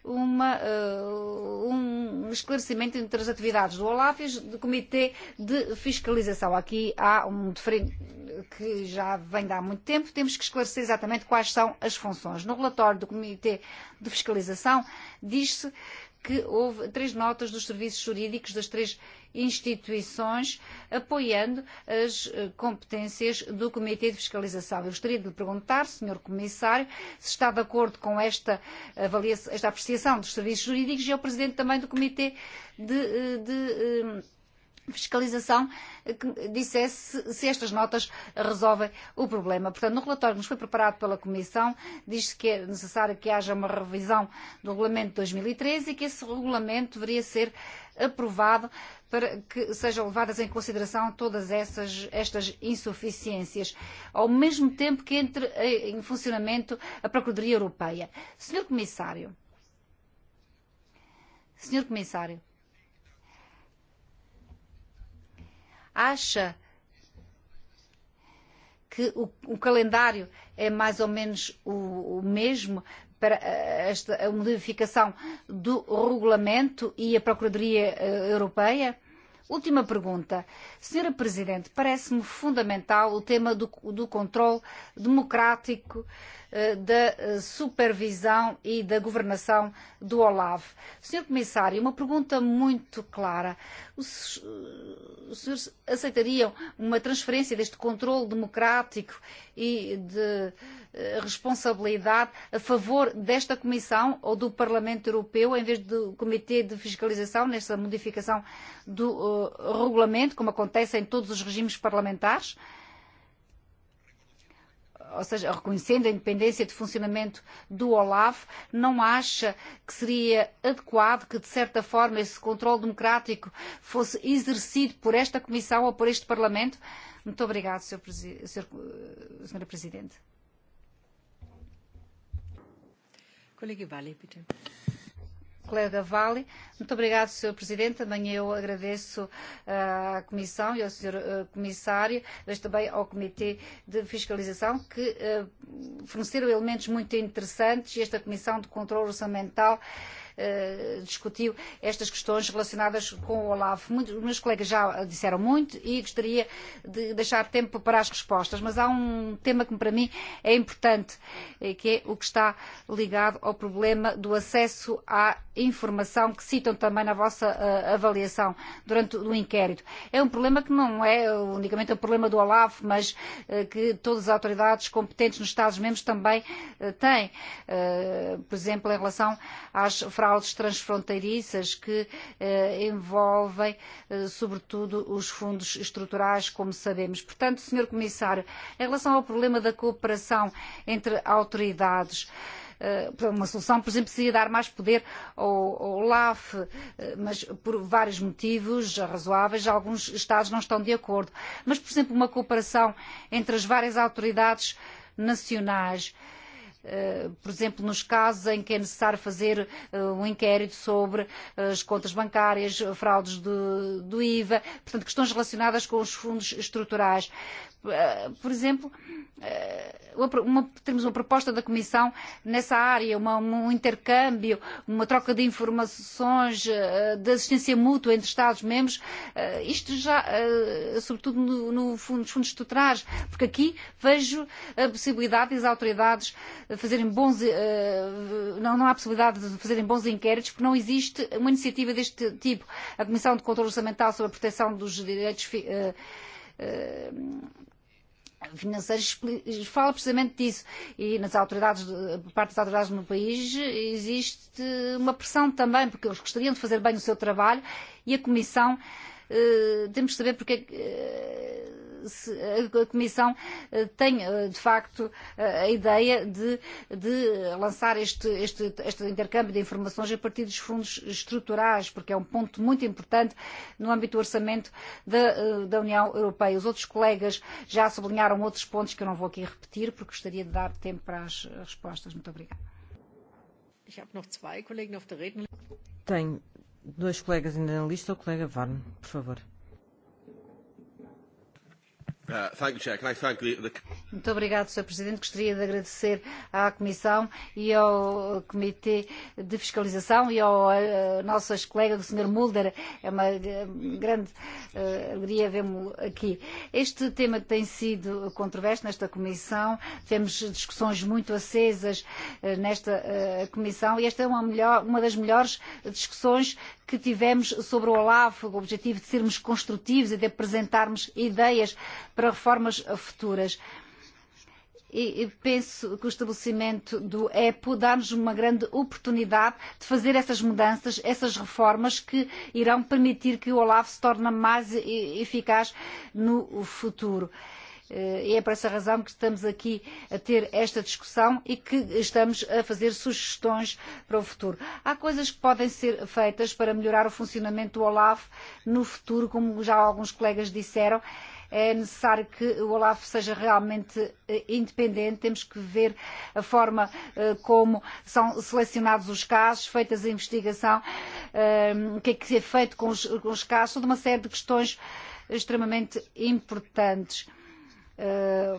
uma, uh, um esclarecimento entre as atividades do OLAF e do Comitê de Fiscalização. Aqui há um diferente que já vem de há muito tempo. Temos que esclarecer exatamente quais são as funções. No relatório do Comitê de Fiscalização diz-se que houve três notas dos serviços jurídicos das três instituições apoiando as eh, competências do Comitê de Fiscalização. Eu gostaria de lhe perguntar, Sr. Comissário, se está de acordo com esta, avaliação, esta apreciação dos serviços jurídicos e é o Presidente também do Comitê de, eh, de, de eh, fiscalização eh, que dissesse se, se estas notas resolvem o problema. Portanto, no relatório que nos foi preparado pela Comissão, diz que é necessário que haja uma revisão do Regulamento de 2013 e, e que esse regulamento deveria ser aprovado para que sejam levadas em consideração todas essas, estas insuficiências, ao mesmo tempo que entre eh, em funcionamento a Procuradoria Europeia. Senhor Comissário, Senhor Comissário, acha que o, o calendário é mais ou menos o, o mesmo para eh, esta a modificação do regulamento e a Procuradoria eh, Europeia? Última pergunta. Senhora Presidente, parece-me fundamental o tema do, do controle democrático uh, da supervisão e da governação do OLAV. Senhor Comissário, uma pergunta muito clara. Os, eh, os senhores aceitariam uma transferência deste controle democrático e de eh, responsabilidade a favor desta Comissão ou do Parlamento Europeu, em vez do Comitê de Fiscalização, nesta modificação do uh, regulamento, como acontece em todos os regimes parlamentares? Uh, ou seja, reconhecendo a independência de funcionamento do Olaf, não acha que seria adequado que, de certa forma, esse controle democrático fosse exercido por esta Comissão ou por este Parlamento? Muito obrigado, Sr. Presi Sr. Presidente. Colega Vale, colega Vale. Muito obrigado, Sr. Presidente. Amanhã eu agradeço eh, à Comissão e ao Sr. Eh, Comissário, mas também ao Comitê de Fiscalização, que eh, forneceram elementos muito interessantes e esta Comissão de Controlo Orçamental. Mental. Eh, discutiu estas questões relacionadas com o Olavo. Muitos, meus colegas já disseram muito e gostaria de deixar tempo para as respostas, mas há um tema que para mim é importante, eh, que é o que está ligado ao problema do acesso à informação que citam também na vossa uh, avaliação durante o inquérito. É um problema que não é unicamente o um problema do Olavo, mas uh, que todas as autoridades competentes nos Estados-membros também uh, têm. Uh, por exemplo, em relação às fraudes fraudes transfronteiriças que eh, envolvem, eh, sobretudo, os fundos estruturais, como sabemos. Portanto, Sr. Comissário, em relação ao problema da cooperação entre autoridades, eh, uma solução, por exemplo, seria dar mais poder ao, ao LAF, eh, mas por vários motivos razoáveis, alguns Estados não estão de acordo. Mas, por exemplo, uma cooperação entre as várias autoridades nacionais, uh, Eh, por exemplo, nos casos em que é necessário fazer eh, um inquérito sobre eh, as contas bancárias, fraudes do, do IVA, portanto, questões relacionadas com os fundos estruturais. Por exemplo, uma, temos uma proposta da Comissão nessa área, uma, um, um intercâmbio, uma troca de informações, de assistência mútua entre Estados-membros, isto já, sobretudo no, no fundo, nos fundos estruturais, porque aqui vejo a possibilidade das autoridades fazerem bons, uh, não, não há possibilidade de fazerem bons inquéritos porque não existe uma iniciativa deste tipo. A Comissão de Controlo Orçamental sobre a Proteção dos Direitos uh, uh, financeiros fala precisamente disso. E nas autoridades, por parte das autoridades no país, existe uma pressão também porque eles gostariam de fazer bem o seu trabalho e a Comissão Eh, temos de saber porque é eh, se a Comissão eh, tem de facto a ideia de, de lançar este, este, este intercâmbio de informações a partir dos fundos estruturais, porque é um ponto muito importante no âmbito do orçamento da, da União Europeia. Os outros colegas já sublinharam outros pontos que eu não vou aqui repetir, porque gostaria de dar tempo para as respostas. Muito obrigada. Tenho Dois colegas ainda na lista, o colega Varne, por favor. Uh, muito obrigado, Sr. Presidente. Gostaria de agradecer à Comissão e ao Comitê de Fiscalização e ao eh, nosso colega, o Sr. Mulder. É uma eh, grande eh, alegria vê-lo aqui. Este tema tem sido controverso nesta Comissão. Temos discussões muito acesas nesta Comissão e esta é uma, melhor, uma das melhores discussões que tivemos sobre o Olaf, o objetivo de sermos construtivos e de apresentarmos ideias para reformas futuras. E, e penso que o estabelecimento do EPO dá-nos uma grande oportunidade de fazer essas mudanças, essas reformas que irão permitir que o Olaf se torne mais e, eficaz no futuro e é por essa razão que estamos aqui a ter esta discussão e que estamos a fazer sugestões para o futuro. Há coisas que podem ser feitas para melhorar o funcionamento do OLAF no futuro, como já alguns colegas disseram. É necessário que o Olaf seja realmente eh, independente. Temos que ver a forma eh, como são selecionados os casos, feitas a investigação, ehm, o que é que é feito com os casos. Toda uma série de questões extremamente importantes. Eh,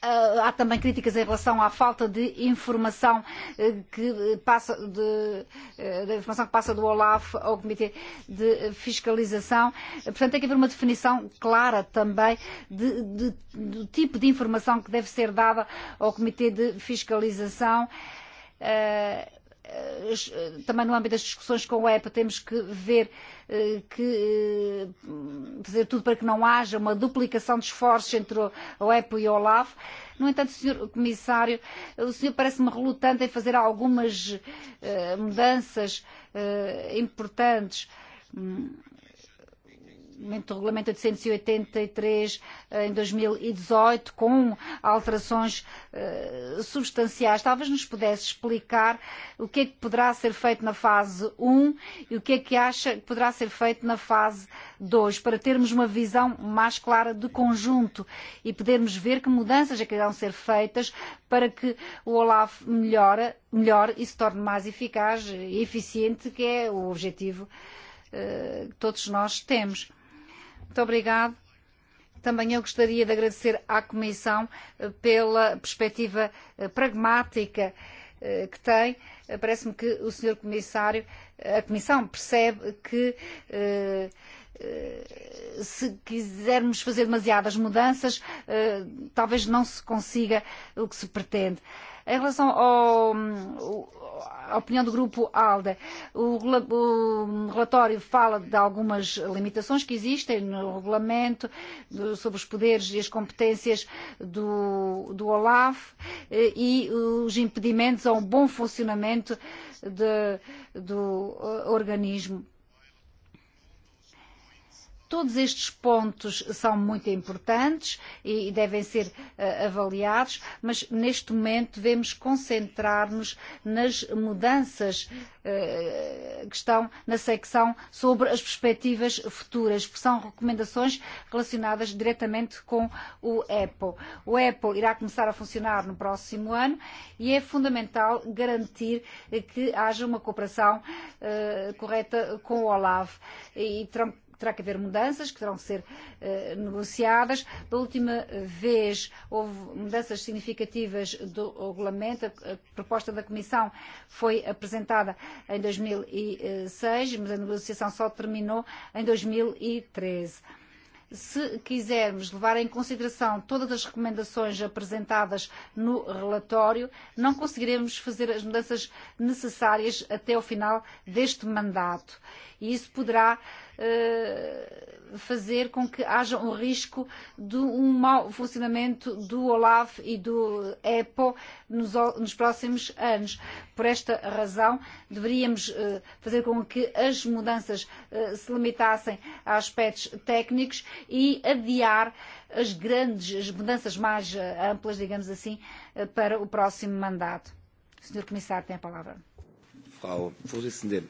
há também críticas em relação à falta de informação eh, que passa, de, eh, de informação que passa do OLAF ao Comitê de Fiscalização. Portanto, tem que haver uma definição clara também de, de, do tipo de informação que deve ser dada ao Comitê de Fiscalização. Eh, eh, também no âmbito das discussões com o EPA temos que ver eh, que fazer tudo para que não haja uma duplicação de esforços entre o EPA e o OLAF. No entanto, Sr. Comissário, o senhor parece-me relutante em fazer algumas mudanças importantes regulamento, o regulamento 883 em 2018 e com alterações eh, substanciais. Talvez nos pudesse explicar o que é que poderá ser feito na fase 1 um e o que é que acha que poderá ser feito na fase 2 para termos uma visão mais clara de conjunto e podermos ver que mudanças é que irão ser feitas para que o OLAF melhore, melhore e se torne mais eficaz e eficiente, que é o objetivo uh, que todos nós temos. Muito obrigado. Também eu gostaria de agradecer à Comissão eh, pela perspectiva eh, pragmática eh, que tem. Parece-me que o Sr. Comissário, a Comissão, percebe que se quisermos fazer demasiadas mudanças, talvez não se consiga o que se pretende. Em relação ao, à opinião do grupo ALDE, o, o relatório fala de algumas limitações que existem no regulamento do, sobre os poderes e as competências do, do OLAF eh, e os impedimentos ao um bom funcionamento de, do organismo. Todos estes pontos são muito importantes e, e devem ser eh, avaliados, mas neste momento devemos concentrar-nos nas mudanças eh, que estão na secção sobre as perspectivas futuras, que são recomendações relacionadas diretamente com o Apple. O Apple irá começar a funcionar no próximo ano e é fundamental garantir que haja uma cooperação uh, correta com o Olaf. E terão terá que haver mudanças que terão que ser uh, negociadas. Da última vez houve mudanças significativas do regulamento. A, a proposta da Comissão foi apresentada em 2006, e mas a negociação só terminou em 2013. E Se quisermos levar em consideração todas as recomendações apresentadas no relatório, não conseguiremos fazer as mudanças necessárias até o final deste mandato e isso poderá eh, fazer com que haja um risco de um mau funcionamento do OLAF e do EPO nos próximos anos. Por esta razão, deveríamos eh, fazer com que as mudanças eh, se limitassem a aspectos técnicos e adiar as grandes as mudanças mais amplas, digamos assim, para o próximo mandato. Senhor Comissário, tem a palavra. Frau Vorsitzende,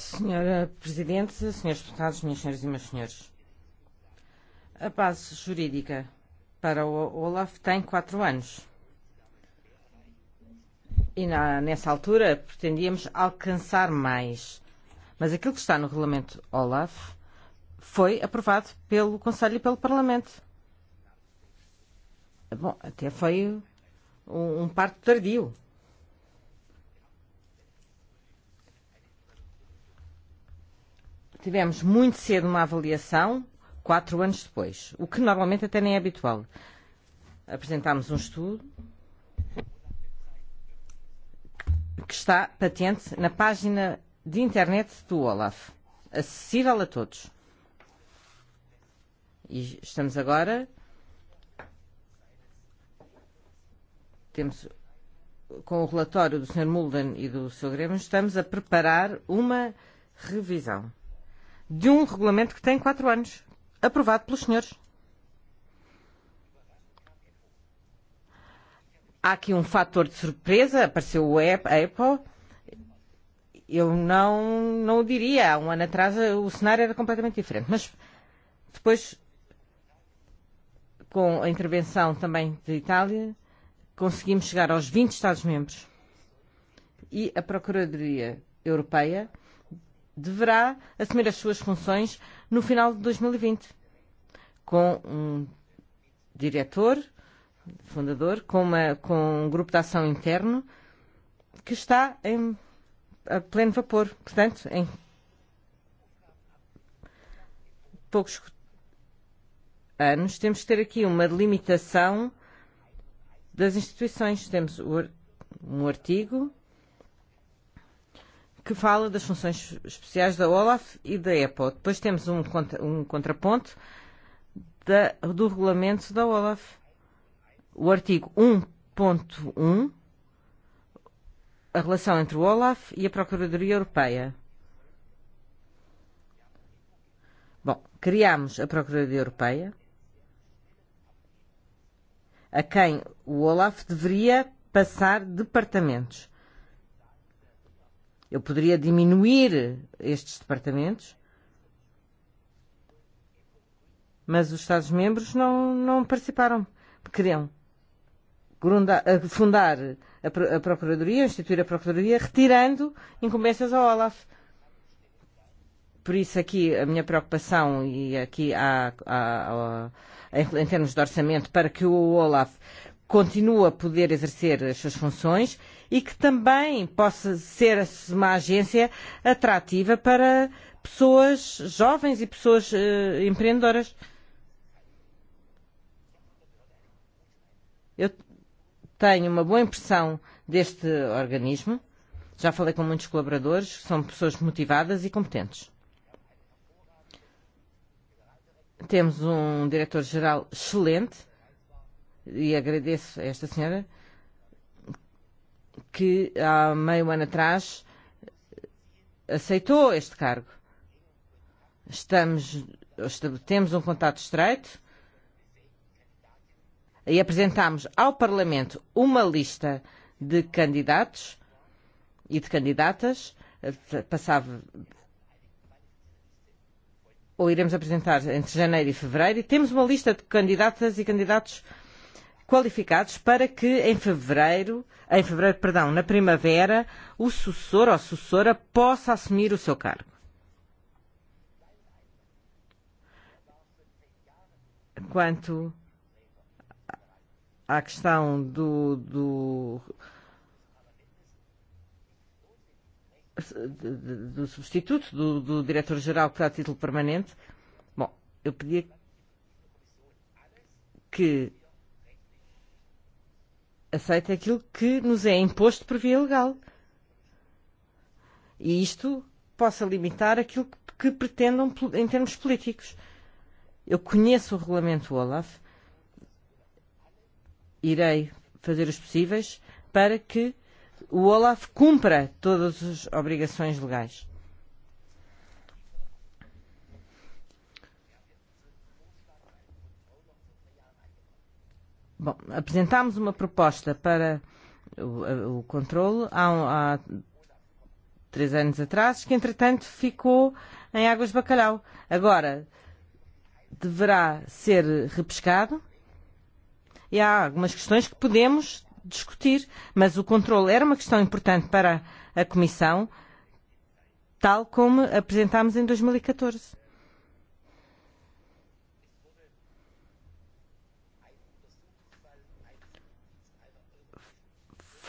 Senhora Presidente, Senhores Deputados, Minhas Senhoras e Meus Senhores. A base jurídica para o Olaf tem quatro anos. E na, nessa altura pretendíamos alcançar mais. Mas aquilo que está no regulamento Olaf foi aprovado pelo Conselho e pelo Parlamento. Bom, até foi um, um parto tardio. tivemos muito cedo uma avaliação, quatro anos depois, o que normalmente até nem é habitual. Apresentámos um estudo que está patente na página de internet do Olaf, acessível a todos. E estamos agora. Temos, com o relatório do Sr. Mulden e do Sr. Grêmio, estamos a preparar uma revisão de um regulamento que tem quatro anos, aprovado pelos senhores. Há aqui um fator de surpresa, apareceu o Apple. Eu não, não o diria, há um ano atrás o cenário era completamente diferente. Mas depois, com a intervenção também da Itália, conseguimos chegar aos 20 Estados-membros e a Procuradoria Europeia deverá assumir as suas funções no final de 2020, e com um diretor, fundador, com, uma, com um grupo de ação interno que está em a pleno vapor, portanto, em poucos anos temos que ter aqui uma delimitação das instituições. Temos um artigo que fala das funções especiais da OLAF e da EPO. Depois temos um, contra, um contraponto da, do regulamento da OLAF. O artigo 1.1, um um, a relação entre o OLAF e a Procuradoria Europeia. Bom, criamos a Procuradoria Europeia, a quem o OLAF deveria passar departamentos. Eu poderia diminuir estes departamentos, mas os Estados-membros não, não participaram. Queriam fundar a Procuradoria, instituir a Procuradoria, retirando incumbências ao Olaf. Por isso aqui a minha preocupação e aqui há, há, há, em, em termos de orçamento para que o Olaf continue a poder exercer as suas funções e que também possa ser uma agência atrativa para pessoas jovens e pessoas uh, empreendedoras. Eu tenho uma boa impressão deste organismo. Já falei com muitos colaboradores, que são pessoas motivadas e competentes. Temos um diretor-geral excelente e agradeço a esta senhora que há meio ano atrás aceitou este cargo. Estamos, temos um contato estreito e apresentamos ao Parlamento uma lista de candidatos e de candidatas. E, Passava ou iremos apresentar entre janeiro e fevereiro e temos uma lista de candidatas e candidatos uh, qualificados para que em fevereiro, em fevereiro, perdão, na primavera, o sucessor ou sucessora possa assumir o seu cargo. Quanto à questão do, do do substituto do, do diretor-geral que está a título permanente. Bom, eu pedia que aceita aquilo que nos é imposto por via legal. E isto possa limitar aquilo que pretendam em termos políticos. Eu conheço o regulamento Olaf, irei fazer os possíveis para que o Olaf cumpra todas as obrigações legais. Bom, apresentámos uma proposta para o, o controle há, um, há três anos atrás, que entretanto ficou em águas de bacalhau. Agora deverá ser repescado e há algumas questões que podemos discutir, mas o controle era uma questão importante para a Comissão, tal como apresentámos em 2014.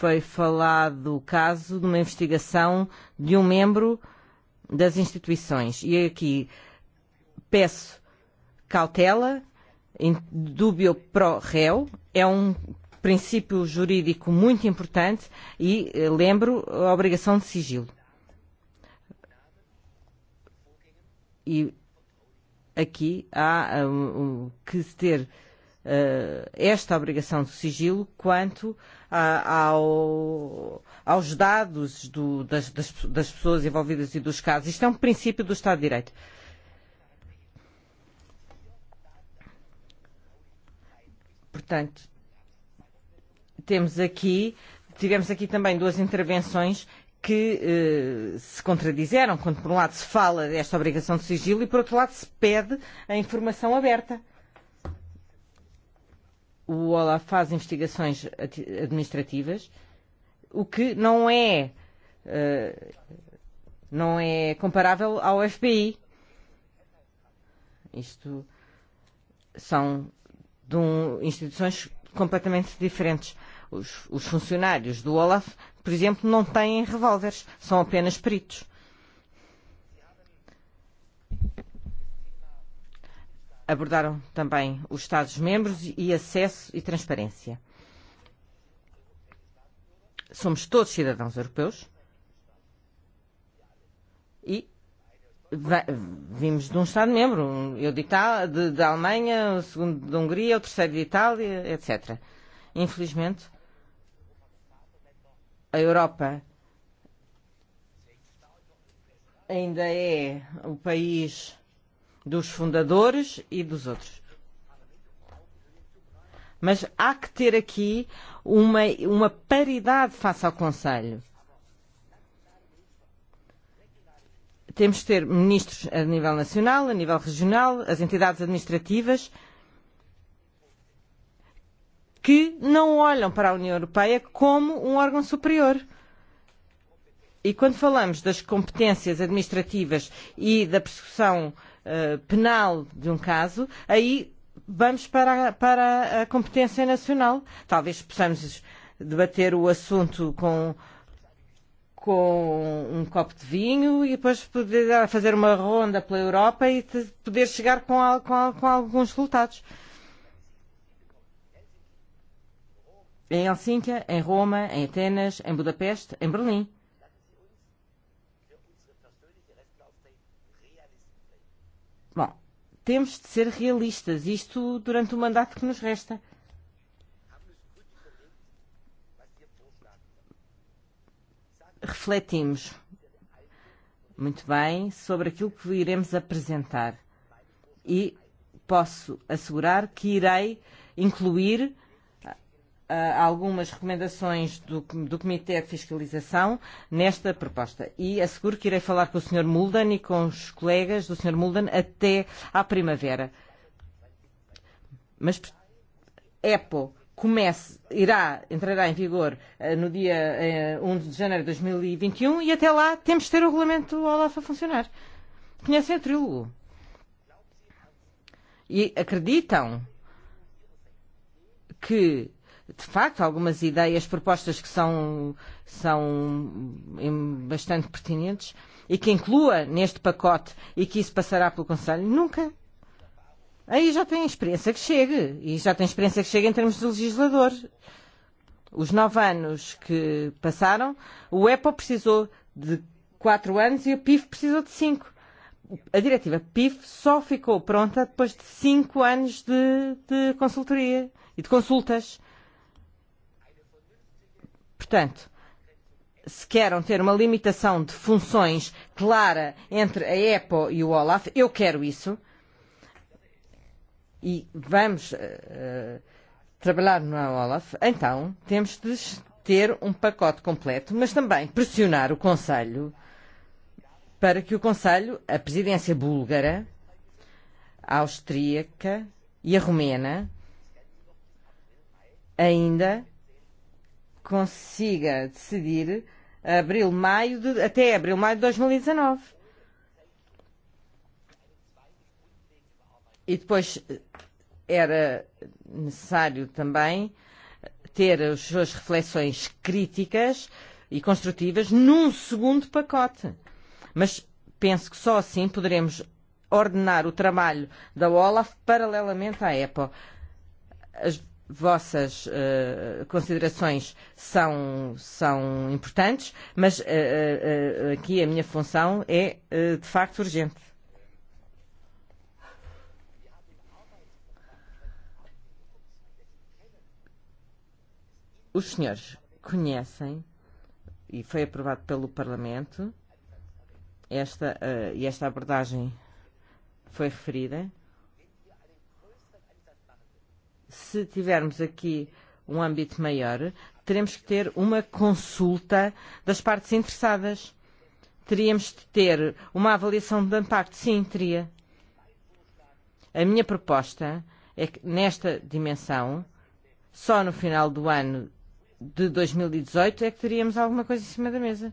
foi falado o caso de uma investigação de um membro das instituições. E aqui peço cautela, dúbio pro réu, é um princípio jurídico muito importante e eh, lembro a obrigação de sigilo. E aqui há eh, um, um, que ter uh, esta obrigação de sigilo quanto uh, ao, aos dados do, das, das, das pessoas envolvidas e dos casos. Isto é um princípio do Estado de Direito. Portanto, temos aqui, tivemos aqui também duas intervenções que eh, se contradizeram, quando por um lado se fala desta obrigação de sigilo e por outro lado se pede a informação aberta o Olaf faz investigações administrativas, o que não é uh, não é comparável ao FBI. Isto são de um, instituições completamente diferentes. Os, os funcionários do Olaf, por exemplo, não têm revólveres, são apenas peritos. abordaram também os Estados-membros e acesso e transparência. Somos todos cidadãos europeus e vimos de um Estado-membro, um eu de, Itália, de, de Alemanha, o segundo de Hungria, o terceiro de Itália, etc. Infelizmente, a Europa ainda é o país dos fundadores e dos outros. Mas há que ter aqui uma, uma paridade face ao Conselho. Temos de ter ministros a nível nacional, a nível regional, as entidades administrativas que não olham para a União Europeia como um órgão superior. E quando falamos das competências administrativas e da persecução uh, Eh, penal de um caso, aí vamos para a, para a competência nacional. Talvez possamos debater o assunto com, com um copo de vinho e depois poder fazer uma ronda pela Europa e poder chegar com, com, com alguns resultados. Em Helsínquia, em Roma, em Atenas, em Budapeste, em Berlim. temos de ser realistas, isto durante o mandato que nos resta. Refletimos muito bem sobre aquilo que iremos apresentar e posso assegurar que irei incluir uh, uh, algumas recomendações do, do Comitê de Fiscalização nesta proposta. E asseguro que irei falar com o Sr. Mulden e com os colegas do Sr. Mulden até à primavera. Mas EPO comece, irá, entrará em vigor uh, no dia uh, eh, 1 um de janeiro de 2021 e, e, um e até lá temos de ter o regulamento OLAF a funcionar. Conhecem o trílogo? E acreditam que de facto, algumas ideias, propostas que são, são bastante pertinentes e que inclua neste pacote e que isso passará pelo Conselho? Nunca. Aí já tem experiência que chegue. E já tem experiência que chegue em termos de legislador. Os nove anos que passaram, o EPO precisou de quatro anos e o PIF precisou de cinco. A diretiva PIF só ficou pronta depois de cinco anos de, de consultoria e de consultas. Portanto, se querem ter uma limitação de funções clara entre a EPO e o OLAF, eu quero isso. E vamos uh, trabalhar no OLAF, então temos de ter um pacote completo, mas também pressionar o Conselho para que o Conselho, a presidência búlgara, a austríaca e a romena, ainda consiga decidir abril, maio de, até abril, maio de 2019. E, e depois era necessário também ter as suas reflexões críticas e construtivas num segundo pacote. Mas penso que só assim poderemos ordenar o trabalho da OLAF paralelamente à EPO. As, vossas uh, considerações são, são importantes, mas uh, uh, uh, aqui a minha função é, uh, de facto, urgente. Os senhores conhecem e foi aprovado pelo Parlamento esta, uh, e esta abordagem foi referida se tivermos aqui um âmbito maior, teremos que ter uma consulta das partes interessadas. Teríamos de ter uma avaliação de impacto? Sim, teria. A minha proposta é que, nesta dimensão, só no final do ano de 2018 e é que teríamos alguma coisa em cima da mesa.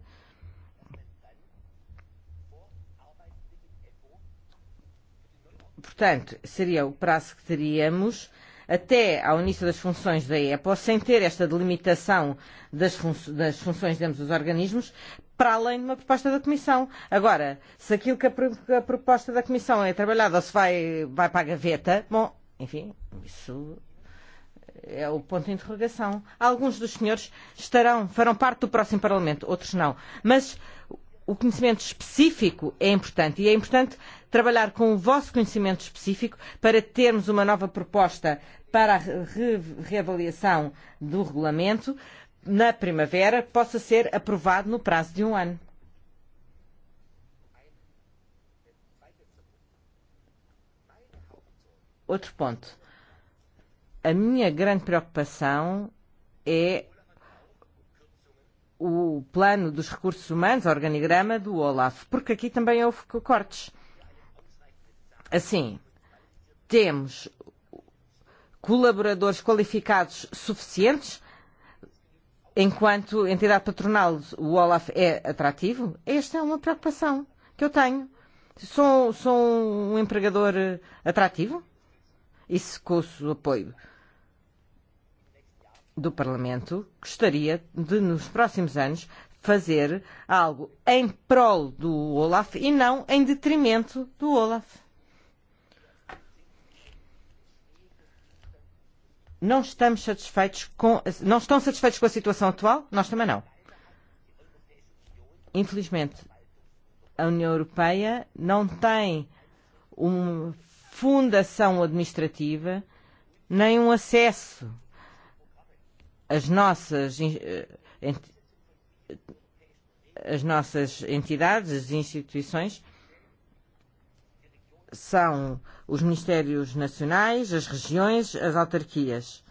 Portanto, seria o prazo que teríamos até ao início das funções da EPO, sem ter esta delimitação das, fun das funções digamos, dos organismos, para além de uma proposta da Comissão. Agora, se aquilo que a, pro que a proposta da Comissão é trabalhada ou se vai, vai para a gaveta, bom, enfim, isso é o ponto de interrogação. Alguns dos senhores estarão, farão parte do próximo Parlamento, outros não. Mas o conhecimento específico é importante e é importante trabalhar com o vosso conhecimento específico para termos uma nova proposta para a re reavaliação do regulamento na primavera possa ser aprovado no prazo de um ano. Outro ponto. A minha grande preocupação é o plano dos recursos humanos, organigrama do Olaf, porque aqui também houve cortes. Assim, temos colaboradores qualificados suficientes, enquanto entidade patronal o Olaf é atrativo, esta é uma preocupação que eu tenho. Sou, sou um empregador atrativo? Isso com o seu apoio do Parlamento gostaria de, nos próximos anos, fazer algo em prol do Olaf e não em detrimento do Olaf. Não estamos satisfeitos com a, não estão satisfeitos com a situação atual? Nós também não. Infelizmente, a União Europeia não tem uma fundação administrativa nem um acesso as nossas, eh, as nossas entidades, as instituições, são os Ministérios Nacionais, as regiões, as autarquias.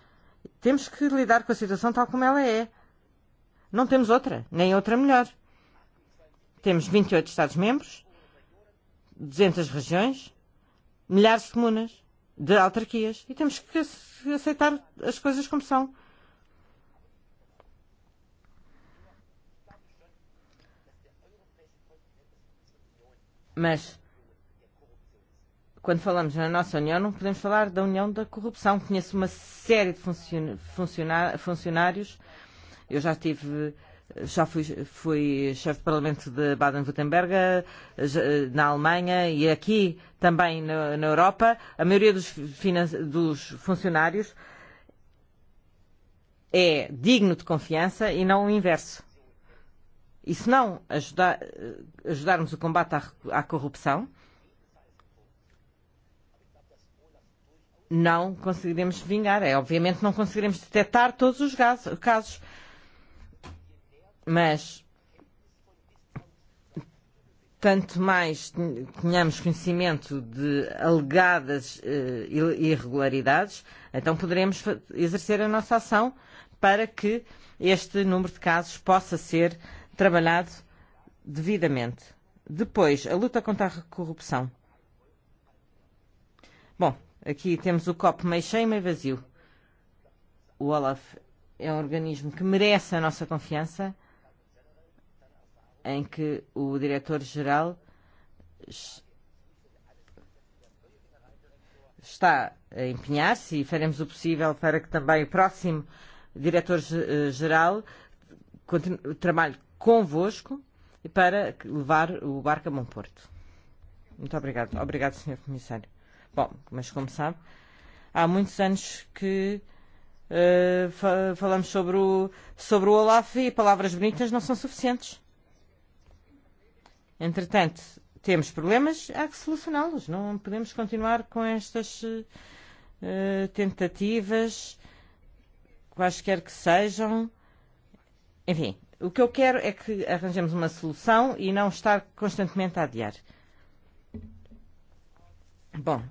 Temos que lidar com a situação tal como ela é. Não temos outra, nem outra melhor. Temos 28 e Estados-membros, 200 regiões, milhares de comunas, de autarquias. E temos que aceitar as coisas como são. Mas, quando falamos na nossa União, não podemos falar da União da Corrupção. Conheço uma série de funcionários. Eu já tive. Já fui, fui chefe de parlamento de Baden-Württemberg, eh, eh, na Alemanha e aqui também na, na Europa. A maioria dos, dos funcionários é digno de confiança e não o inverso e se não ajudar, eh, ajudarmos o combate à, à corrupção, não conseguiremos vingar. É, obviamente não conseguiremos detectar todos os gaso, casos. Mas tanto mais tenhamos conhecimento de alegadas uh, irregularidades, então poderemos exercer a nossa ação para que este número de casos possa ser uh, trabalhado devidamente. Depois, a luta contra a corrupção. Bom, aqui temos o copo meio cheio e meio vazio. O Olaf é um organismo que merece a nossa confiança, em que o diretor-geral está a empenhar-se e faremos o possível para que também o próximo diretor-geral eh, trabalhe convosco e para levar o barco a Bom Porto. Muito obrigado. Obrigado, Sr. Comissário. Bom, mas como sabe, há muitos anos que uh, fa falamos sobre o, sobre o Olaf e palavras bonitas não são suficientes. Entretanto, temos problemas, há que solucioná-los. Não podemos continuar com estas uh, tentativas, quaisquer que sejam. Enfim, O que eu quero é que arranjemos uma solução e não estar constantemente a adiar. Bom,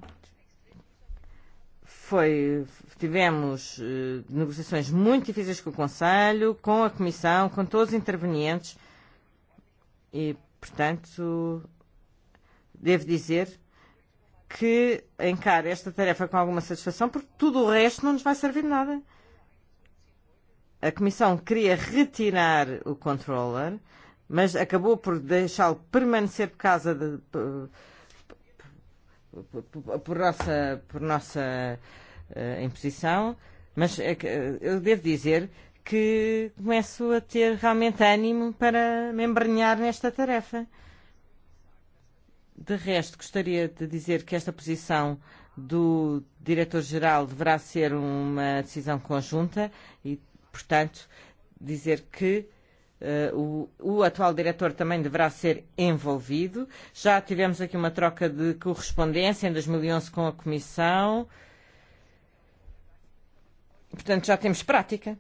foi, tivemos uh, negociações muito difíceis com o Conselho, com a Comissão, com todos os intervenientes e, portanto, devo dizer que encaro esta tarefa com alguma satisfação porque tudo o resto não nos vai servir de nada a comissão queria retirar o controller, mas acabou por deixá-lo permanecer por causa de. por, por, por nossa, por nossa uh, imposição. Mas é que, eh, eu devo dizer que começo a ter realmente ânimo para me embrenhar nesta tarefa. De resto, gostaria de dizer que esta posição do diretor-geral deverá ser uma decisão conjunta e portanto, dizer que uh, o, o atual diretor também deverá ser envolvido. Já tivemos aqui uma troca de correspondência em 2011 e com a Comissão. Portanto, já temos prática.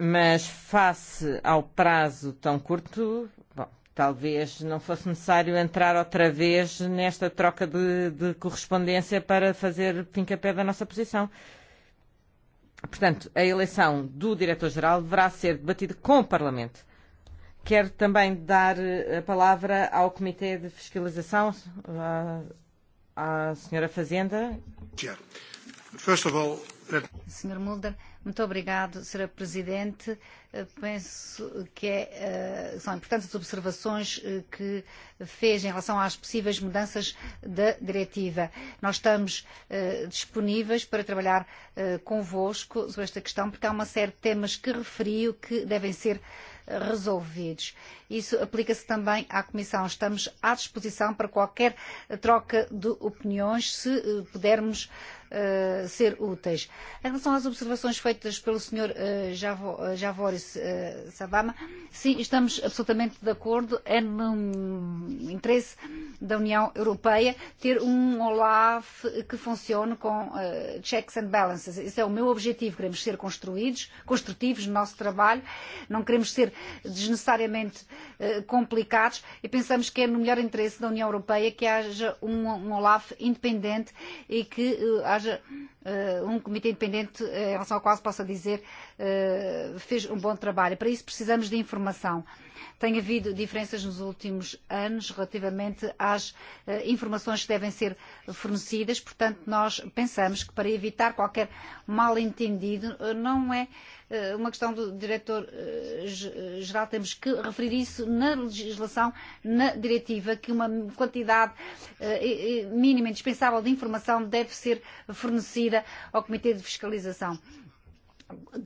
Mas face ao prazo tão curto, bom, talvez não fosse necessário entrar outra vez nesta troca de, de correspondência para fazer fim pé da nossa posição. Uh, Portanto, a eleição do diretor-geral deverá ser debatida com o Parlamento. Quero também dar eh, a palavra ao Comitê de Fiscalização, à, eh, à Senhora Fazenda. Yeah. First of all, Sr. Mulder, muito obrigado, Sr. Presidente. Eh, penso que é, eh, são importantes as observações eh, que fez em relação às possíveis mudanças da diretiva. Nós estamos disponíveis para trabalhar convosco sobre esta questão, porque há uma série de temas que referiu que devem ser resolvidos isso aplica-se também à Comissão. Estamos à disposição para qualquer troca de opiniões, se eh, pudermos uh, ser úteis. Em relação às observações feitas pelo Sr. Uh, eh, Javoris uh, Sabama, sim, estamos absolutamente de acordo. É no interesse da União Europeia ter um OLAF que funcione com uh, checks and balances. Esse é o meu objetivo. Queremos ser construídos, construtivos no nosso trabalho. Não queremos ser desnecessariamente. Uh, Eh, complicados e pensamos que é no melhor interesse da União Europeia que haja um, um Olaf independente e que uh, haja uh, um comitê independente eh, em relação ao qual se possa dizer uh, fez um bom trabalho. Para isso precisamos de informação. Tem havido diferenças nos últimos anos relativamente às uh, informações que devem ser fornecidas, portanto nós pensamos que para evitar qualquer mal-entendido não é uh, uma questão do diretor-geral, uh, temos que referir isso na legislação, na diretiva, que uma quantidade uh, mínima e indispensável de informação deve ser fornecida dirigida ao Comitê de Fiscalização.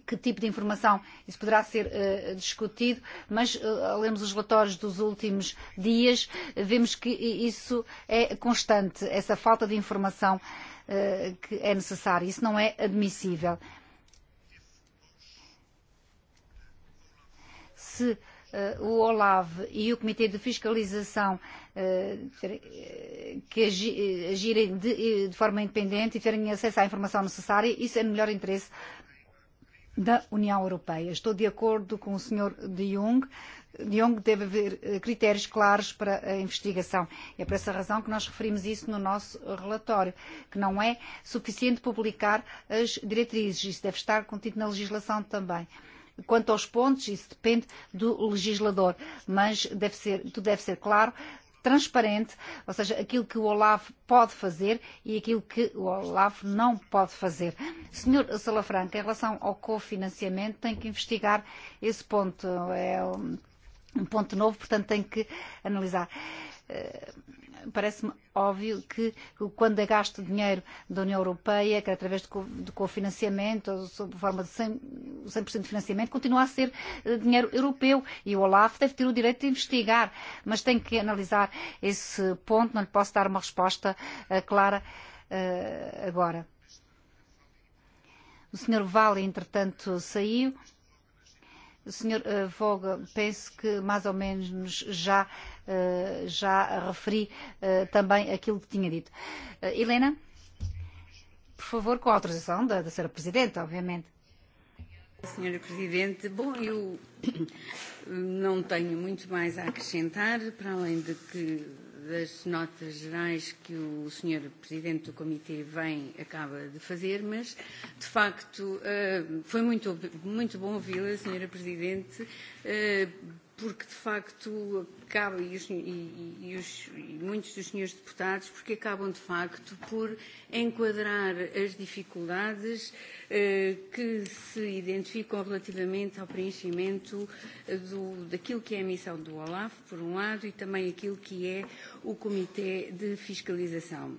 Que tipo de informação isso poderá ser uh, discutido, mas uh, lemos os relatórios dos últimos dias, vemos que isso é constante, essa falta de informação uh, que é necessária. Isso não é admissível. Se uh, o OLAV e o Comitê de Fiscalização uh, Eh, ter, eh, que agirem eh, de, de forma independente e terem acesso à informação necessária. Isso é no melhor interesse da União Europeia. Estou de acordo com o Sr. De Jong. De Jong deve haver critérios claros para a investigação. E é por essa razão que nós referimos isso no nosso relatório, que não é suficiente publicar as diretrizes. Isso deve estar contido na legislação também. Quanto aos pontos, isso depende do legislador, mas deve ser, tudo deve ser claro transparente, ou seja, aquilo que o Olavo pode fazer e aquilo que o Olavo não pode fazer. Senhor Salafranca, em relação ao cofinanciamento, tem que investigar esse ponto. É um, um ponto novo, portanto, tem que analisar. Uh, parece-me óbvio que quando é gasto dinheiro da União Europeia, que é através de cofinanciamento, ou sob forma de 100%, 100 de financiamento, continua a ser eh, dinheiro europeu. E o Olaf deve ter o direito de investigar, mas tem que analisar esse ponto. Não lhe posso dar uma resposta eh, clara eh, agora. O Sr. Vale, entretanto, saiu. O Sr. Voga, penso que mais ou menos já, eh, já referi eh, também aquilo que tinha dito. Eh, Helena, por favor, com a autorização da, da Sra. Presidente, obviamente. Senhora Presidente, bom, eu (coughs) não tenho muito mais a acrescentar, para além de que das notas gerais que o senhor presidente do comitê vem acaba de fazer, mas de facto eh, foi muito muito bom ouvi-la, senhora presidente, eh, porque de facto acaba, e, os, e, e, os, e muitos dos senhores deputados, porque acabam de facto por enquadrar as dificuldades eh, que se identificam relativamente ao preenchimento eh, do, daquilo que é a missão do OLAF, por um lado, e também aquilo que é o Comitê de Fiscalização.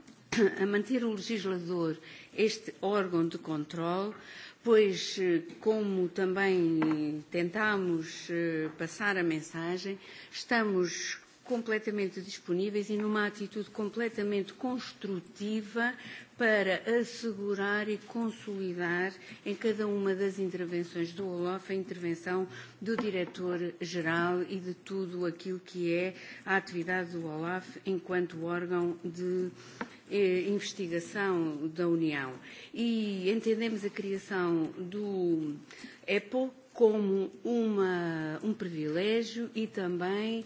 A manter o legislador este órgão de controle Pois, eh, como também tentámos eh, passar a mensagem, estamos completamente disponíveis e numa atitude completamente construtiva para assegurar e consolidar em cada uma das intervenções do Olof a intervenção do Diretor-Geral e de tudo aquilo que é a atividade do Olof enquanto órgão de uh, Eh, investigação da União e entendemos a criação do Apple como uma, um privilégio e também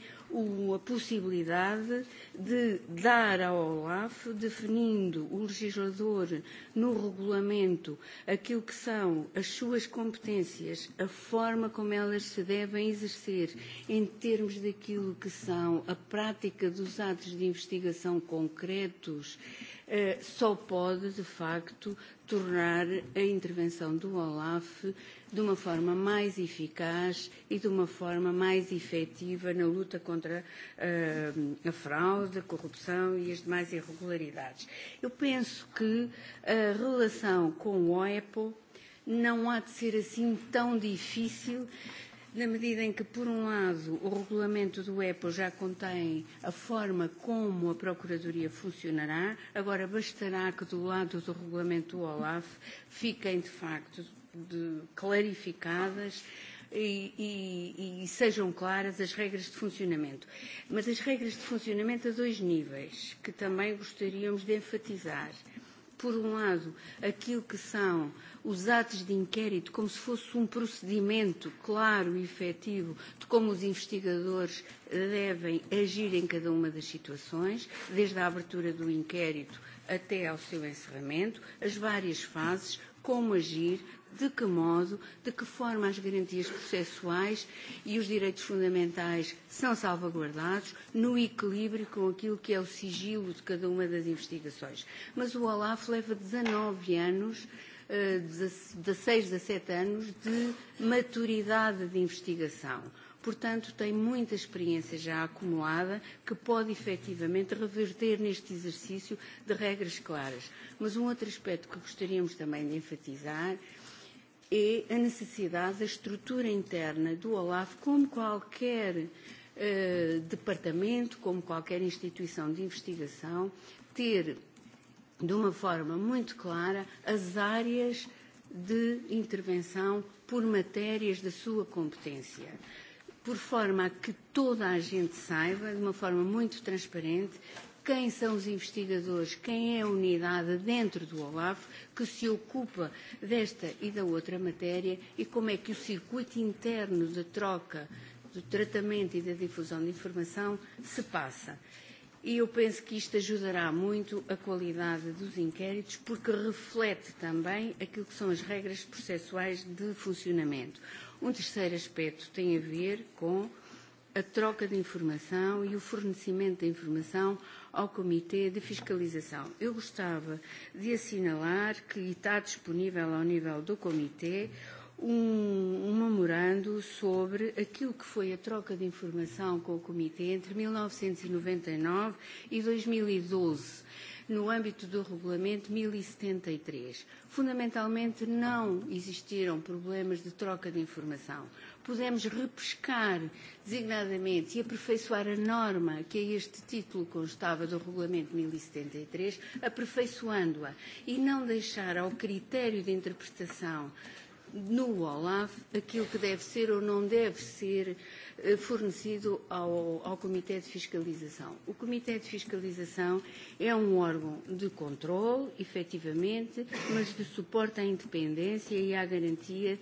a possibilidade de dar ao OLAF, definindo o legislador no regulamento aquilo que são as suas competências, a forma como elas se devem exercer em termos daquilo que são a prática dos atos de investigação concretos, eh, só pode, de facto, tornar a intervenção do OLAF de uma forma mais eficaz e de uma forma mais efetiva na luta contra uh, a fraude, a corrupção e as demais irregularidades. Eu penso que a relação com o OEPO não há de ser assim tão difícil. Na medida em que, por um lado, o regulamento do EPO já contém a forma como a Procuradoria funcionará, agora bastará que, do lado do regulamento do OLAF, fiquem, de facto, de clarificadas. E, e, e sejam claras as regras de funcionamento. Mas as regras de funcionamento a dois níveis, que também gostaríamos de enfatizar. Por um lado, aquilo que são os atos de inquérito como se fosse um procedimento claro e efetivo de como os investigadores devem agir em cada uma das situações, desde a abertura do inquérito até ao seu encerramento, as várias fases, como agir, de que modo, de que forma as garantias processuais e os direitos fundamentais são salvaguardados no equilíbrio com aquilo que é o sigilo de cada uma das investigações. Mas o Olaf leva 19 anos de 6 a 7 anos de maturidade de investigação. Portanto, tem muita experiência já acumulada que pode efetivamente reverter neste exercício de regras claras. Mas um outro aspecto que gostaríamos também de enfatizar é a necessidade da estrutura interna do OLAF, como qualquer eh, departamento, como qualquer instituição de investigação, ter de uma forma muito clara as áreas de intervenção por matérias da sua competência, por forma a que toda a gente saiba, de uma forma muito transparente, quem são os investigadores, quem é a unidade dentro do OLAF que se ocupa desta e da outra matéria e como é que o circuito interno da troca, do tratamento e da difusão de informação se passa e eu penso que isto ajudará muito a qualidade dos inquéritos, porque reflete também aquilo que são as regras processuais de funcionamento. Um terceiro aspecto tem a ver com a troca de informação e o fornecimento da informação ao Comitê de Fiscalização. Eu gostava de assinalar que está disponível ao nível do Comitê. Uhum um, um memorando sobre aquilo que foi a troca de informação com o Comitê entre 1999 e 2012, e e e no âmbito do Regulamento 1073. Fundamentalmente, não existiram problemas de troca de informação. Pudemos repescar designadamente e aperfeiçoar a norma que a este título constava do Regulamento 1073, aperfeiçoando-a e não deixar ao critério de interpretação no OLAF aquilo que deve ser ou não deve ser eh, fornecido ao, ao Comitê de Fiscalização. O Comitê de Fiscalização é um órgão de controle, efetivamente, mas de suporte à independência e à garantia,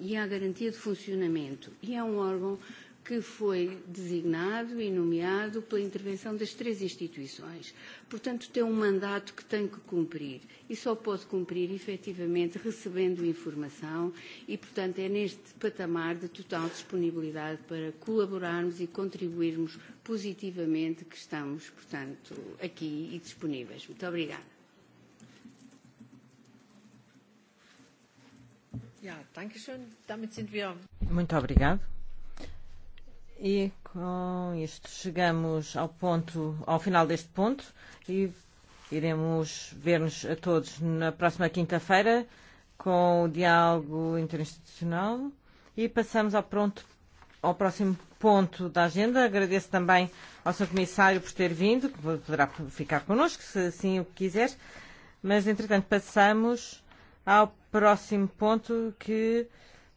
e à garantia de funcionamento. E é um órgão que foi designado e nomeado pela intervenção das três instituições. Portanto, tem um mandato que tem que cumprir e só pode cumprir efetivamente recebendo informação e, portanto, é neste patamar de total disponibilidade para colaborarmos e contribuirmos positivamente que estamos, portanto, aqui e disponíveis. Muito obrigada. Ja, Muito obrigado. E com isto chegamos ao ponto, ao final deste ponto e iremos ver-nos a todos na próxima quinta-feira com o diálogo interinstitucional e passamos ao pronto ao próximo ponto da agenda. Agradeço também ao Sr. Comissário por ter vindo, que poderá ficar connosco, se assim o quiser. Mas, entretanto, passamos ao próximo ponto que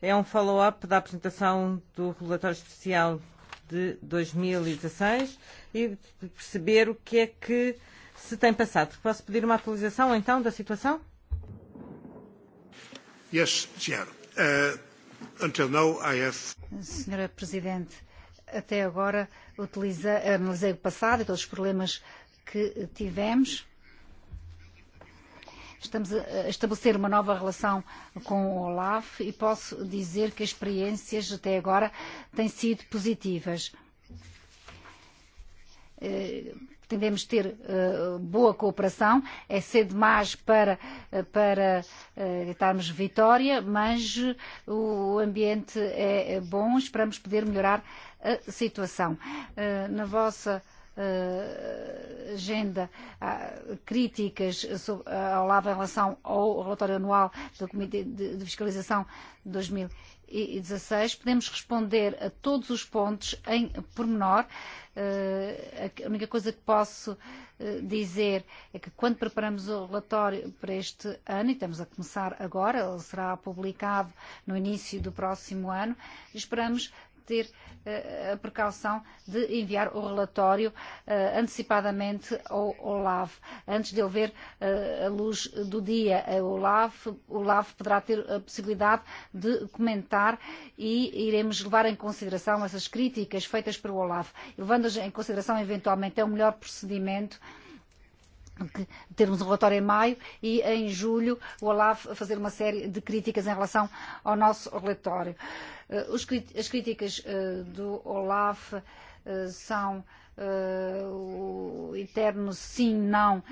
é um follow-up da apresentação do relatório especial de 2016 e, e perceber o que é que se tem passado. Posso pedir uma atualização então da situação? Yes, Chair. Uh, until now, I have... Senhora Presidente, até agora utiliza, analisei o passado e todos os problemas que tivemos. Estamos a eh, estabelecer uma nova relação com o Olaf e posso dizer que as experiências até agora têm sido positivas. Eh, tendemos ter uh, boa cooperação, é ser demais para, para uh, darmos vitória, mas o ambiente é, é bom, esperamos poder melhorar a situação. Uh, na vossa uh, Eh, agenda uh, críticas sobre, uh, ao lado em relação ao relatório anual do Comitê de, de Fiscalização 2016. E Podemos responder a todos os pontos em pormenor. Uh, a única coisa que posso uh, dizer é que quando preparamos o relatório para este ano, e estamos a começar agora, ele será publicado no início do próximo ano, esperamos ter eh, a precaução de enviar o relatório eh, antecipadamente ao OLAV, antes de ele ver eh, a luz do dia. O OLAV, o OLAV poderá ter a possibilidade de comentar e iremos levar em consideração essas críticas feitas pelo OLAV. Levando-as em consideração, eventualmente, é o melhor procedimento que termos um relatório em maio e em julho o Olaf fazer uma série de críticas em relação ao nosso relatório. Eh, as críticas eh, do Olaf eh, são uh, interno sim, não, uh,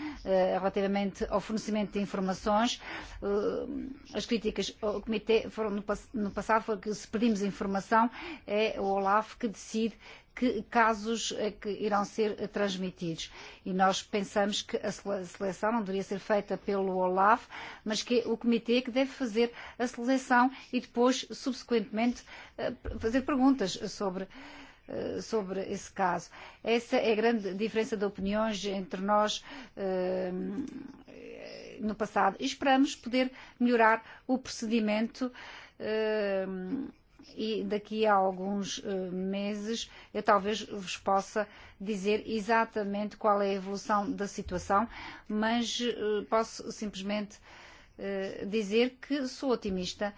relativamente ao fornecimento de informações. Uh, as críticas ao Comitê foram no, no passado foram que se pedimos informação, é o Olaf que decide que casos é que irão ser transmitidos. E nós pensamos que a seleção não deveria ser feita pelo OLAF, mas que é o comitê que deve fazer a seleção e depois, subsequentemente, fazer perguntas sobre. Uh, Eh, sobre esse caso. Essa é a grande diferença de opiniões entre nós eh, no passado. E esperamos poder melhorar o procedimento eh, e daqui a alguns meses eu talvez vos possa dizer exatamente qual é a evolução da situação, mas posso simplesmente dizer que sou otimista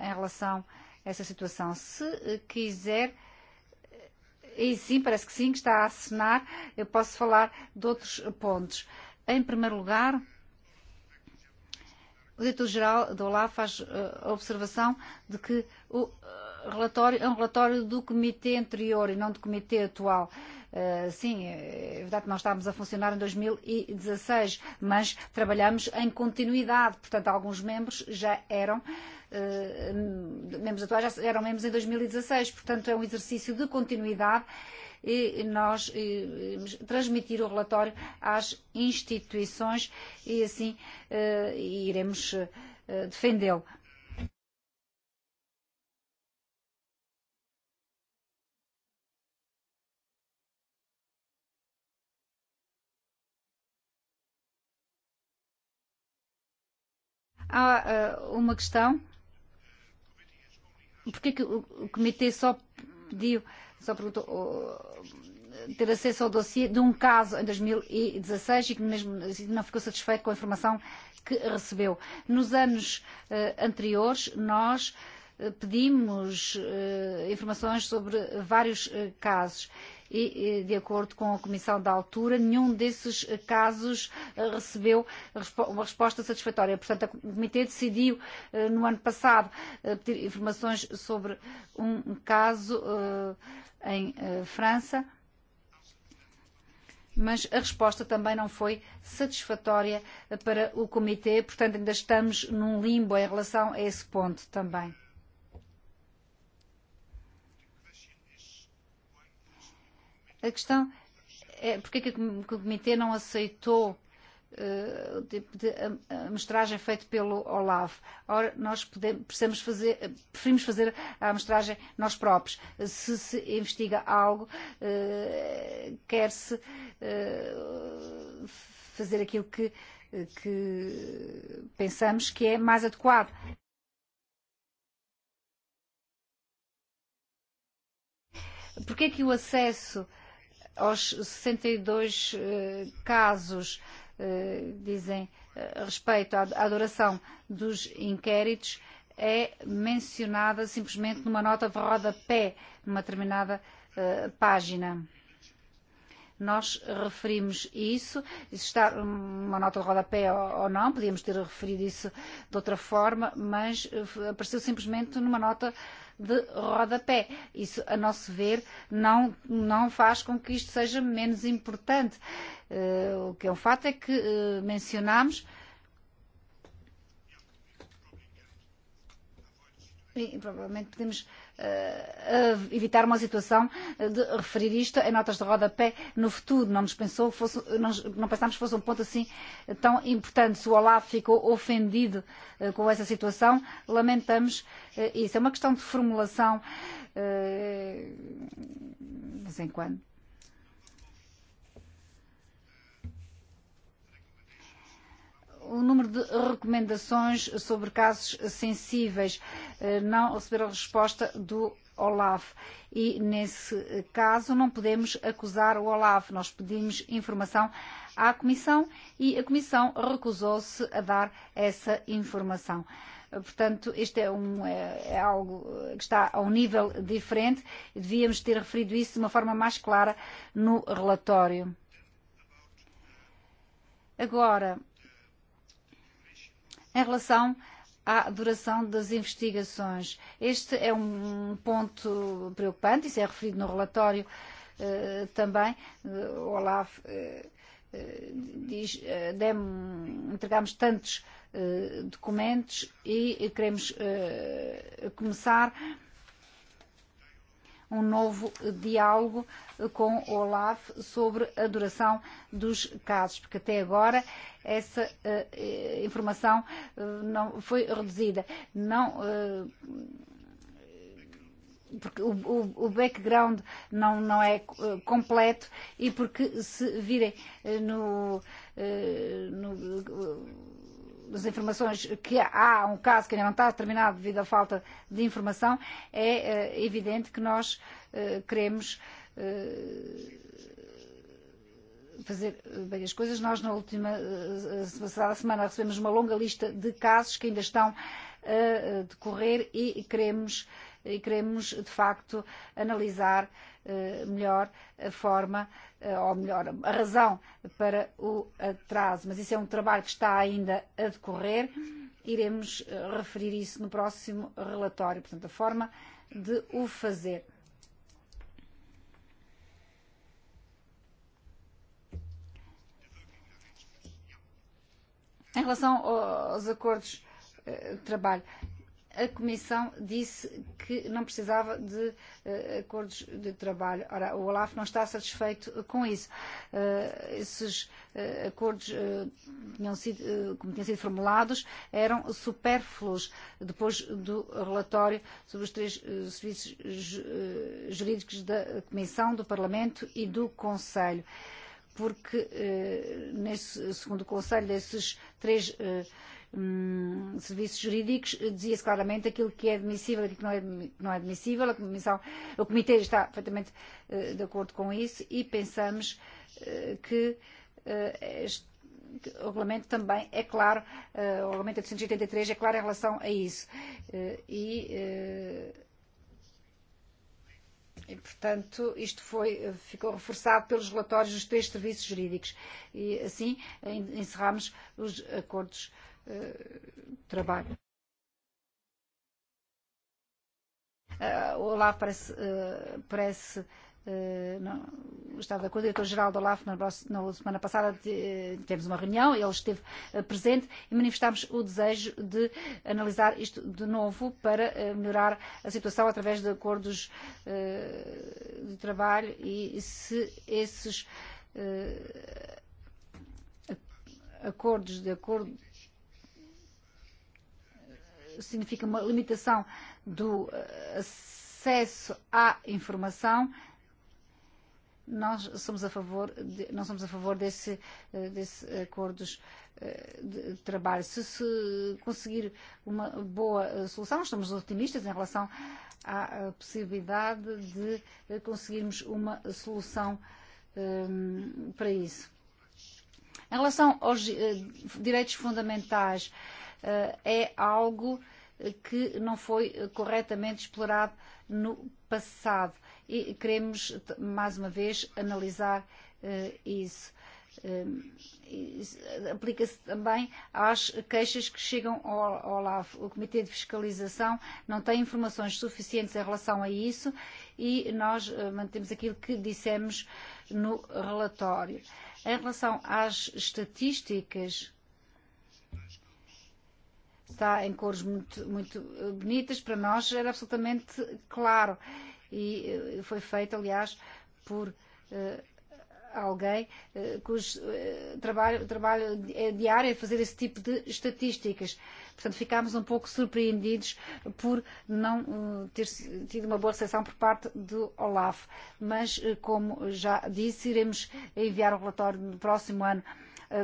em relação a essa situação. Se quiser. E sim, parece que sim, que está a assinar. Eu posso falar de outros pontos. Em primeiro lugar, o diretor-geral da OLAF faz uh, a observação de que o, relatório, é um relatório do comitê anterior e não do comitê atual. Uh, sim, é verdade que nós estávamos a funcionar em 2016, e mas trabalhamos em continuidade. Portanto, alguns membros já eram, uh, membros atuais já eram membros em 2016. E Portanto, é um exercício de continuidade e nós e, transmitir o relatório às instituições e assim uh, iremos uh, defendê-lo. há uh, uma questão. Porquê que o, o comitê só pediu, só perguntou uh, ter acesso ao dossiê de um caso em 2016 e que mesmo não ficou satisfeito com a informação que recebeu. Nos anos uh, anteriores, nós uh, pedimos uh, informações sobre vários uh, casos. E, e, de acordo com a Comissão da Altura, nenhum desses eh, casos eh, recebeu uma resposta satisfatória. Portanto, o Comitê decidiu, eh, no ano passado, pedir informações sobre um caso em França, mas a resposta também não foi satisfatória para o Comitê, portanto, ainda estamos num limbo em relação a esse ponto também. A questão é porque é que eh, o Comitê não aceitou uh, a amostragem feita pelo OLAV? Ora, nós podemos, precisamos fazer, preferimos fazer a amostragem nós próprios. Se se investiga algo, uh, quer-se uh, fazer aquilo que, que pensamos que é mais adequado. Porquê que o acesso uh, aos 62 e eh, casos, eh, dizem, eh, respeito à duração dos inquéritos, é mencionada simplesmente numa nota de rodapé, numa determinada página nós referimos isso, isso está uma nota de rodapé ou não, podíamos ter referido isso de outra forma, mas eh, apareceu simplesmente numa nota de rodapé. Isso, a nosso ver, não, não faz com que isto seja menos importante. Uh, o que é um fato é que uh, eh, mencionámos. E, provavelmente podemos uh, uh, evitar uma situação de referir isto em notas de rodapé no futuro. Não, nos pensou fosse, nós, não pensámos que fosse um ponto assim tão importante. Se o Olá ficou ofendido uh, com essa situação, lamentamos uh, isso. É uma questão de formulação uh, de vez em quando. um número de recomendações sobre casos sensíveis. Eh, não receberam resposta do Olaf. E nesse caso não podemos acusar o Olaf. Nós pedimos informação à Comissão e a Comissão recusou-se a dar essa informação. Eh, portanto, este é, um, é, é algo que está a um nível diferente e devíamos ter referido isso de uma forma mais clara no relatório. Agora, em relação à duração das investigações. Este é um ponto preocupante, isso é referido no relatório uh, também. Uh, o Olaf uh, diz, uh, dem, entregamos tantos uh, documentos e queremos uh, começar uh, um novo diálogo eh, com o Olaf sobre a duração dos casos, porque até agora essa uh, informação uh, não foi reduzida. Não, uh, porque o, o, o background não, não é completo e porque se virem uh, no, uh, no uh, das informações que há um caso que ainda não está terminado devido à falta de informação, é uh, evidente que nós uh, queremos uh, fazer bem as coisas. Nós, na última uh, semana, recebemos uma longa lista de casos que ainda estão a uh, decorrer e queremos, e queremos, de facto, analisar. Uh, Eh, melhor a eh, forma, eh, ou melhor, a razão para o atraso. Mas isso é um trabalho que está ainda a decorrer. Iremos referir isso no próximo relatório. Portanto, a forma de o fazer. Em relação aos acordos de trabalho, a Comissão disse que não precisava de uh, acordos de trabalho. Ora, o Olaf não está satisfeito com isso. Uh, esses uh, acordos, uh, tinham sido, uh, como tinham sido formulados, eram supérfluos depois do relatório sobre os três uh, serviços ju jurídicos da Comissão, do Parlamento e do Conselho. Porque, uh, nesse, segundo o Conselho, desses três. Uh, hum, serviços jurídicos dizia-se claramente aquilo que é admissível e aquilo que não é admissível. A comissão, o Comitê está perfeitamente uh, de acordo com isso e pensamos uh, que uh, este o regulamento também é claro, uh, o regulamento 883 e e é claro em relação a isso. Uh, e, uh, e, portanto, isto foi, ficou reforçado pelos relatórios dos três serviços jurídicos. E, assim, encerramos os acordos. Uh, Eh, trabalho. Uh, eh, o Olaf parece, uh, parece uh, não, estava com o diretor-geral do Olaf na, na semana passada, tivemos uma reunião, ele esteve uh, presente e manifestámos o desejo de analisar isto eh, de novo para uh, melhorar a situação através de acordos uh, de trabalho e se esses uh, acordos de acordo significa uma limitação do eh, acesso à informação, nós somos a favor, de, nós somos a favor desse, eh, desse acordos eh, de trabalho. Se se conseguir uma boa solução, estamos otimistas em relação à possibilidade de conseguirmos uma solução ehm, para isso. Em relação aos direitos fundamentais, uh, é algo que não foi corretamente explorado no passado. E queremos, mais uma vez, analisar uh, isso. Uh, Aplica-se também às queixas que chegam ao OLAF. O Comitê de Fiscalização não tem informações suficientes em relação a isso e nós uh, mantemos aquilo que dissemos no relatório. Em relação às estatísticas está em cores muito, muito eh, bonitas, para nós era absolutamente claro. E eh, foi feito, aliás, por uh, alguém uh, cujo uh, trabalho, trabalho é diário é fazer esse tipo de estatísticas. Portanto, ficámos um pouco surpreendidos por não uh, ter tido uma boa recepção por parte do Olaf. Mas, uh, como já disse, iremos enviar o relatório no próximo ano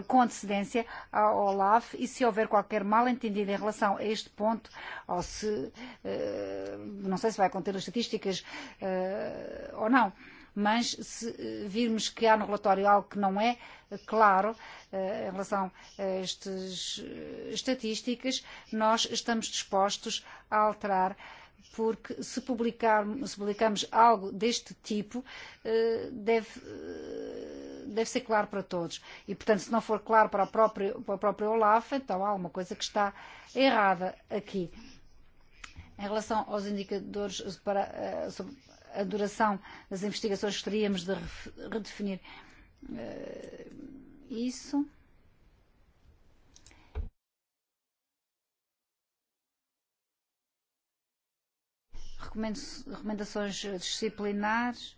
com antecedência ao OLAF e se houver qualquer mal-entendido em relação a este ponto, ou se, eh, não sei se vai conter as estatísticas eh, ou não, mas se virmos que há no relatório algo que não é eh, claro em relação a estas estatísticas, nós estamos dispostos a alterar porque se, publicar, se publicarmos algo deste tipo, eh, deve, eh, deve ser claro para todos. E, portanto, se não for claro para a própria, para a própria Olaf, então há alguma coisa que está errada aqui. Em relação aos indicadores para, eh, sobre a duração das investigações, gostaríamos de redefinir isso. recomendações disciplinares.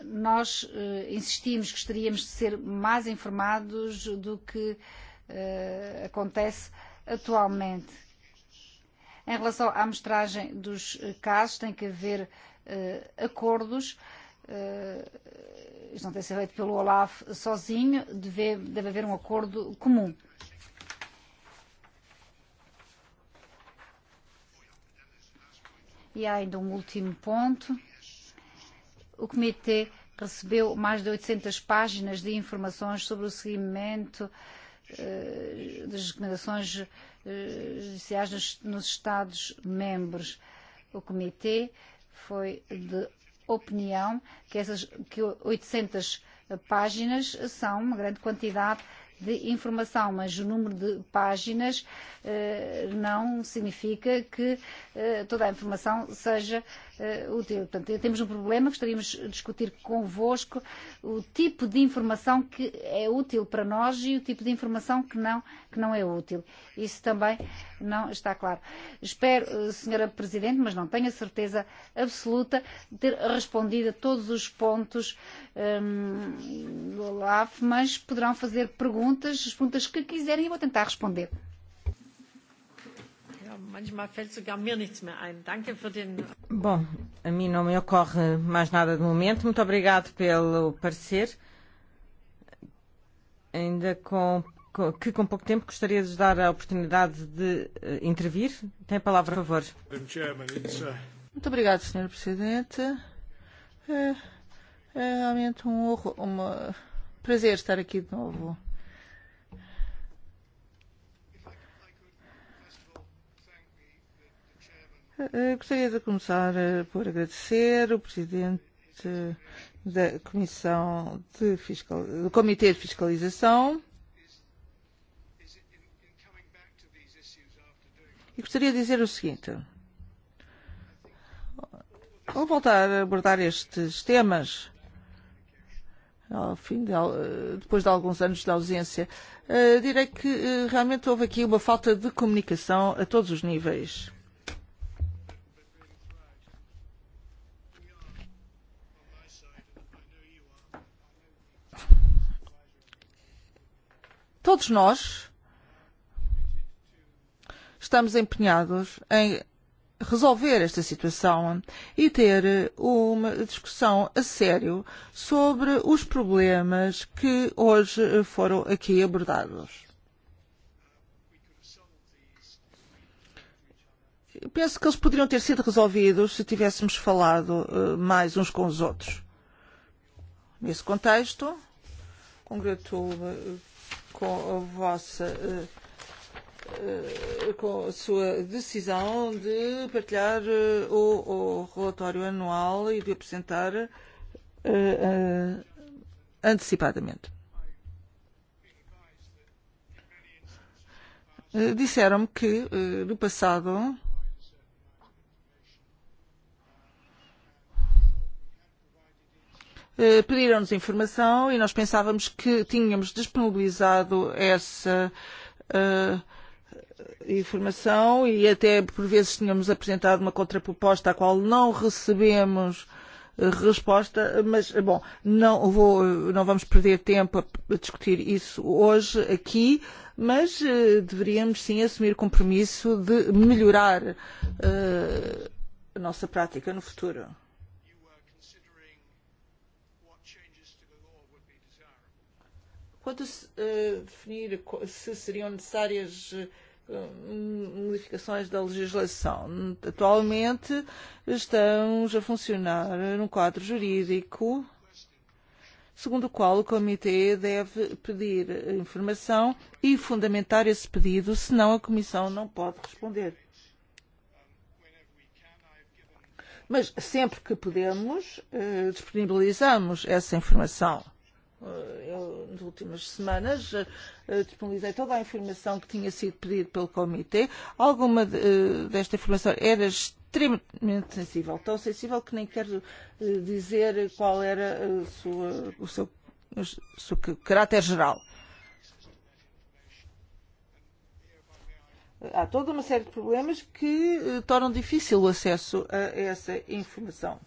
Nós uh, insistimos que gostaríamos de ser mais informados do que uh, acontece atualmente. Em relação à mostragem dos casos, tem que haver uh, acordos. Uh, isto não tem que ser feito pelo Olaf sozinho, deve, deve haver um acordo comum. E ja, há ainda um último ponto. O Comitê recebeu mais de 800 páginas de informações sobre o seguimento uh, das recomendações eh, judiciais nos, nos Estados-membros. O Comitê foi de opinião que essas que 800 páginas são uma grande quantidade de informação, mas o número de páginas uh, não significa que uh, toda a informação seja uh, uh, eh, útil. Portanto, temos um problema, gostaríamos de discutir convosco o tipo de informação que é útil para nós e o tipo de informação que não, que não é útil. Isso também não está claro. Espero, eh, Senhora Presidente, mas não tenho a certeza absoluta de ter respondido a todos os pontos um, do Olaf, mas poderão fazer perguntas, as perguntas que quiserem e vou tentar responder manchmal fällt sogar mir nichts mehr ein. Danke für den. Bom, a mim não me ocorre eh, mais nada de momento. Muito obrigado pelo parecer. Ainda com, com que com pouco tempo gostaria de dar a oportunidade de uh, intervir. Tem a palavra, por favor. Uh, Muito obrigado, Sr. Presidente. É, é realmente um, um, um prazer estar aqui de novo. Gostaria de começar eh, por agradecer o Presidente eh, da Comissão de Fiscal, do Comitê de Fiscalização. E gostaria de dizer o seguinte. Ao voltar a abordar estes temas, ao fim de, eh, depois de alguns anos de ausência, direi que realmente houve aqui uma falta de comunicação a todos os níveis. todos nós estamos empenhados em resolver esta situação e ter uma discussão a sério sobre os problemas que hoje foram aqui abordados. Penso que eles poderiam ter sido resolvidos se tivéssemos falado eh, mais uns com os outros. Nesse contexto, congratulo-me. Eh, com a vossa com a sua decisão de partilhar eh, o, o relatório anual e de apresentar uh, uh, antecipadamente. Disseram-me que, uh, no passado, uh, Eh, pediram-nos informação e nós pensávamos que tínhamos disponibilizado essa uh, informação e até por vezes tínhamos apresentado uma contraproposta à qual não recebemos eh, resposta, mas bom, não, vou, não vamos perder tempo a, a discutir isso hoje aqui, mas uh, deveríamos sim assumir o compromisso de melhorar uh, a nossa prática no futuro. quando se eh, definir se seriam necessárias eh, modificações da legislação. Atualmente estamos a funcionar num quadro jurídico segundo o qual o Comitê deve pedir informação e fundamentar esse pedido, senão a Comissão não pode responder. Mas sempre que podemos, eh, disponibilizamos essa informação. Eh, nas últimas semanas, eh, eh, disponibilizei toda a informação que tinha sido pedido pelo Comitê. Alguma desta informação era extremamente sensível, tão sensível que nem quero dizer qual era a sua, o, seu, o seu caráter geral. Há toda uma série de problemas que eh, tornam difícil o acesso a essa informação.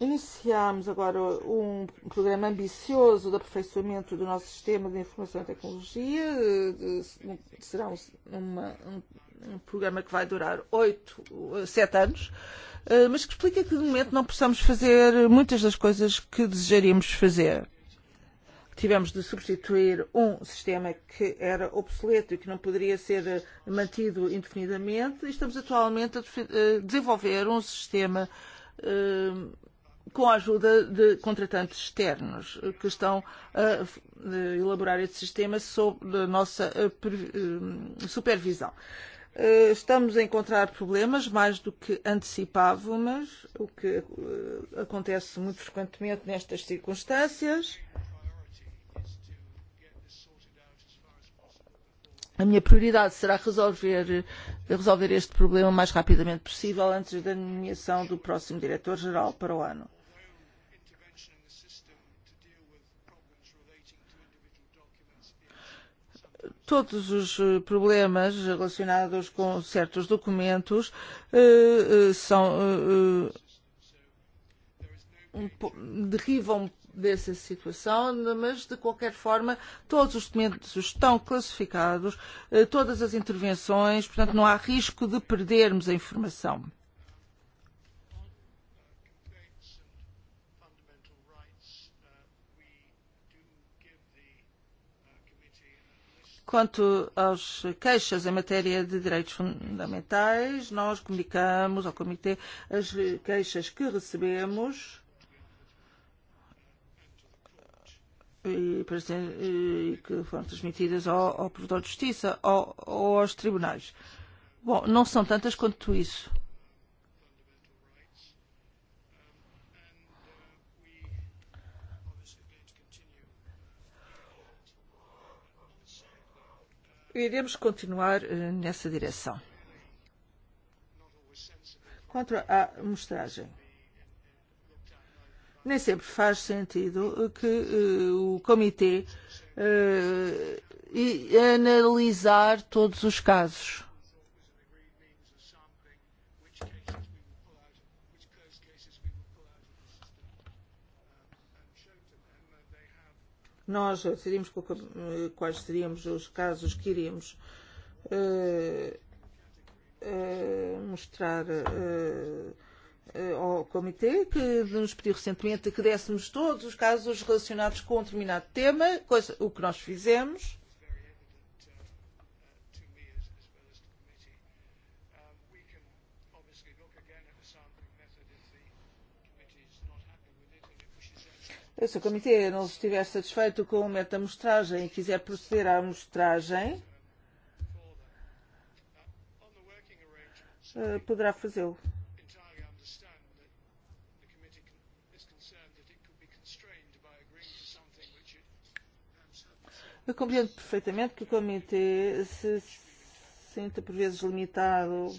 Iniciamos agora um programa ambicioso de aperfeiçoamento do nosso sistema de informação e tecnologia. Será um, uma, um, um programa que vai durar oito, sete anos, eh, mas que explica que, de momento, não possamos fazer muitas das coisas que desejaríamos fazer. Tivemos de substituir um sistema que era obsoleto e que não poderia ser eh, mantido indefinidamente e estamos atualmente a eh, desenvolver um sistema. Uh, com a ajuda de contratantes externos que estão a elaborar este sistema sob a nossa eh, eh, supervisão. Eh, estamos a encontrar problemas mais do que antecipávamos, o que acontece muito frequentemente nestas circunstâncias. A minha prioridade será resolver, resolver este problema o mais rapidamente possível antes da nomeação do próximo Diretor-Geral para o ano. todos os eh, problemas relacionados com certos documentos uh, são uh, um, derivam dessa situação, mas de qualquer forma todos os documentos estão classificados, uh, todas as intervenções, portanto não há risco de perdermos a informação. Quanto às queixas em matéria de direitos fundamentais, nós comunicamos ao Comitê as queixas que recebemos e, e que foram transmitidas ao, ao Provedor de Justiça ou aos tribunais. Bom, não são tantas quanto isso. iremos e, continuar eh, nessa direção. Quanto à mostragem, nem sempre faz sentido que uh, o comitê uh, analisar todos os casos. nós seríamos eh, quais seríamos os casos que iríamos uh, uh, mostrar uh, ao comitê que nos pediu recentemente que dessemos todos os casos relacionados com um determinado tema, coisa, o que nós fizemos. Esse comitê não estiver satisfeito com o meta-mostragem e quiser proceder à mostragem, eh, poderá fazê-lo. Eu compreendo perfeitamente que o Comitê se sinta por vezes limitado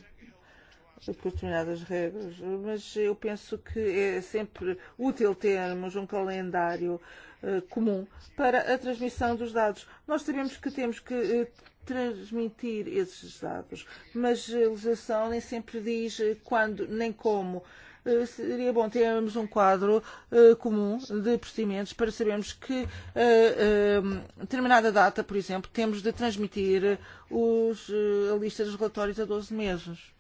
questionar as regras, mas eu penso que é sempre útil termos um calendário eh, comum para a transmissão dos dados. Nós sabemos que temos que eh, transmitir esses dados, mas a legislação nem sempre diz eh, quando nem como. Seria bom termos um quadro uh, comum de procedimentos para sabermos que uh, uh, determinada data, por exemplo, temos de transmitir os, uh, a lista dos relatórios a 12 meses.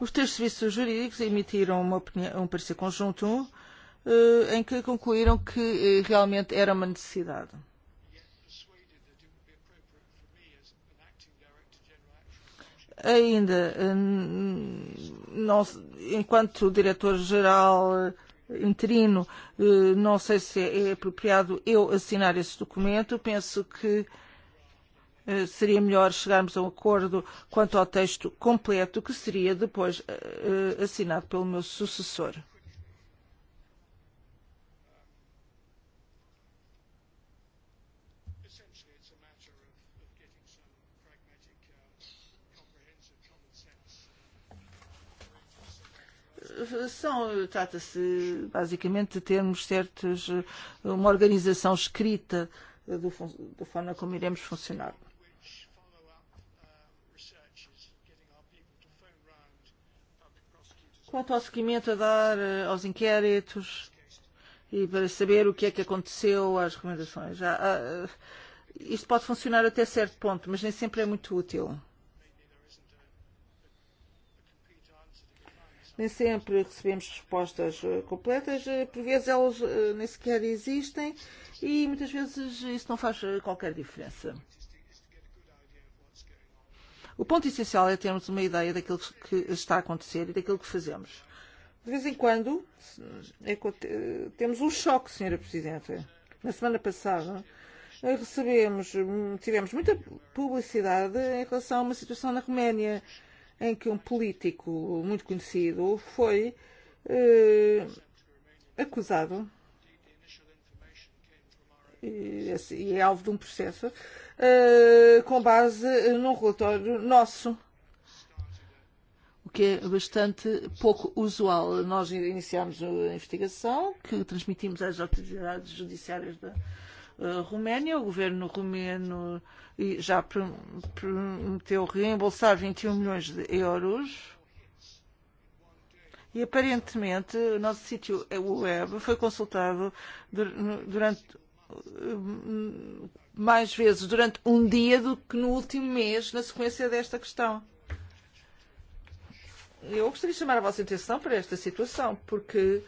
os três serviços jurídicos emitiram uma opinião, um parecer conjunto uh, em que concluíram que uh, realmente era uma necessidade. Ainda, eh, não, enquanto diretor-geral interino, não sei se é apropriado eu assinar esse documento. Penso que Eh, seria melhor chegarmos a um acordo quanto ao texto completo, que seria depois uh, assinado pelo meu sucessor. Trata-se basicamente de termos certos, uma organização escrita do, da forma como iremos funcionar. Quanto ao seguimento a dar eh, aos inquéritos e para saber o que é que aconteceu às recomendações, já, uh, isto pode funcionar até certo ponto, mas nem sempre é muito útil. Nem sempre recebemos respostas eh, completas, por vezes elas nem sequer existem e muitas vezes isso não faz qualquer diferença. O ponto essencial é termos uma ideia daquilo que está a acontecer e daquilo que fazemos. De vez em quando, é que temos um choque, Sra. Presidenta. Na semana passada, eh, recebemos, tivemos muita publicidade em relação a uma situação na Roménia, em que um político muito conhecido foi eh, acusado e, e, e é alvo de um processo, uh, com base num relatório nosso. O que é bastante pouco usual. Nós iniciamos a investigação, que transmitimos às autoridades judiciárias da uh, Roménia. O governo romeno e já pr prometeu reembolsar 21 e um milhões de euros. E aparentemente o nosso sítio web foi consultado no, durante Um, mais vezes durante um dia do que no último mês na sequência desta questão. Eu gostaria de chamar a vossa atenção para esta situação, porque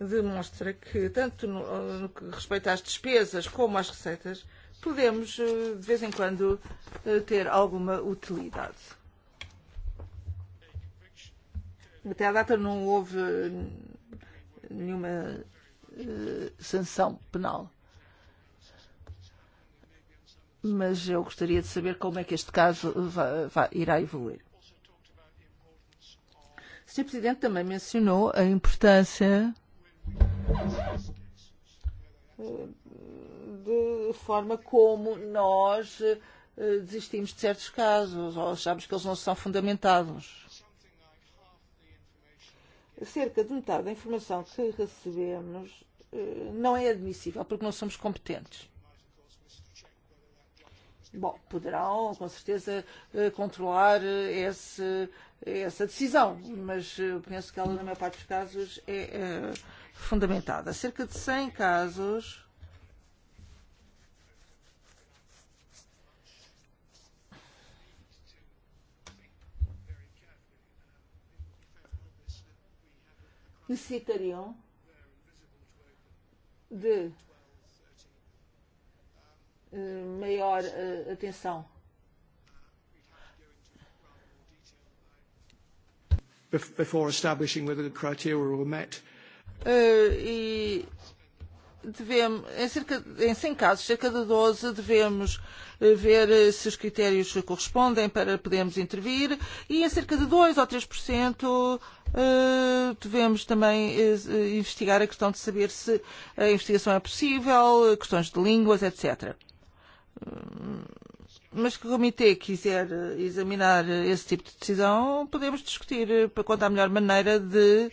demonstra que, tanto no, no que respeita às despesas como às receitas, podemos, eh, de vez em quando, eh, ter alguma utilidade. Até à data não houve nenhuma uh, sanção penal mas eu gostaria de saber como é que este caso vai, vai, irá evoluir. O Sr. Presidente também mencionou a importância de forma como nós eh, desistimos de certos casos ou achamos que eles não são fundamentados. Cerca de metade da informação que recebemos eh, não é admissível porque não somos competentes. Bom, poderão com certeza eh, controlar eh, esse, essa decisão, mas penso que ela, na maior parte dos casos, é, é eh, fundamentada. Cerca de 100 casos. necessitariam de maior uh, atenção. Before establishing whether the criteria were met. Uh, e devemos, em, cerca, em 100 casos, cerca de 12, devemos eh, ver se os critérios correspondem para podermos intervir e em cerca de 2 ou 3% uh, devemos também uh, investigar a questão de saber se a investigação é possível, questões de línguas, etc. Mas que comitê quiser examinar esse tipo de decisão, podemos discutir para contar a melhor maneira de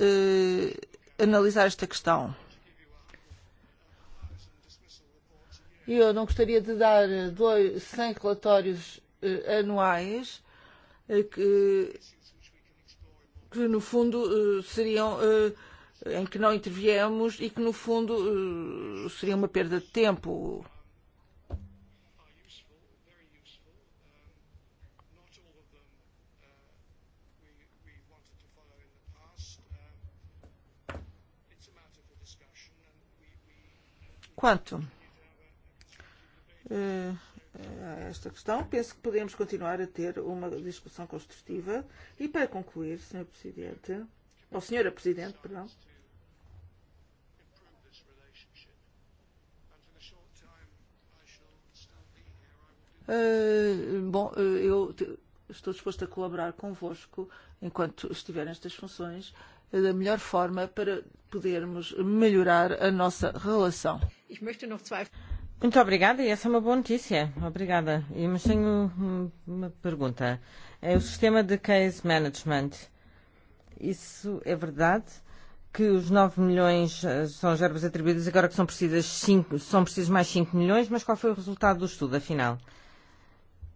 uh, analisar esta questão. Eu não gostaria de dar dois, 100 relatórios uh, anuais uh, que, que, no fundo, uh, seriam uh, em que não interviemos e que, no fundo, uh, seria uma perda de tempo. Quantum. Eh, esta questão, penso que podemos continuar a ter uma discussão construtiva. E para concluir, Sr. Presidente, ou Sra. Presidente, perdão. Uh, bom, eh, eu estou disposto a colaborar convosco enquanto estiver nestas funções. Uh, da melhor forma para podermos melhorar a nossa relação. Muito obrigada e essa é uma boa notícia. Obrigada. E, mas tenho uma pergunta. É o sistema de case management. Isso é verdade? Que os 9 milhões eh, são as verbas atribuídas, agora que são precisas, 5, são precisas mais 5 milhões, mas qual foi o resultado do estudo, afinal?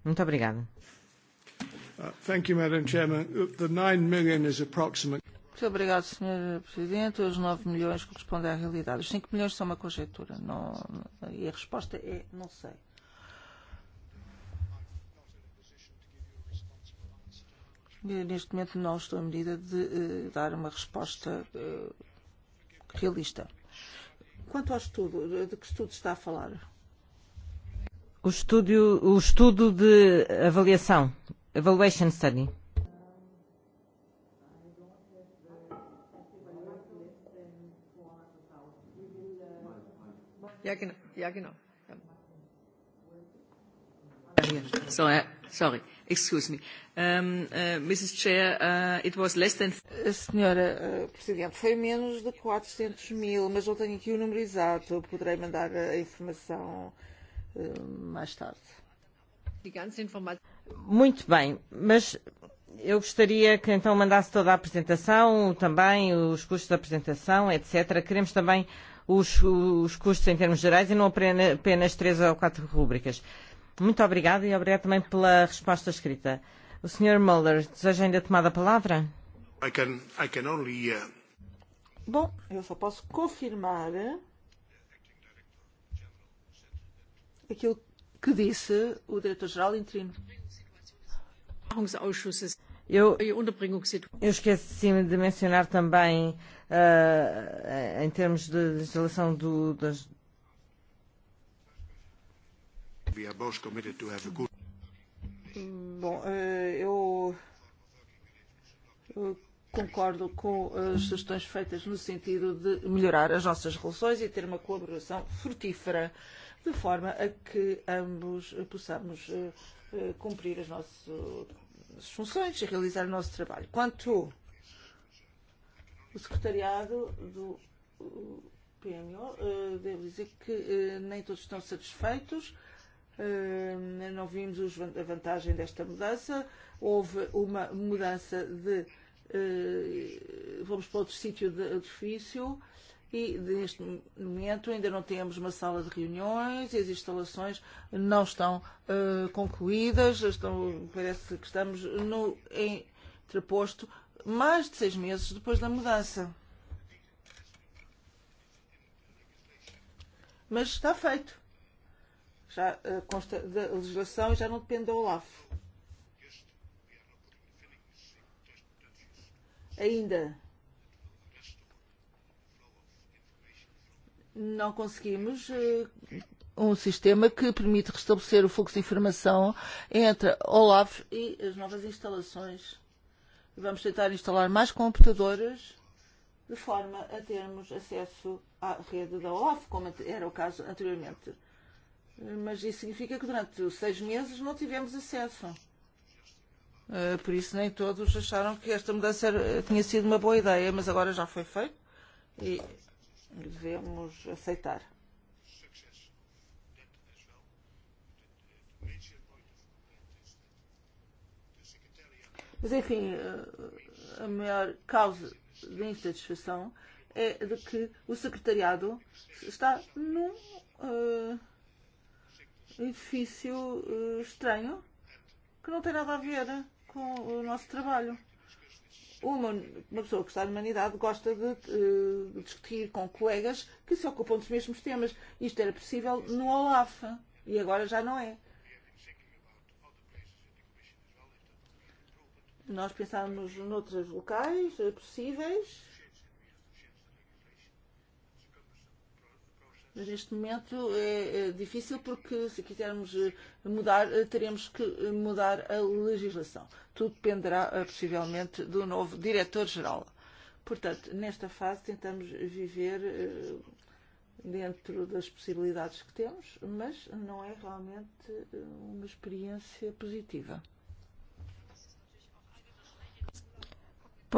Muito obrigada. Uh, thank you, Madam Chairman. Uh, the 9 million is approximate. Muito obrigado, Sr. Presidente. Os 9 milhões correspondem à realidade. Os 5 milhões são uma conjetura. Não... E a resposta é não sei. Eh, neste momento não estou em medida de uh, dar uma resposta uh, realista. Quanto ao estudo, de que estudo está a falar? O, estúdio, o estudo de avaliação, Evaluation Study. Uh, Ja, genau. Ja, genau. Sorry. Uh, sorry. Excuse me. Um, uh, Mrs. Chair, uh, it was less than... Eh, senhora uh, Presidente, foi menos de 400 mil, mas não tenho aqui o número exato. Poderei mandar a informação uh, mais tarde. Muito bem, mas eu gostaria que então mandasse toda a apresentação, também os custos da apresentação, etc. Queremos também os, os custos em termos gerais e não apenas três ou quatro rubricas. Muito obrigada e obrigado também pela resposta escrita. O Sr. Muller, deseja ainda tomar a palavra? I can, I can only, uh... Bom, eu só posso confirmar aquilo que disse o Diretor-Geral Interino. Eu, e eu esqueci de mencionar também uh, em termos de instalação do, das. Bom, uh, eu. Concordo com as sugestões feitas no sentido de melhorar as nossas relações e ter uma colaboração frutífera, de forma a que ambos possamos eh, cumprir as nossas funções e realizar o nosso trabalho. Quanto o secretariado do PMO eh, deve dizer que eh, nem todos estão satisfeitos. Eh, não vimos a vantagem desta mudança. Houve uma mudança de. Vamos para outro sítio de edifício e neste momento ainda não temos uma sala de reuniões e as instalações não estão concluídas. Estão, parece que estamos no entreposto mais de seis meses depois da mudança. Mas está feito. Já uh, consta da legislação e já não depende da OLAF. Ainda. Não conseguimos uh, um sistema que permite restabelecer o fluxo de informação entre OLAF e as novas instalações vamos tentar instalar mais computadoras de forma a termos acesso à rede da OFF, como era o caso anteriormente. Mas isso significa que durante seis meses não tivemos acesso. Eh, por isso nem todos acharam que esta mudança tinha sido uma boa ideia, mas agora já foi feito e devemos aceitar. Mas enfim, eh, a maior causa de insatisfação é de que o secretariado está num uh, edifício uh, estranho que não tem nada a ver com o nosso trabalho. Uma, uma pessoa que está na humanidade gosta de uh, discutir com colegas que se ocupam dos mesmos temas. Isto era possível no Olaf e agora já não é. Nós pensávamos noutros locais eh, possíveis. Mas neste momento é, é difícil porque se quisermos eh, mudar, eh, teremos que mudar a legislação. Tudo dependerá possivelmente do novo diretor-geral. Portanto, nesta fase tentamos viver dentro das possibilidades que temos, mas não é realmente uma experiência positiva.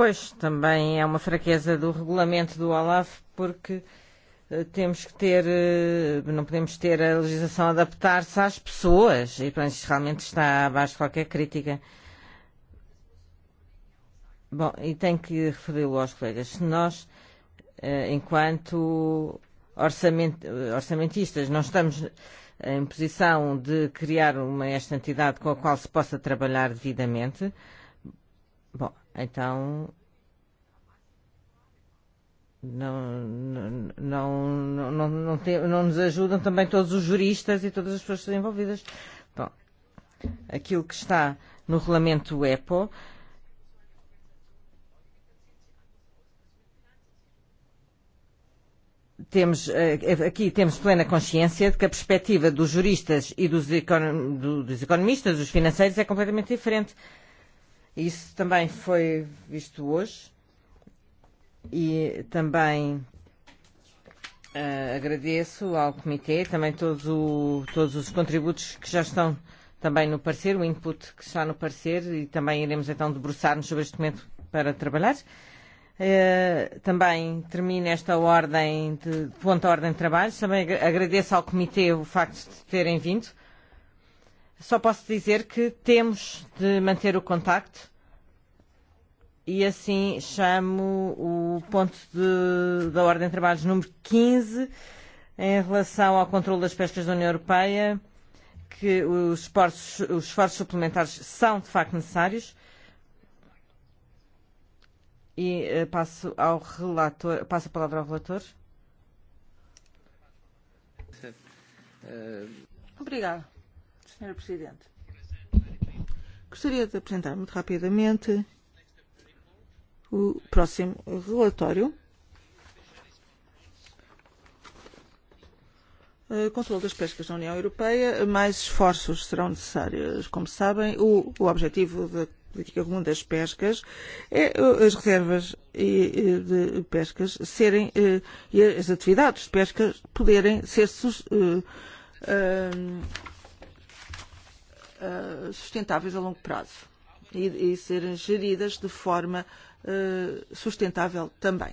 Pois, também é uma fraqueza do regulamento do OLAF, porque eh, temos que ter, eh, não podemos ter a legislação adaptar-se às pessoas, e portanto isto realmente está abaixo de qualquer crítica. Bom, e tenho que referi-lo aos colegas. Se nós, eh, enquanto orçamentistas, não estamos em posição de criar uma esta entidade com a qual se possa trabalhar devidamente, bom, então não, não, não, não, não, não, não nos ajudam também todos os juristas e todas as pessoas envolvidas. Bom, aquilo que está no regulamento EPO Temos, eh, aqui temos plena consciência de que a perspectiva dos juristas e dos, econo, dos economistas, dos financeiros, é completamente diferente. Uh, Isso também foi visto hoje e também uh, agradeço ao Comitê, também todos, o, todos os contributos que já estão também no parecer, o input que está no parecer e também iremos então debruçar-nos sobre este momento para trabalhar. Uh, também termino esta ordem de ponto de ordem de trabalho. Também agradeço ao Comitê o facto de terem vindo. Só posso dizer que temos de manter o contacto e assim chamo o ponto de, da Ordem de Trabalhos número 15 em relação ao controle das pescas da União Europeia, que os esforços, os esforços suplementares são de facto necessários. E uh, passo, ao relator, passo a palavra ao relator. Obrigada, Sr. Presidente. Gostaria de apresentar muito rapidamente prosim, relatório. Eh, Controlo das pescas na União Europeia. Mais esforços serão necessários. Como sabem, o, o objetivo da política comum das pescas é eh, as reservas e, e de pescas serem eh, e as atividades de pesca poderem ser sus, uh, uh, sustentáveis a longo prazo e, e serem geridas de forma uh, Eh, sustentável também.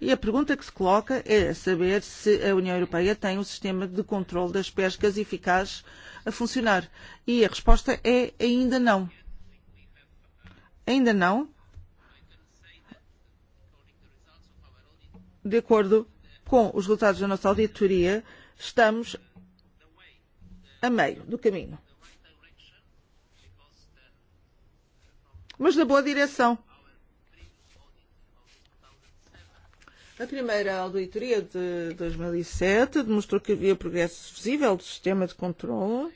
E a pergunta que se coloca é saber se a União Europeia tem um sistema de controle das pescas eficaz a funcionar. E a resposta é ainda não. Ainda não. De acordo com os resultados da nossa auditoria, estamos a meio do caminho. mas na boa direção. A primeira auditoria de 2007 e demonstrou que havia progresso visível do sistema de controle.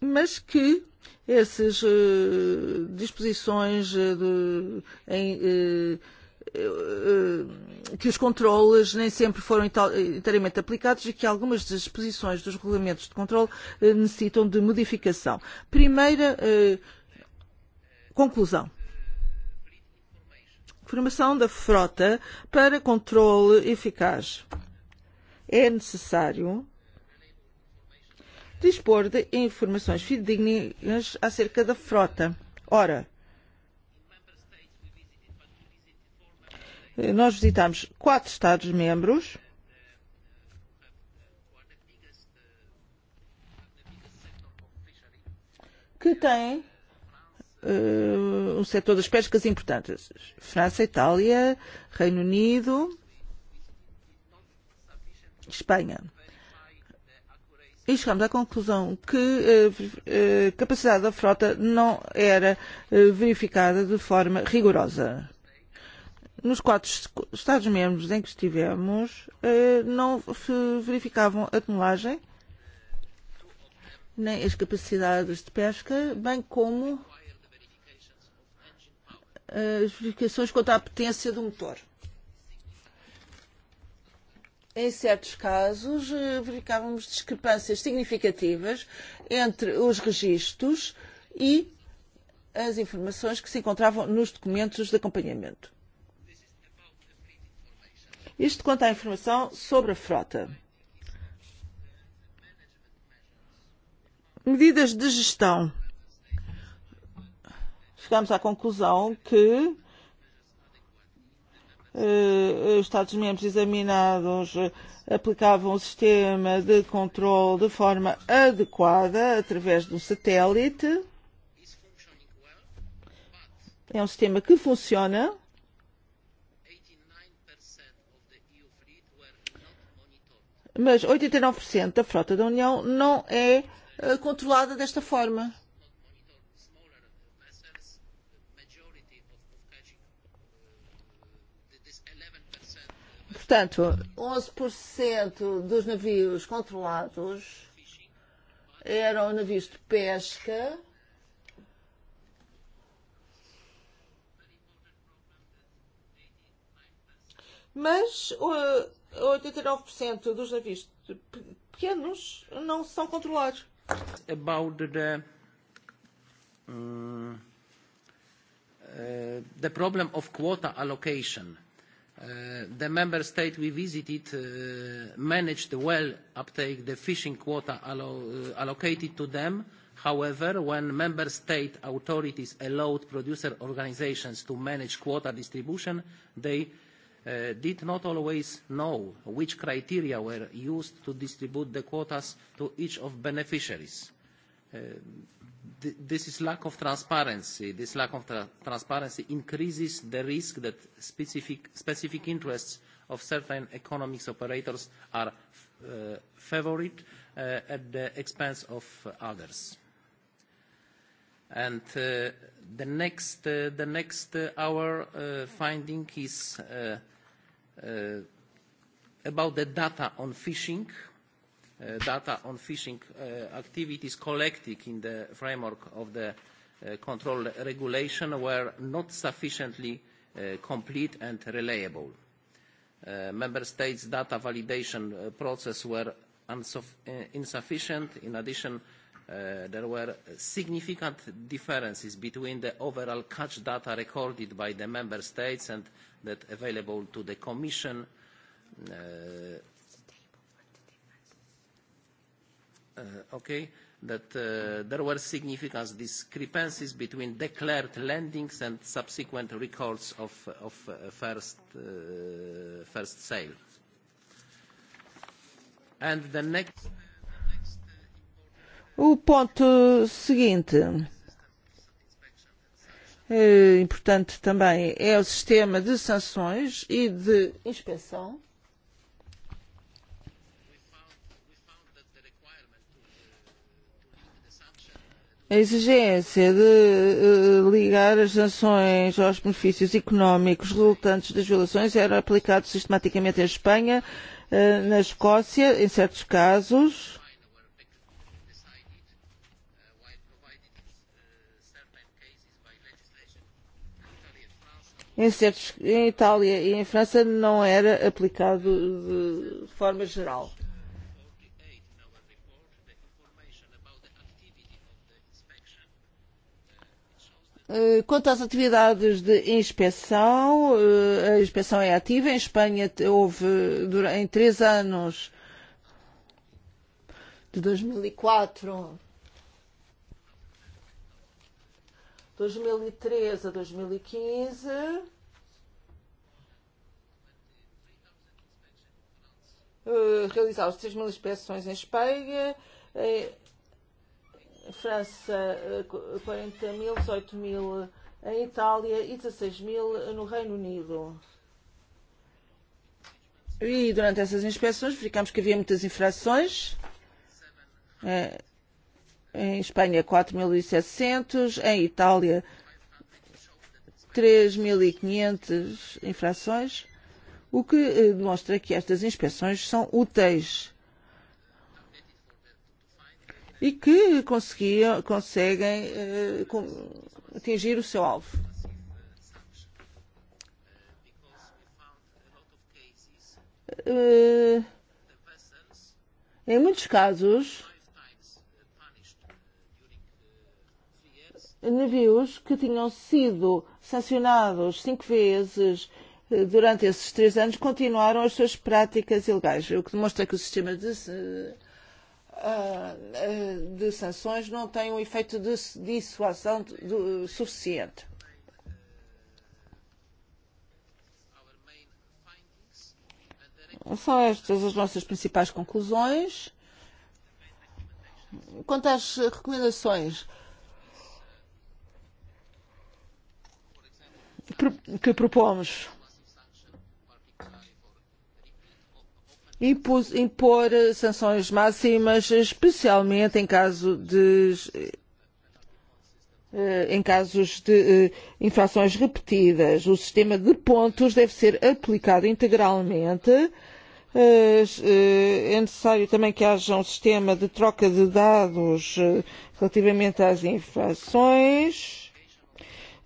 Mas que essas uh, eh, disposições uh, de, em, uh, Eh, que os controles nem sempre foram inteiramente aplicados e que algumas das posições dos regulamentos de controle eh, necessitam de modificação. Primeira eh, conclusão. Formação da frota para controle eficaz. É necessário dispor de informações fidedignas acerca da frota. Ora, nós visitamos quatro Estados-membros. que têm uh, um setor das pescas importantes. França, Itália, Reino Unido, Espanha. E chegamos à conclusão que a uh, eh, uh, eh, capacidade da frota não era uh, verificada de forma rigorosa nos quatro Estados-membros em que estivemos, eh, não verificavam a tonelagem, nem as capacidades de pesca, bem como eh, as verificações quanto à potência do motor. Em certos casos, eh, verificávamos discrepâncias significativas entre os registros e as informações que se encontravam nos documentos de acompanhamento. Isto quanto à informação sobre a frota. Medidas de gestão. Chegamos à conclusão que eh, os uh, Estados-membros examinados aplicavam o sistema de controle de forma adequada através do um satélite. É um sistema que funciona. Mas 89% e da frota da União não é eh, controlada desta forma. Portanto, 11% dos navios controlados eram navios de pesca. Mas eh, 89% e dos navios pequenos não são controlados. About the uh, the problem of quota allocation, uh, the member state we visited uh, managed well uptake the fishing quota allo uh, allocated to them. However, when member state authorities allowed producer organizations to manage quota distribution, they uh, uh, did not always know which criteria were used to distribute the quotas to each of beneficiaries. Uh, th- this is lack of transparency. This lack of tra- transparency increases the risk that specific, specific interests of certain economic operators are f- uh, favored uh, at the expense of uh, others. And uh, the next, uh, the next uh, our uh, finding is uh, Uh, about the data on phishing, uh, data on phishing uh, activities collected in the framework of the uh, control regulation were not sufficiently uh, complete and reliable. Uh, member states' data validation uh, process were unsuff- uh, insufficient. In addition, uh, there were significant differences between the overall catch data recorded by the member states and that available to the Commission. Uh, uh, okay, that uh, there were significant discrepancies between declared landings and subsequent records of, of uh, first, uh, first sale. And the next. O ponto seguinte eh, importante também é o sistema de sanções e de inspeção. A exigência de uh, ligar as sanções aos benefícios económicos resultantes das violações era aplicado sistematicamente em Espanha, uh, na Escócia, em certos casos. Uh, em, certos, em Itália e em França não era aplicado de forma geral. Eh, quanto às atividades de inspeção, eh, a inspeção é ativa. Em Espanha houve, em três anos, de 2004 2013 e a 2015. E uh, eh, realizar 3 mil inspeções em Espanha, em França, uh, eh, 40 mil, 18 mil em Itália e 16 mil no Reino Unido. E durante essas inspeções verificamos que havia muitas infrações. Eh, em Espanha 4.700, e em Itália 3.500 e infrações, o que eh, demonstra que estas inspeções são úteis e que conseguiam, conseguem uh, com, atingir o seu alvo. Uh, em muitos casos, navios que tinham sido sancionados cinco vezes eh, durante esses três anos continuaram as suas práticas ilegais, o que demonstra que o sistema de, ah, ah, de sanções não tem um efeito de dissuasão suficiente. São estas as nossas principais conclusões. Quanto às recomendações, uh, que propomos. E impor, e impor sanções máximas, especialmente em, caso de, eh, em casos de eh, infrações repetidas. O sistema de pontos deve ser aplicado integralmente. Eh, é necessário também que haja um sistema de troca de dados relativamente às infrações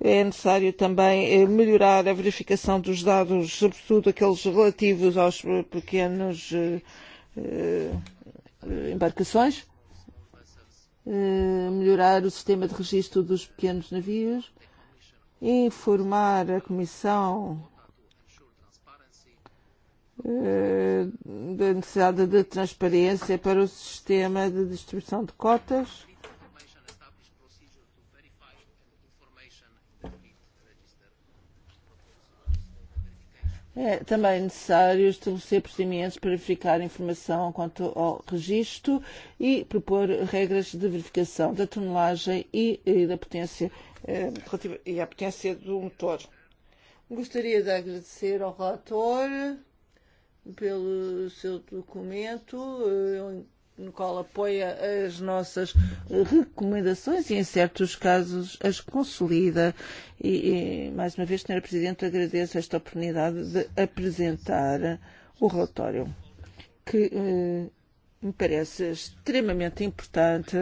é necessário também eh, melhorar a verificação dos dados, sobretudo aqueles relativos aos pequenos eh, eh, embarcações, eh, melhorar o sistema de registro dos pequenos navios, informar a Comissão eh, da necessidade de transparência para o sistema de distribuição de cotas. É, também necessários estabelecer procedimentos para verificar informação quanto ao registro e propor regras de verificação da tonelagem e, e da potência eh, relativa, e à potência do motor. Gostaria de agradecer ao relator pelo seu documento. Eu, Nicole apoia as nossas recomendações e, em certos casos, as consolida. E, e mais uma vez, Sra. Presidente, agradeço esta oportunidade de apresentar o relatório, que eh, me parece extremamente importante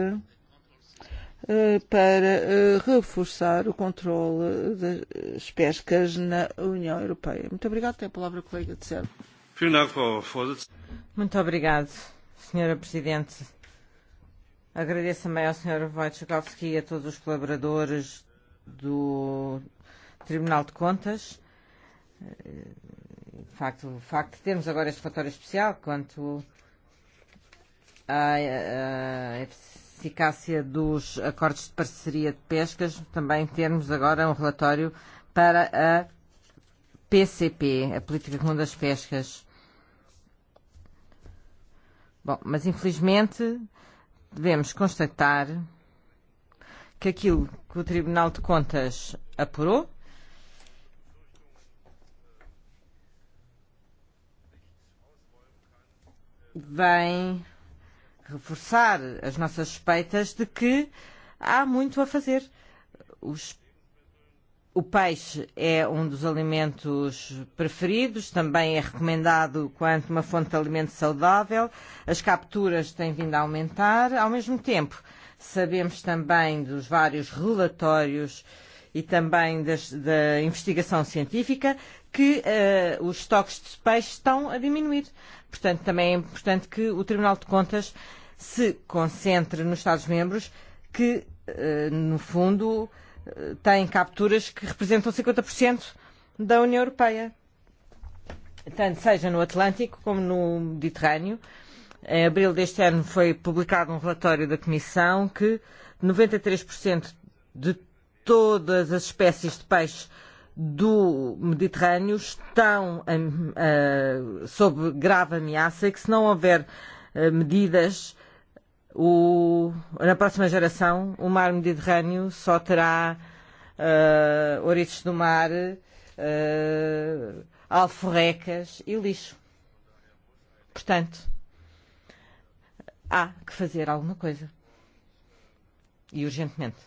eh, para eh, reforçar o controle das pescas na União Europeia. Muito obrigado. Tem a palavra, colega de Sérgio. Muito obrigado. Senhora Presidente, agradeço também ao Sr. Wojciechowski e a todos os colaboradores do Tribunal de Contas. Eh, de facto, o facto de termos agora este relatório especial quanto eh, à eficácia dos acordos de parceria de pescas, também termos agora um relatório para a PCP, a Política Comum das Pescas. Bom, mas infelizmente devemos constatar que aquilo que o Tribunal de Contas apurou vem reforçar as nossas suspeitas de que há muito a fazer. Os O peixe é um dos alimentos preferidos, também é recomendado quanto uma fonte de alimento saudável. As capturas têm vindo a aumentar. Ao mesmo tempo, sabemos também dos vários relatórios e também das, da investigação científica que uh, os estoques de peixe estão a diminuir. Portanto, também é importante que o Tribunal de Contas se concentre nos Estados-membros que, uh, no fundo, uh, têm capturas que representam 50% da União Europeia, tanto seja no Atlântico como no Mediterrâneo. Em abril deste ano foi publicado um relatório da Comissão que 93% e de todas as espécies de peixe do Mediterrâneo estão uh, sob grave ameaça e que se não houver uh, medidas O, na próxima geração, o mar Mediterrâneo só terá uh, ouriços do mar, uh, alforrecas e lixo. Portanto, há que fazer alguma coisa. E urgentemente.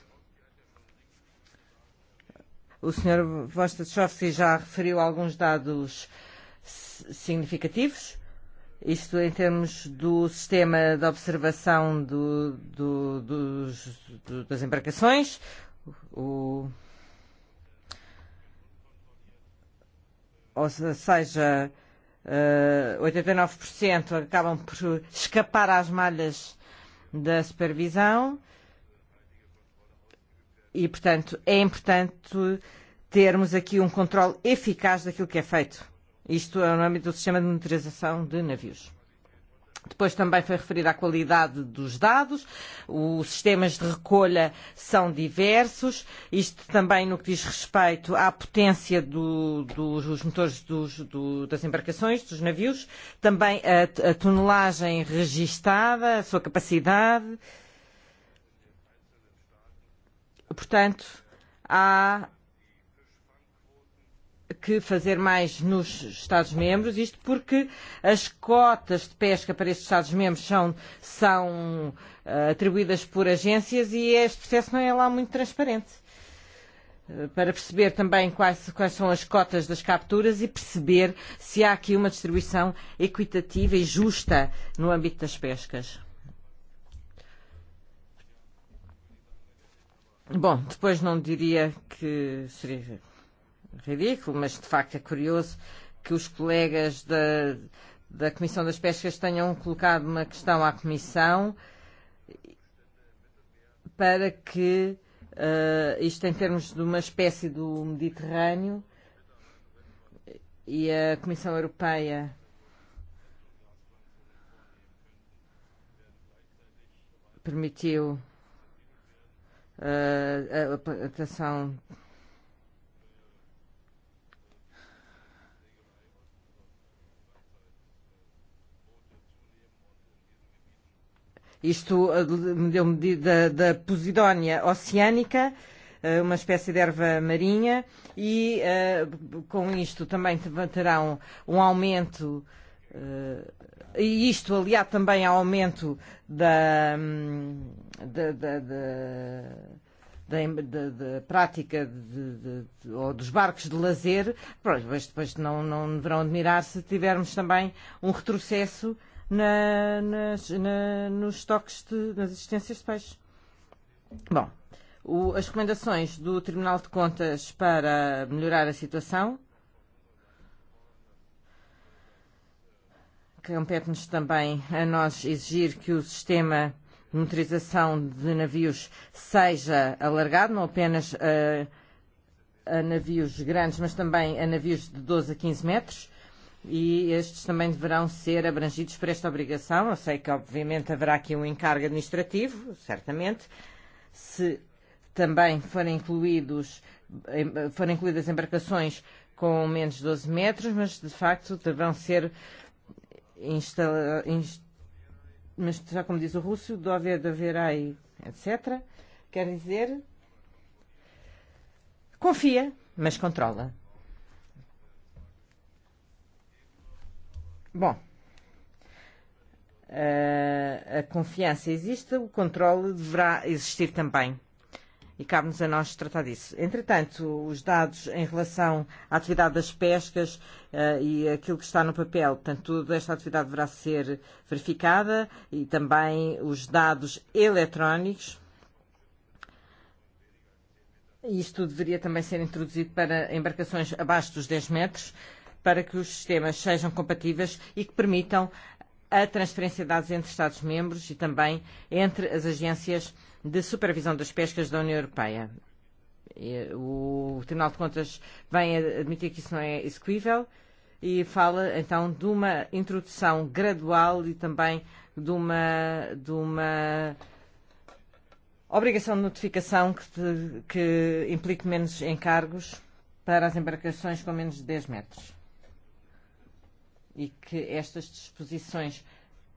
O Sr. Vostochowski já referiu alguns dados significativos. Isto em termos do sistema de observação do, do, dos, do, das embarcações, o, ou seja, uh, eh, 89% e acabam por escapar às malhas da supervisão e, portanto, é importante termos aqui um controle eficaz daquilo que é feito. Isto é o no nome do sistema de monitorização de navios. Depois também foi referida à qualidade dos dados. Os sistemas de recolha são diversos. Isto também no que diz respeito à potência do, dos, dos motores dos, do, das embarcações, dos navios. Também a, a tonelagem registada, a sua capacidade. Portanto, há que fazer mais nos Estados-membros, isto porque as cotas de pesca para estes Estados-membros são, são uh, atribuídas por agências e este processo não é lá muito transparente. Eh, para perceber também quais, quais são as cotas das capturas e perceber se há aqui uma distribuição equitativa e justa no âmbito das pescas. Bom, depois não diria que seria ridículo, mas de facto é curioso que os colegas da, da Comissão das Pescas tenham colocado uma questão à Comissão para que, uh, isto em termos de uma espécie do Mediterrâneo, e a Comissão Europeia. Permitiu uh, a plantação isto eh, deu-me da, da posidónia oceânica, eh, uma espécie de erva marinha, e uh, com isto também terão um aumento, uh, e isto aliado também ao aumento da, da, da, da, da, da, da prática de, de, de, ou dos barcos de lazer, pois depois não, não deverão admirar se tivermos também um retrocesso uh, na, nas, na, nos estoques, nas existências de peixe. Bom, o, as recomendações do Tribunal de Contas para melhorar a situação. Compete-nos também a nós exigir que o sistema de motorização de navios seja alargado, não apenas a, a navios grandes, mas também a navios de 12 a 15 metros e estes também deverão ser abrangidos por esta obrigação. Eu sei que, obviamente, haverá aqui um encargo administrativo, certamente. Se também forem, incluídos, forem incluídas embarcações com menos de 12 metros, mas, de facto, deverão ser instaladas. Mas, já como diz o russo, dove, doverai, etc. Quer dizer. Confia, mas controla. Bom, a, eh, a confiança existe, o controle deverá existir também. E cabe-nos a nós tratar disso. Entretanto, os dados em relação à atividade das pescas uh, e aquilo que está no papel, portanto, toda esta atividade deverá ser verificada e também os dados eletrónicos. E isto deveria também ser introduzido para embarcações abaixo dos 10 metros. Uh, para que os sistemas sejam compatíveis e que permitam a transferência de dados entre Estados-membros e também entre as agências de supervisão das pescas da União Europeia. E o Tribunal de Contas vem admitir que isso não é execuível e fala então de uma introdução gradual e também de uma, de uma obrigação de notificação que, te, que implique menos encargos para as embarcações com menos de 10 metros e que estas disposições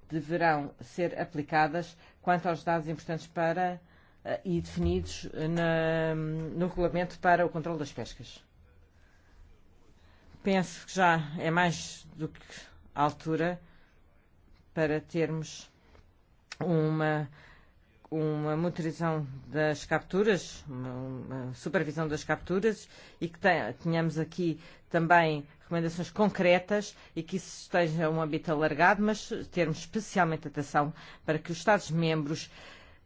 deverão ser aplicadas quanto aos dados importantes para eh, e definidos eh, na, no regulamento para o controle das pescas. Penso que já é mais do que a altura para termos uma, uma motorização das capturas, uma, uma supervisão das capturas e que tenhamos aqui também recomendações concretas e que isso esteja um âmbito alargado, mas termos especialmente atenção para que os Estados-membros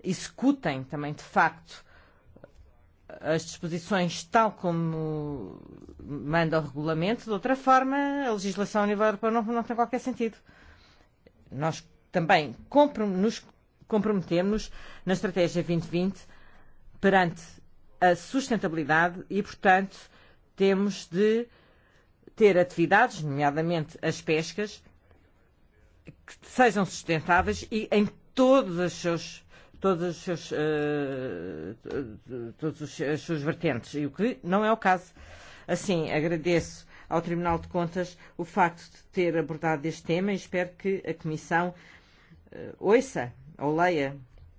executem também, de facto, as disposições tal como manda o regulamento. De outra forma, a legislação a nível europeu não, não tem qualquer sentido. Nós também nos comprometemos na Estratégia 2020 e perante a sustentabilidade e, portanto, temos de uh, ter atividades, nomeadamente as pescas, que sejam sustentáveis e em todos os seus todos os seus uh, todos os, as suas vertentes e o que não é o caso assim agradeço ao Tribunal de Contas o facto de ter abordado este tema e espero que a Comissão uh, ouça ou leia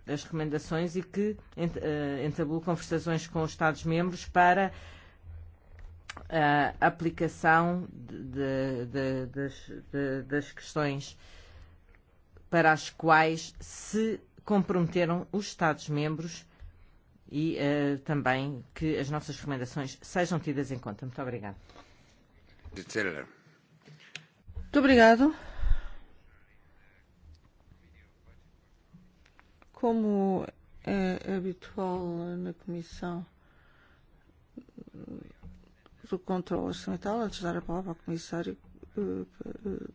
as recomendações e que ent, uh, entabule conversações com os Estados-Membros para uh, a aplicação de, de, de, de, de, das questões para as quais se comprometeram os Estados-membros e uh, também que as nossas recomendações sejam tidas em conta. Muito obrigado. Muito obrigado. Como é habitual na Comissão por contra o orçamental, antes de dar a palavra ao Comissário, eh,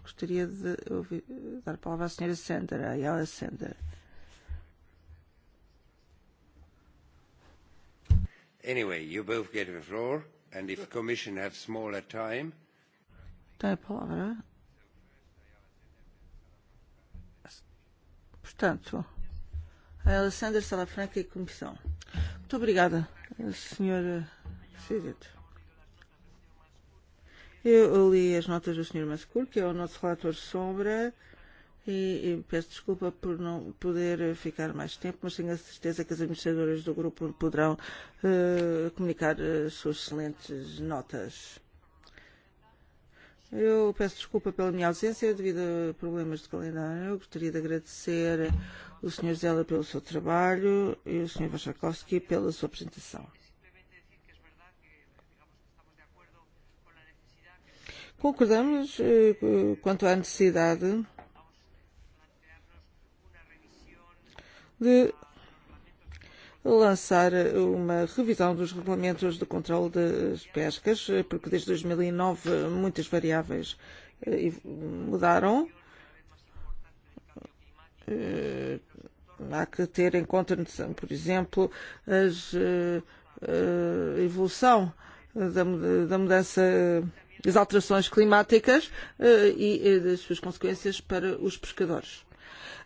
gostaria de ouvir, dar a palavra à Sra. Sander, à Yala Sander. Anyway, you both get the floor, and if Commission have smaller time... Tem a palavra. Portanto, a Alessandra Salafranca e Comissão. Muito obrigada, Sra. Presidente. Eu li as notas do Sr. Mascul, que é o nosso relator sombra, e, e peço desculpa por não poder ficar mais tempo, mas tenho a certeza que as administradoras do grupo poderão uh, comunicar as suas excelentes notas. Eu peço desculpa pela minha ausência devido a problemas de calendário. Eu gostaria de agradecer o Sr. Zela pelo seu trabalho e o Sr. Wachakowski pela sua apresentação. concordamos eh, quanto à necessidade de lançar uma revisão dos regulamentos de controle das pescas, porque desde 2009 e muitas variáveis eh, e mudaram. Eh, há que ter em conta, por exemplo, as, a evolução da, da mudança das alterações climáticas uh, e, e das suas consequências para os pescadores.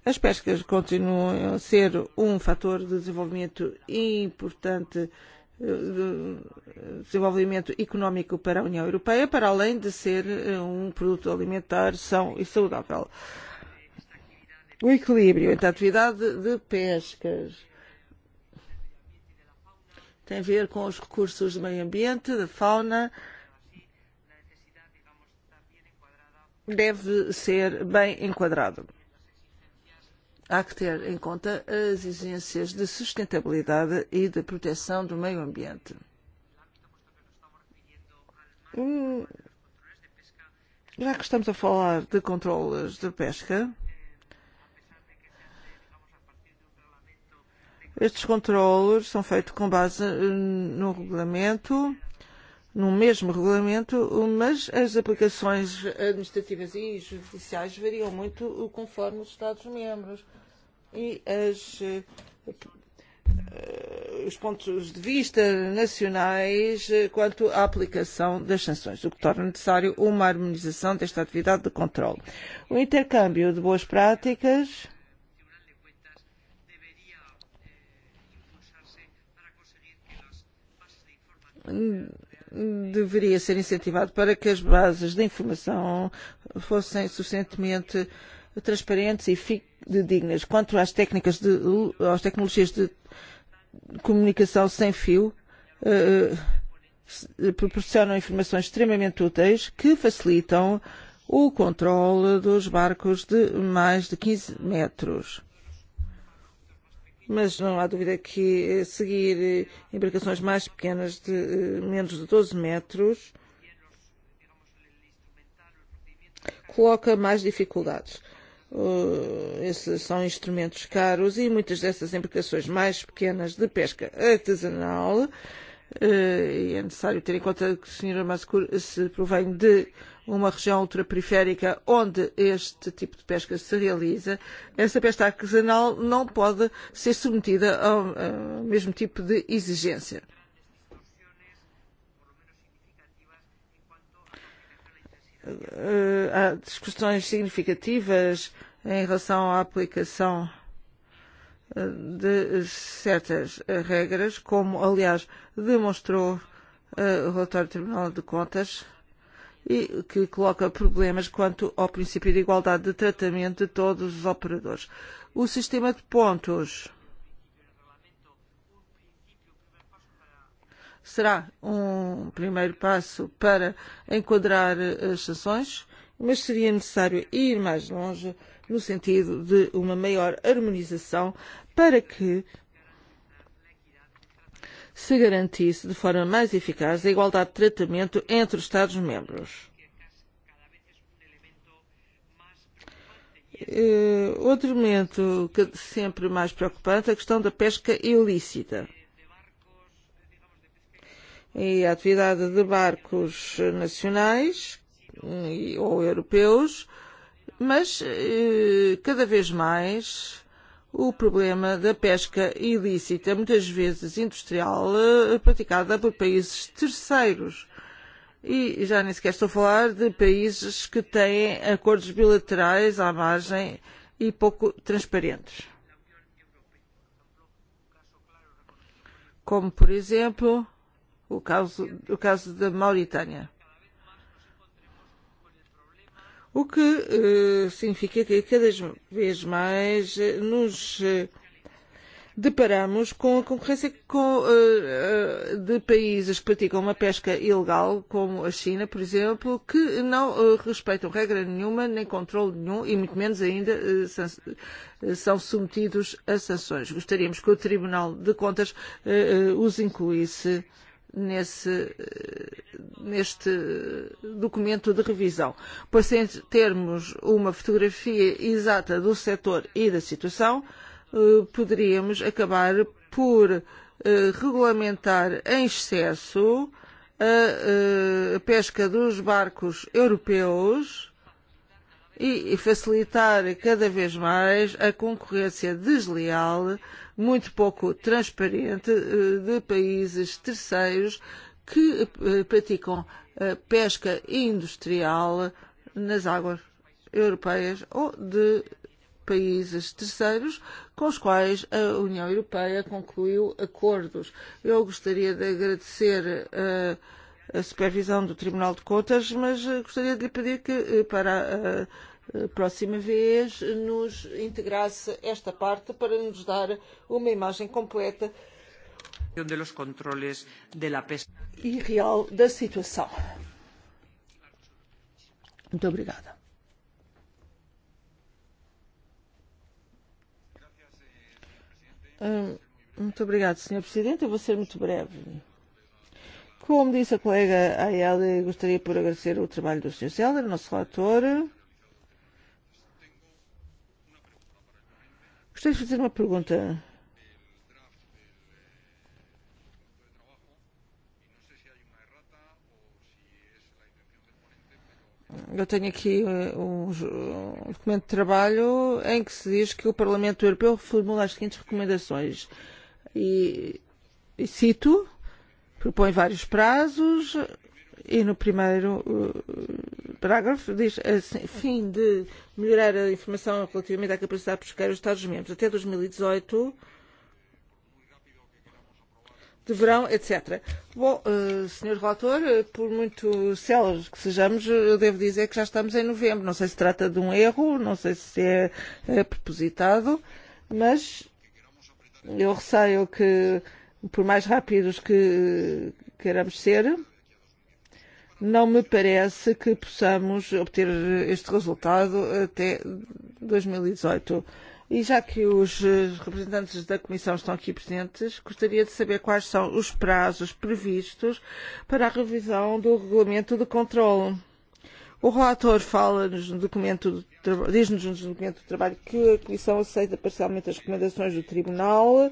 As pescas continuam a ser um fator de desenvolvimento importante, eh, de desenvolvimento económico para a União Europeia, para além de ser um produto alimentar são e saudável. O equilíbrio entre a atividade de pescas tem a ver com os recursos do meio ambiente, da fauna, deve ser bem enquadrado. Há que ter em conta as exigências de sustentabilidade e de proteção do meio ambiente. Já que estamos a falar de controles de pesca, estes controles são feitos com base no regulamento no mesmo regulamento, mas as aplicações administrativas e judiciais variam muito conforme os Estados-membros. E as, eh, os pontos de vista nacionais eh, quanto à aplicação das sanções, o que torna necessário uma harmonização desta atividade de controle. O intercâmbio de boas práticas. Mm deveria ser incentivado para que as bases de informação fossem suficientemente transparentes e dignas. Quanto às técnicas de às tecnologias de comunicação sem fio, uh, proporcionam informações extremamente úteis que facilitam o controle dos barcos de mais de 15 metros mas não há dúvida que seguir embarcações mais pequenas de eh, menos de 12 metros coloca mais dificuldades. Uh, esses são instrumentos caros e muitas dessas embarcações mais pequenas de pesca artesanal uh, e é necessário ter em conta que o Sr. Mascur se provém de uma região ultraperiférica onde este tipo de pesca se realiza, essa pesca artesanal não pode ser submetida ao, ao mesmo tipo de exigência. Eh, há discussões significativas em relação à aplicação de certas regras, como aliás demonstrou eh, o relatório Tribunal de Contas, e que coloca problemas quanto ao princípio de igualdade de tratamento de todos os operadores. O sistema de pontos será um primeiro passo para enquadrar eh, as sanções mas seria necessário ir mais longe no sentido de uma maior harmonização para que se garantisse de forma mais eficaz a igualdade de tratamento entre os Estados-membros. Eh, outro elemento que sempre mais preocupante é a questão da pesca ilícita. E a atividade de barcos nacionais E, ou europeus, mas eh, cada vez mais o problema da pesca ilícita, muitas vezes industrial, eh, praticada por países terceiros. E já nem sequer estou a falar de países que têm acordos bilaterais à margem e pouco transparentes. Como, por exemplo, o caso, o caso da Mauritânia. O que uh, significa que cada vez mais eh, nos eh, deparamos com a concorrência com, uh, de países que praticam uma pesca ilegal, como a China, por exemplo, que não uh, respeitam regra nenhuma, nem controle nenhum e, muito menos ainda, uh, são submetidos a sanções. Gostaríamos que o Tribunal de Contas uh, uh, os incluísse nesse, neste documento de revisão. Para termos uma fotografia exata do setor e da situação, eh, poderíamos acabar por eh, regulamentar em excesso a, eh, a pesca dos barcos europeus e, e facilitar cada vez mais a concorrência desleal muito pouco transparente eh, de países terceiros que eh, praticam eh, pesca industrial nas águas europeias ou de países terceiros com os quais a União Europeia concluiu acordos. Eu gostaria de agradecer a, a supervisão do Tribunal de Contas, mas gostaria de lhe pedir que para. A, próxima vez nos integrasse esta parte para nos dar uma imagem completa de los controles de la pesca. e real da situação. Muito obrigada. Eh, ah, muito obrigada, Sr. Presidente. Eu vou ser muito breve. Como disse a colega Ayala, gostaria por agradecer o trabalho do Sr. Zeller, nosso relator. Esta es una pregunta. Eu tenho aqui um, um documento de trabalho em que se diz que o Parlamento Europeu formula as seguintes recomendações. E, e cito: propõe vários prazos, e no primeiro uh, parágrafo diz assim, fim de melhorar a informação relativamente à capacidade pesqueira dos Estados-membros até 2018 deverão, etc. Bom, uh, Sr. Relator, uh, por muito céleres que sejamos, uh, eu devo dizer que já estamos em novembro. Não sei se trata de um erro, não sei se é, é propositado, mas eu receio que, por mais rápidos que queiramos ser, uh, não me parece que possamos obter este resultado até 2018. E, e já que os eh, representantes da Comissão estão aqui presentes, gostaria de saber quais são os prazos previstos para a revisão do Regulamento de Controlo. O relator fala-nos no documento do diz-nos no documento do trabalho que a Comissão aceita parcialmente as recomendações do Tribunal, uh,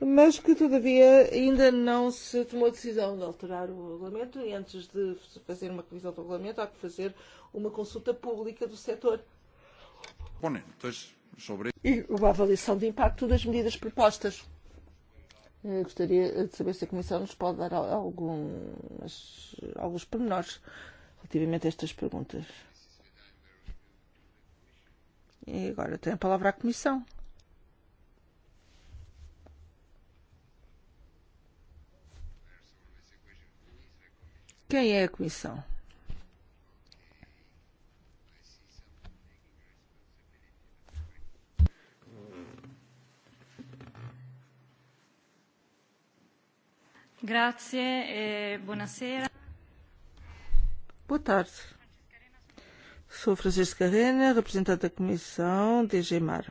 mas que todavia ainda não se tomou a decisão de alterar o regulamento e antes de fazer uma revisão do regulamento há que fazer uma consulta pública do setor. Ponentes sobre e uma avaliação de impacto das medidas propostas. Eu gostaria de saber se a Comissão nos pode dar algum, alguns pormenores relativamente a estas perguntas. E agora tem a palavra a Comissão. Quem é a Comissão? Grazie, eh, buonasera. Boa tarde. Sou Francisco Arena, representante da Comissão DGMAR.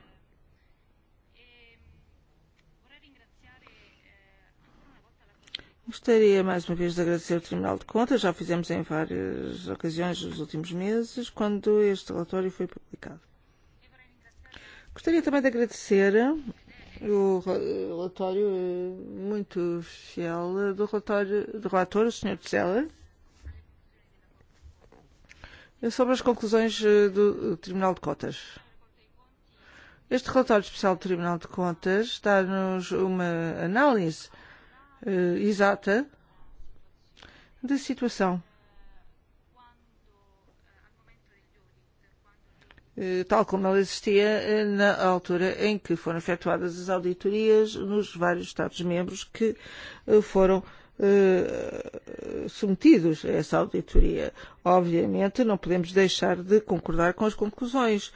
Gostaria mais uma vez de agradecer ao Tribunal de Contas, já o fizemos em várias ocasiões nos últimos meses, quando este relatório foi publicado. Gostaria também de agradecer o relatório eh, muito fiel eh, do, relatório, do relator, o Sr. Tzeller, sobre as conclusões eh, do Tribunal de Contas. Este relatório especial do Tribunal de Contas dá-nos uma análise uh, exata da situação. Eh, tal como ela existia eh, na altura em que foram efetuadas as auditorias nos vários Estados-membros que foram eh, submetidos a essa auditoria. Obviamente, não podemos deixar de concordar com as conclusões.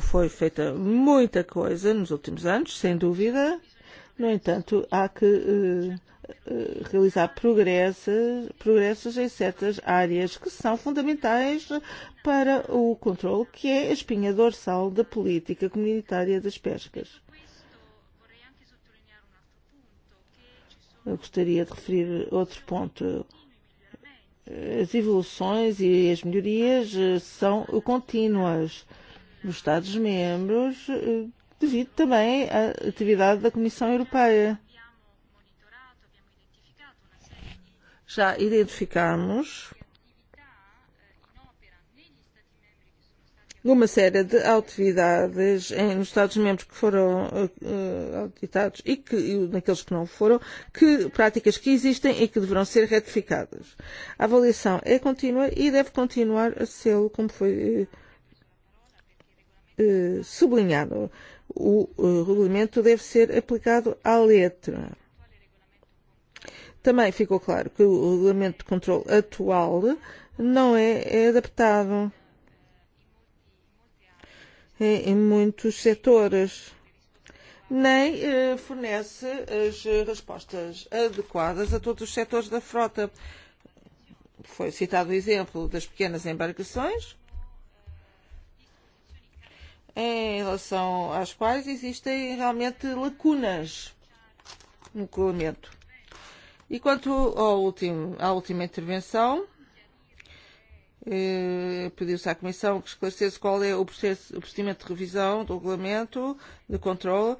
Foi feita muita coisa nos últimos anos, sem dúvida. Eh, No entanto, há que uh, uh, realizar progressos, progressos em certas áreas que são fundamentais para o controle, que é a espinha dorsal da política comunitária das pescas. Eu gostaria de referir outro ponto. As evoluções e as melhorias eh, são contínuas. Os Estados-membros devido também à atividade da Comissão Europeia. Já identificamos uma série de atividades nos Estados-membros que foram uh, auditados e, que, e naqueles que não foram, que práticas que existem e que deverão ser retificadas. A avaliação é contínua e deve continuar a ser como foi uh, sublinhado. Uh, o eh, regulamento deve ser aplicado à letra. Também ficou claro que o regulamento de controle atual não é, é adaptado em, em muitos setores, nem eh, fornece as respostas adequadas a todos os setores da frota. Foi citado o exemplo das pequenas embarcações, em relação às quais existem realmente lacunas no regulamento. E quanto ao último, à última intervenção, eh, pediu-se à Comissão que esclarecesse qual é o, processo, o procedimento de revisão do regulamento de controle,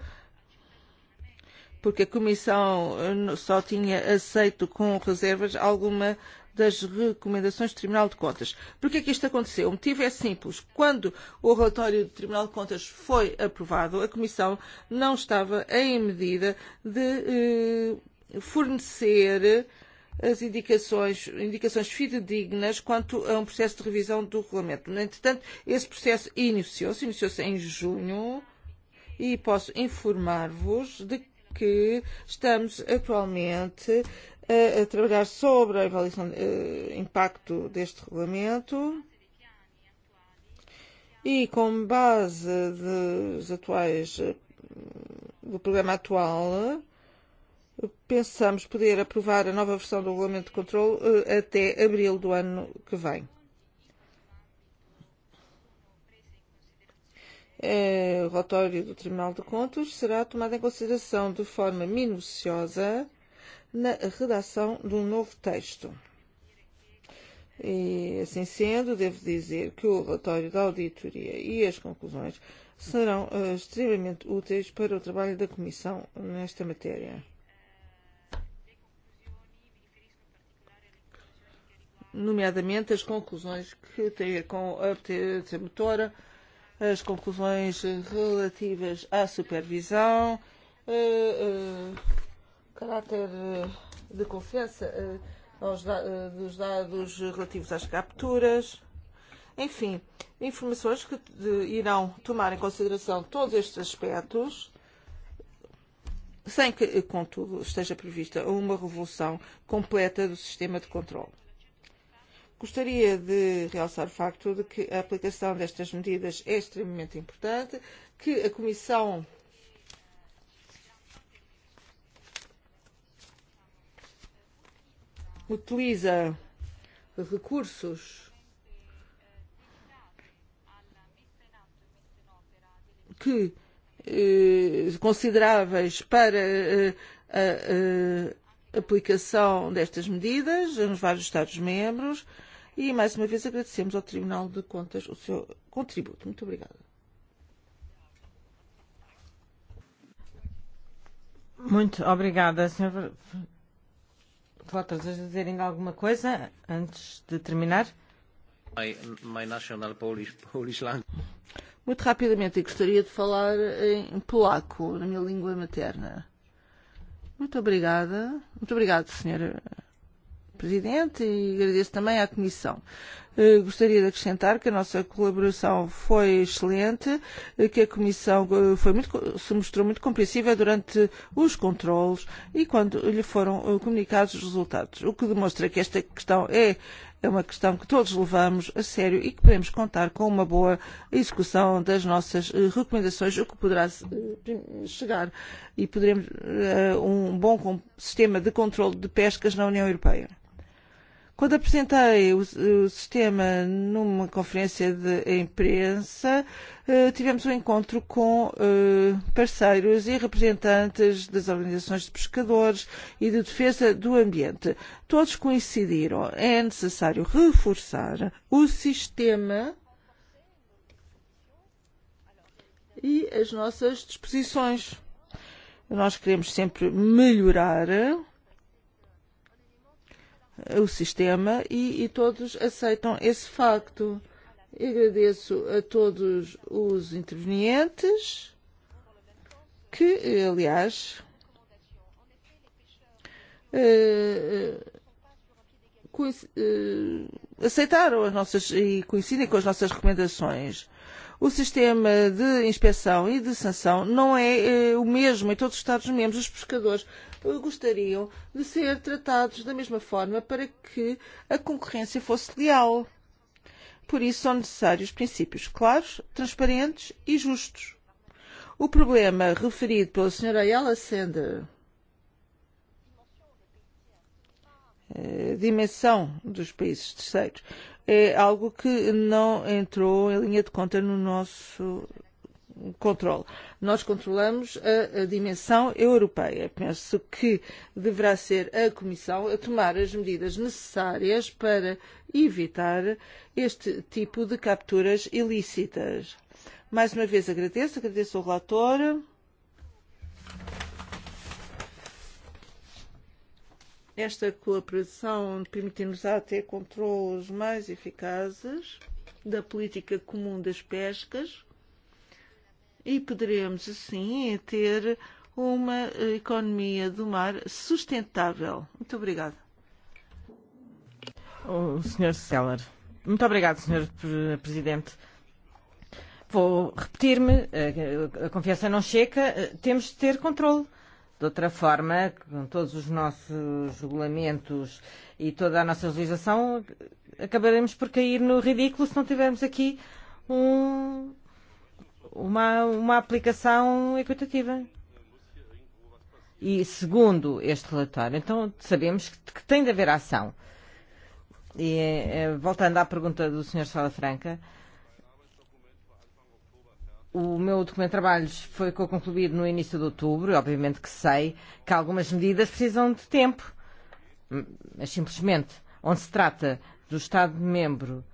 porque a Comissão eh, só tinha aceito com reservas alguma das recomendações do Tribunal de Contas. Por que é que isto aconteceu? O motivo é simples. Quando o relatório do Tribunal de Contas foi aprovado, a Comissão não estava em medida de eh, fornecer as indicações, indicações fidedignas quanto a um processo de revisão do regulamento. No Entretanto, esse processo iniciou-se, iniciou-se em junho, e posso informar-vos de que estamos atualmente a, a trabalhar sobre a avaliação de a, impacto deste regulamento e com base dos atuais do programa atual pensamos poder aprovar a nova versão do regulamento de controle até abril do ano que vem. O relatório do Tribunal de Contos será tomado em consideração de forma minuciosa na redação do um novo texto. E assim sendo, devo dizer que o relatório da auditoria e as conclusões serão uh, extremamente úteis para o trabalho da Comissão nesta matéria. Nomeadamente as conclusões que têm com a potência motora, as conclusões relativas à supervisão, uh, uh, caráter eh, de confiança eh, aos da, eh, dos dados relativos às capturas. Enfim, informações que de, irão tomar em consideração todos estes aspectos, sem que, contudo, esteja prevista uma revolução completa do sistema de controle. Gostaria de realçar o facto de que a aplicação destas medidas é extremamente importante, que a Comissão utiliza recursos que eh, consideráveis para eh, a, a aplicação destas medidas nos vários Estados-membros. E, mais uma vez, agradecemos ao Tribunal de Contas o seu contributo. Muito obrigada. Muito obrigada, Sra. Senhora... Walter, queres dizer ainda alguma coisa antes de terminar? My, my national Polish, Polish language. Muito rapidamente, eu gostaria de falar em polaco, na minha língua materna. Muito obrigada. Muito obrigada, senhora presidente e agradeço também à Comissão. Eh, gostaria de acrescentar que a nossa colaboração foi excelente, eh, que a Comissão eh, foi muito, se mostrou muito compreensiva durante os controlos e quando lhe foram comunicados os resultados, o que demonstra que esta questão é, é uma questão que todos levamos a sério e que podemos contar com uma boa execução das nossas recomendações, o que poderá chegar e poderemos um bom sistema de controle de pescas na União Europeia quando apresentei o, o sistema numa conferência de imprensa, uh, tivemos um encontro com uh, parceiros e representantes das organizações de pescadores e de defesa do ambiente. Todos coincidiram. É necessário reforçar o sistema e as nossas disposições. Nós queremos sempre melhorar. Eh, o sistema e, e todos aceitam esse facto. E agradeço a todos os intervenientes, que, aliás, uh, uh, aceitaram as nossas e coincidem com as nossas recomendações o sistema de inspeção e de sanção não é uh, o mesmo em todos os Estados-membros. Os pescadores uh, gostariam de ser tratados da mesma forma para que a concorrência fosse leal. Por isso são necessários princípios claros, transparentes e justos. O problema referido pela Sra. Ayala Sender, eh, dimensão dos países terceiros, é algo que não entrou em linha de conta no nosso controle. Nós controlamos a, a dimensão europeia. Penso que deverá ser a Comissão a tomar as medidas necessárias para evitar este tipo de capturas ilícitas. Mais uma vez agradeço, agradeço ao relator. Esta cooperação permite-nos até controles mais eficazes da política comum das pescas e poderemos, assim, ter uma economia do mar sustentável. Muito obrigada. O Sr. Seller. Muito obrigado, Sr. Presidente. Vou repetir-me, eh, a confiança não checa, eh, temos de ter controle De outra forma, com todos os nossos regulamentos e toda a nossa legislação, acabaremos por cair no ridículo se não tivermos aqui um, uma, uma aplicação equitativa. E segundo este relatório, então sabemos que, que tem de haver ação. E eh, voltando à pergunta do Sr. Sala Franca, uh, o meu documento de trabalhos foi concluído no início de outubro, e obviamente que sei que algumas medidas precisam de tempo. Mas simplesmente, onde se trata do Estado-membro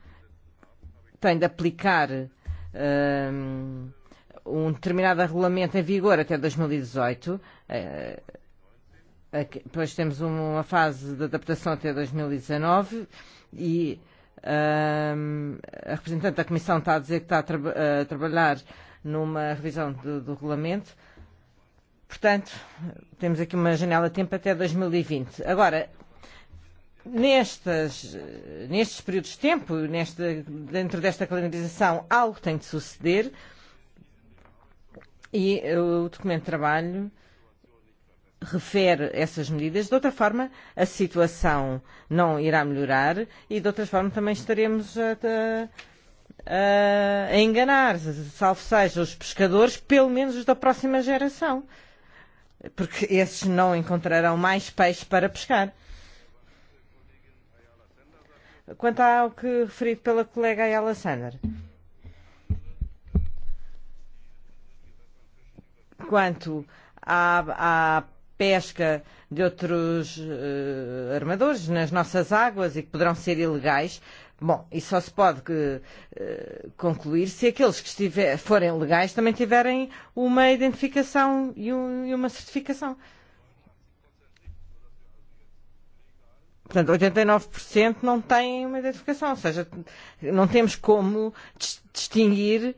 tem de aplicar um, um determinado regulamento em vigor até 2018. E eh, Aqui, depois temos um, uma fase de adaptação até 2019 e um, a representante da Comissão está a dizer que está a, tra a trabalhar numa revisão do, do regulamento. Portanto, temos aqui uma janela de tempo até 2020. E Agora, nestas, nestes períodos de tempo, nesta, dentro desta calendarização, algo tem de suceder e o documento de trabalho refere essas medidas. De outra forma, a situação não irá melhorar e, de outra forma, também estaremos a. a Eh, a enganar, salvo seja os pescadores, pelo menos os da próxima geração. Porque esses não encontrarão mais peixe para pescar. Quanto ao que referido pela colega Ayala Sander. Quanto à, à pesca de outros uh, armadores nas nossas águas e que poderão ser ilegais, uh, Bom, e só se pode que, eh, concluir se aqueles que estiver, forem legais também tiverem uma identificação e, um, e uma certificação. Portanto, 89% e não têm uma identificação, ou seja, não temos como distinguir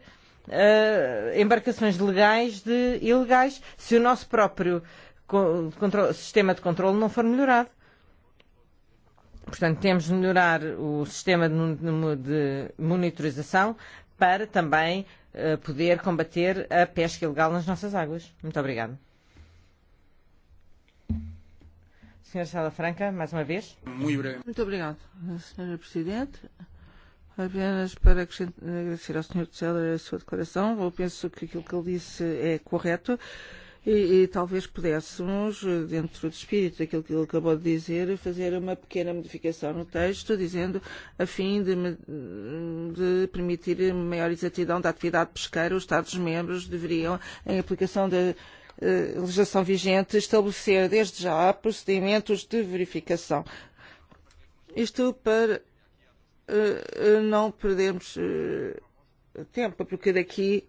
uh, embarcações legais de ilegais se o nosso próprio sistema de controle não for melhorado. Portanto, temos de melhorar o sistema de, de monitorização para também uh, poder combater a pesca ilegal nas nossas águas. Muito obrigado. Senhora Sala Franca, mais uma vez. Muito obrigado. Muito obrigado, Senhora Presidente. Apenas para agradecer ao Senhor Teller a sua declaração. Eu penso que aquilo que ele disse é correto. E, e talvez pudéssemos, dentro do espírito daquilo que ele acabou de dizer, fazer uma pequena modificação no texto, dizendo a fim de, me, de permitir maior exatidão da atividade pesqueira, os Estados-membros deveriam, em aplicação da eh, legislação vigente, estabelecer desde já procedimentos de verificação. Isto para uh, não perdermos. Uh, tempo, porque daqui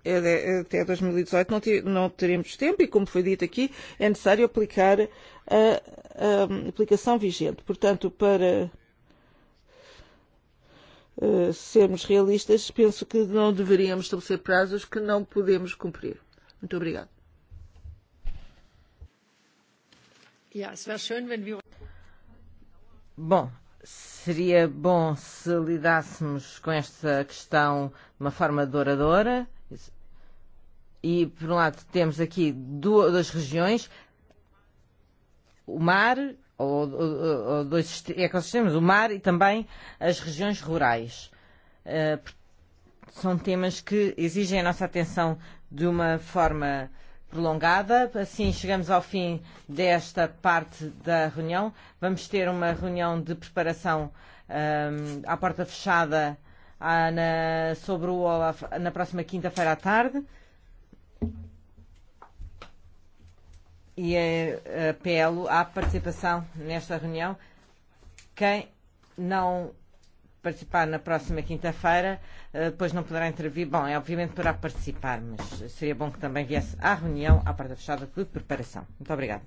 até 2018 e não, ter, não teremos tempo e, como foi dito aqui, é necessário aplicar a, a aplicação vigente. Portanto, para uh, sermos realistas, penso que não deveríamos estabelecer prazos que não podemos cumprir. Muito obrigada. Ja, Bom, seria bom se lidássemos com esta questão de uma forma douradora. E, por um lado, temos aqui duas regiões, o mar, ou, ou, ou dois ecossistemas, o mar e também as regiões rurais. Uh, são temas que exigem a nossa atenção de uma forma uh, prolongada. Assim chegamos ao fim desta parte da reunião. Vamos ter uma reunião de preparação um, à porta fechada à, na, sobre o Olaf na próxima quinta-feira à tarde. E apelo à participação nesta reunião. Quem não participar na próxima quinta-feira. Eh, depois não poderá intervir. Bom, é obviamente poderá participar, mas seria bom que também viesse à reunião à porta fechada de preparação. Muito obrigada.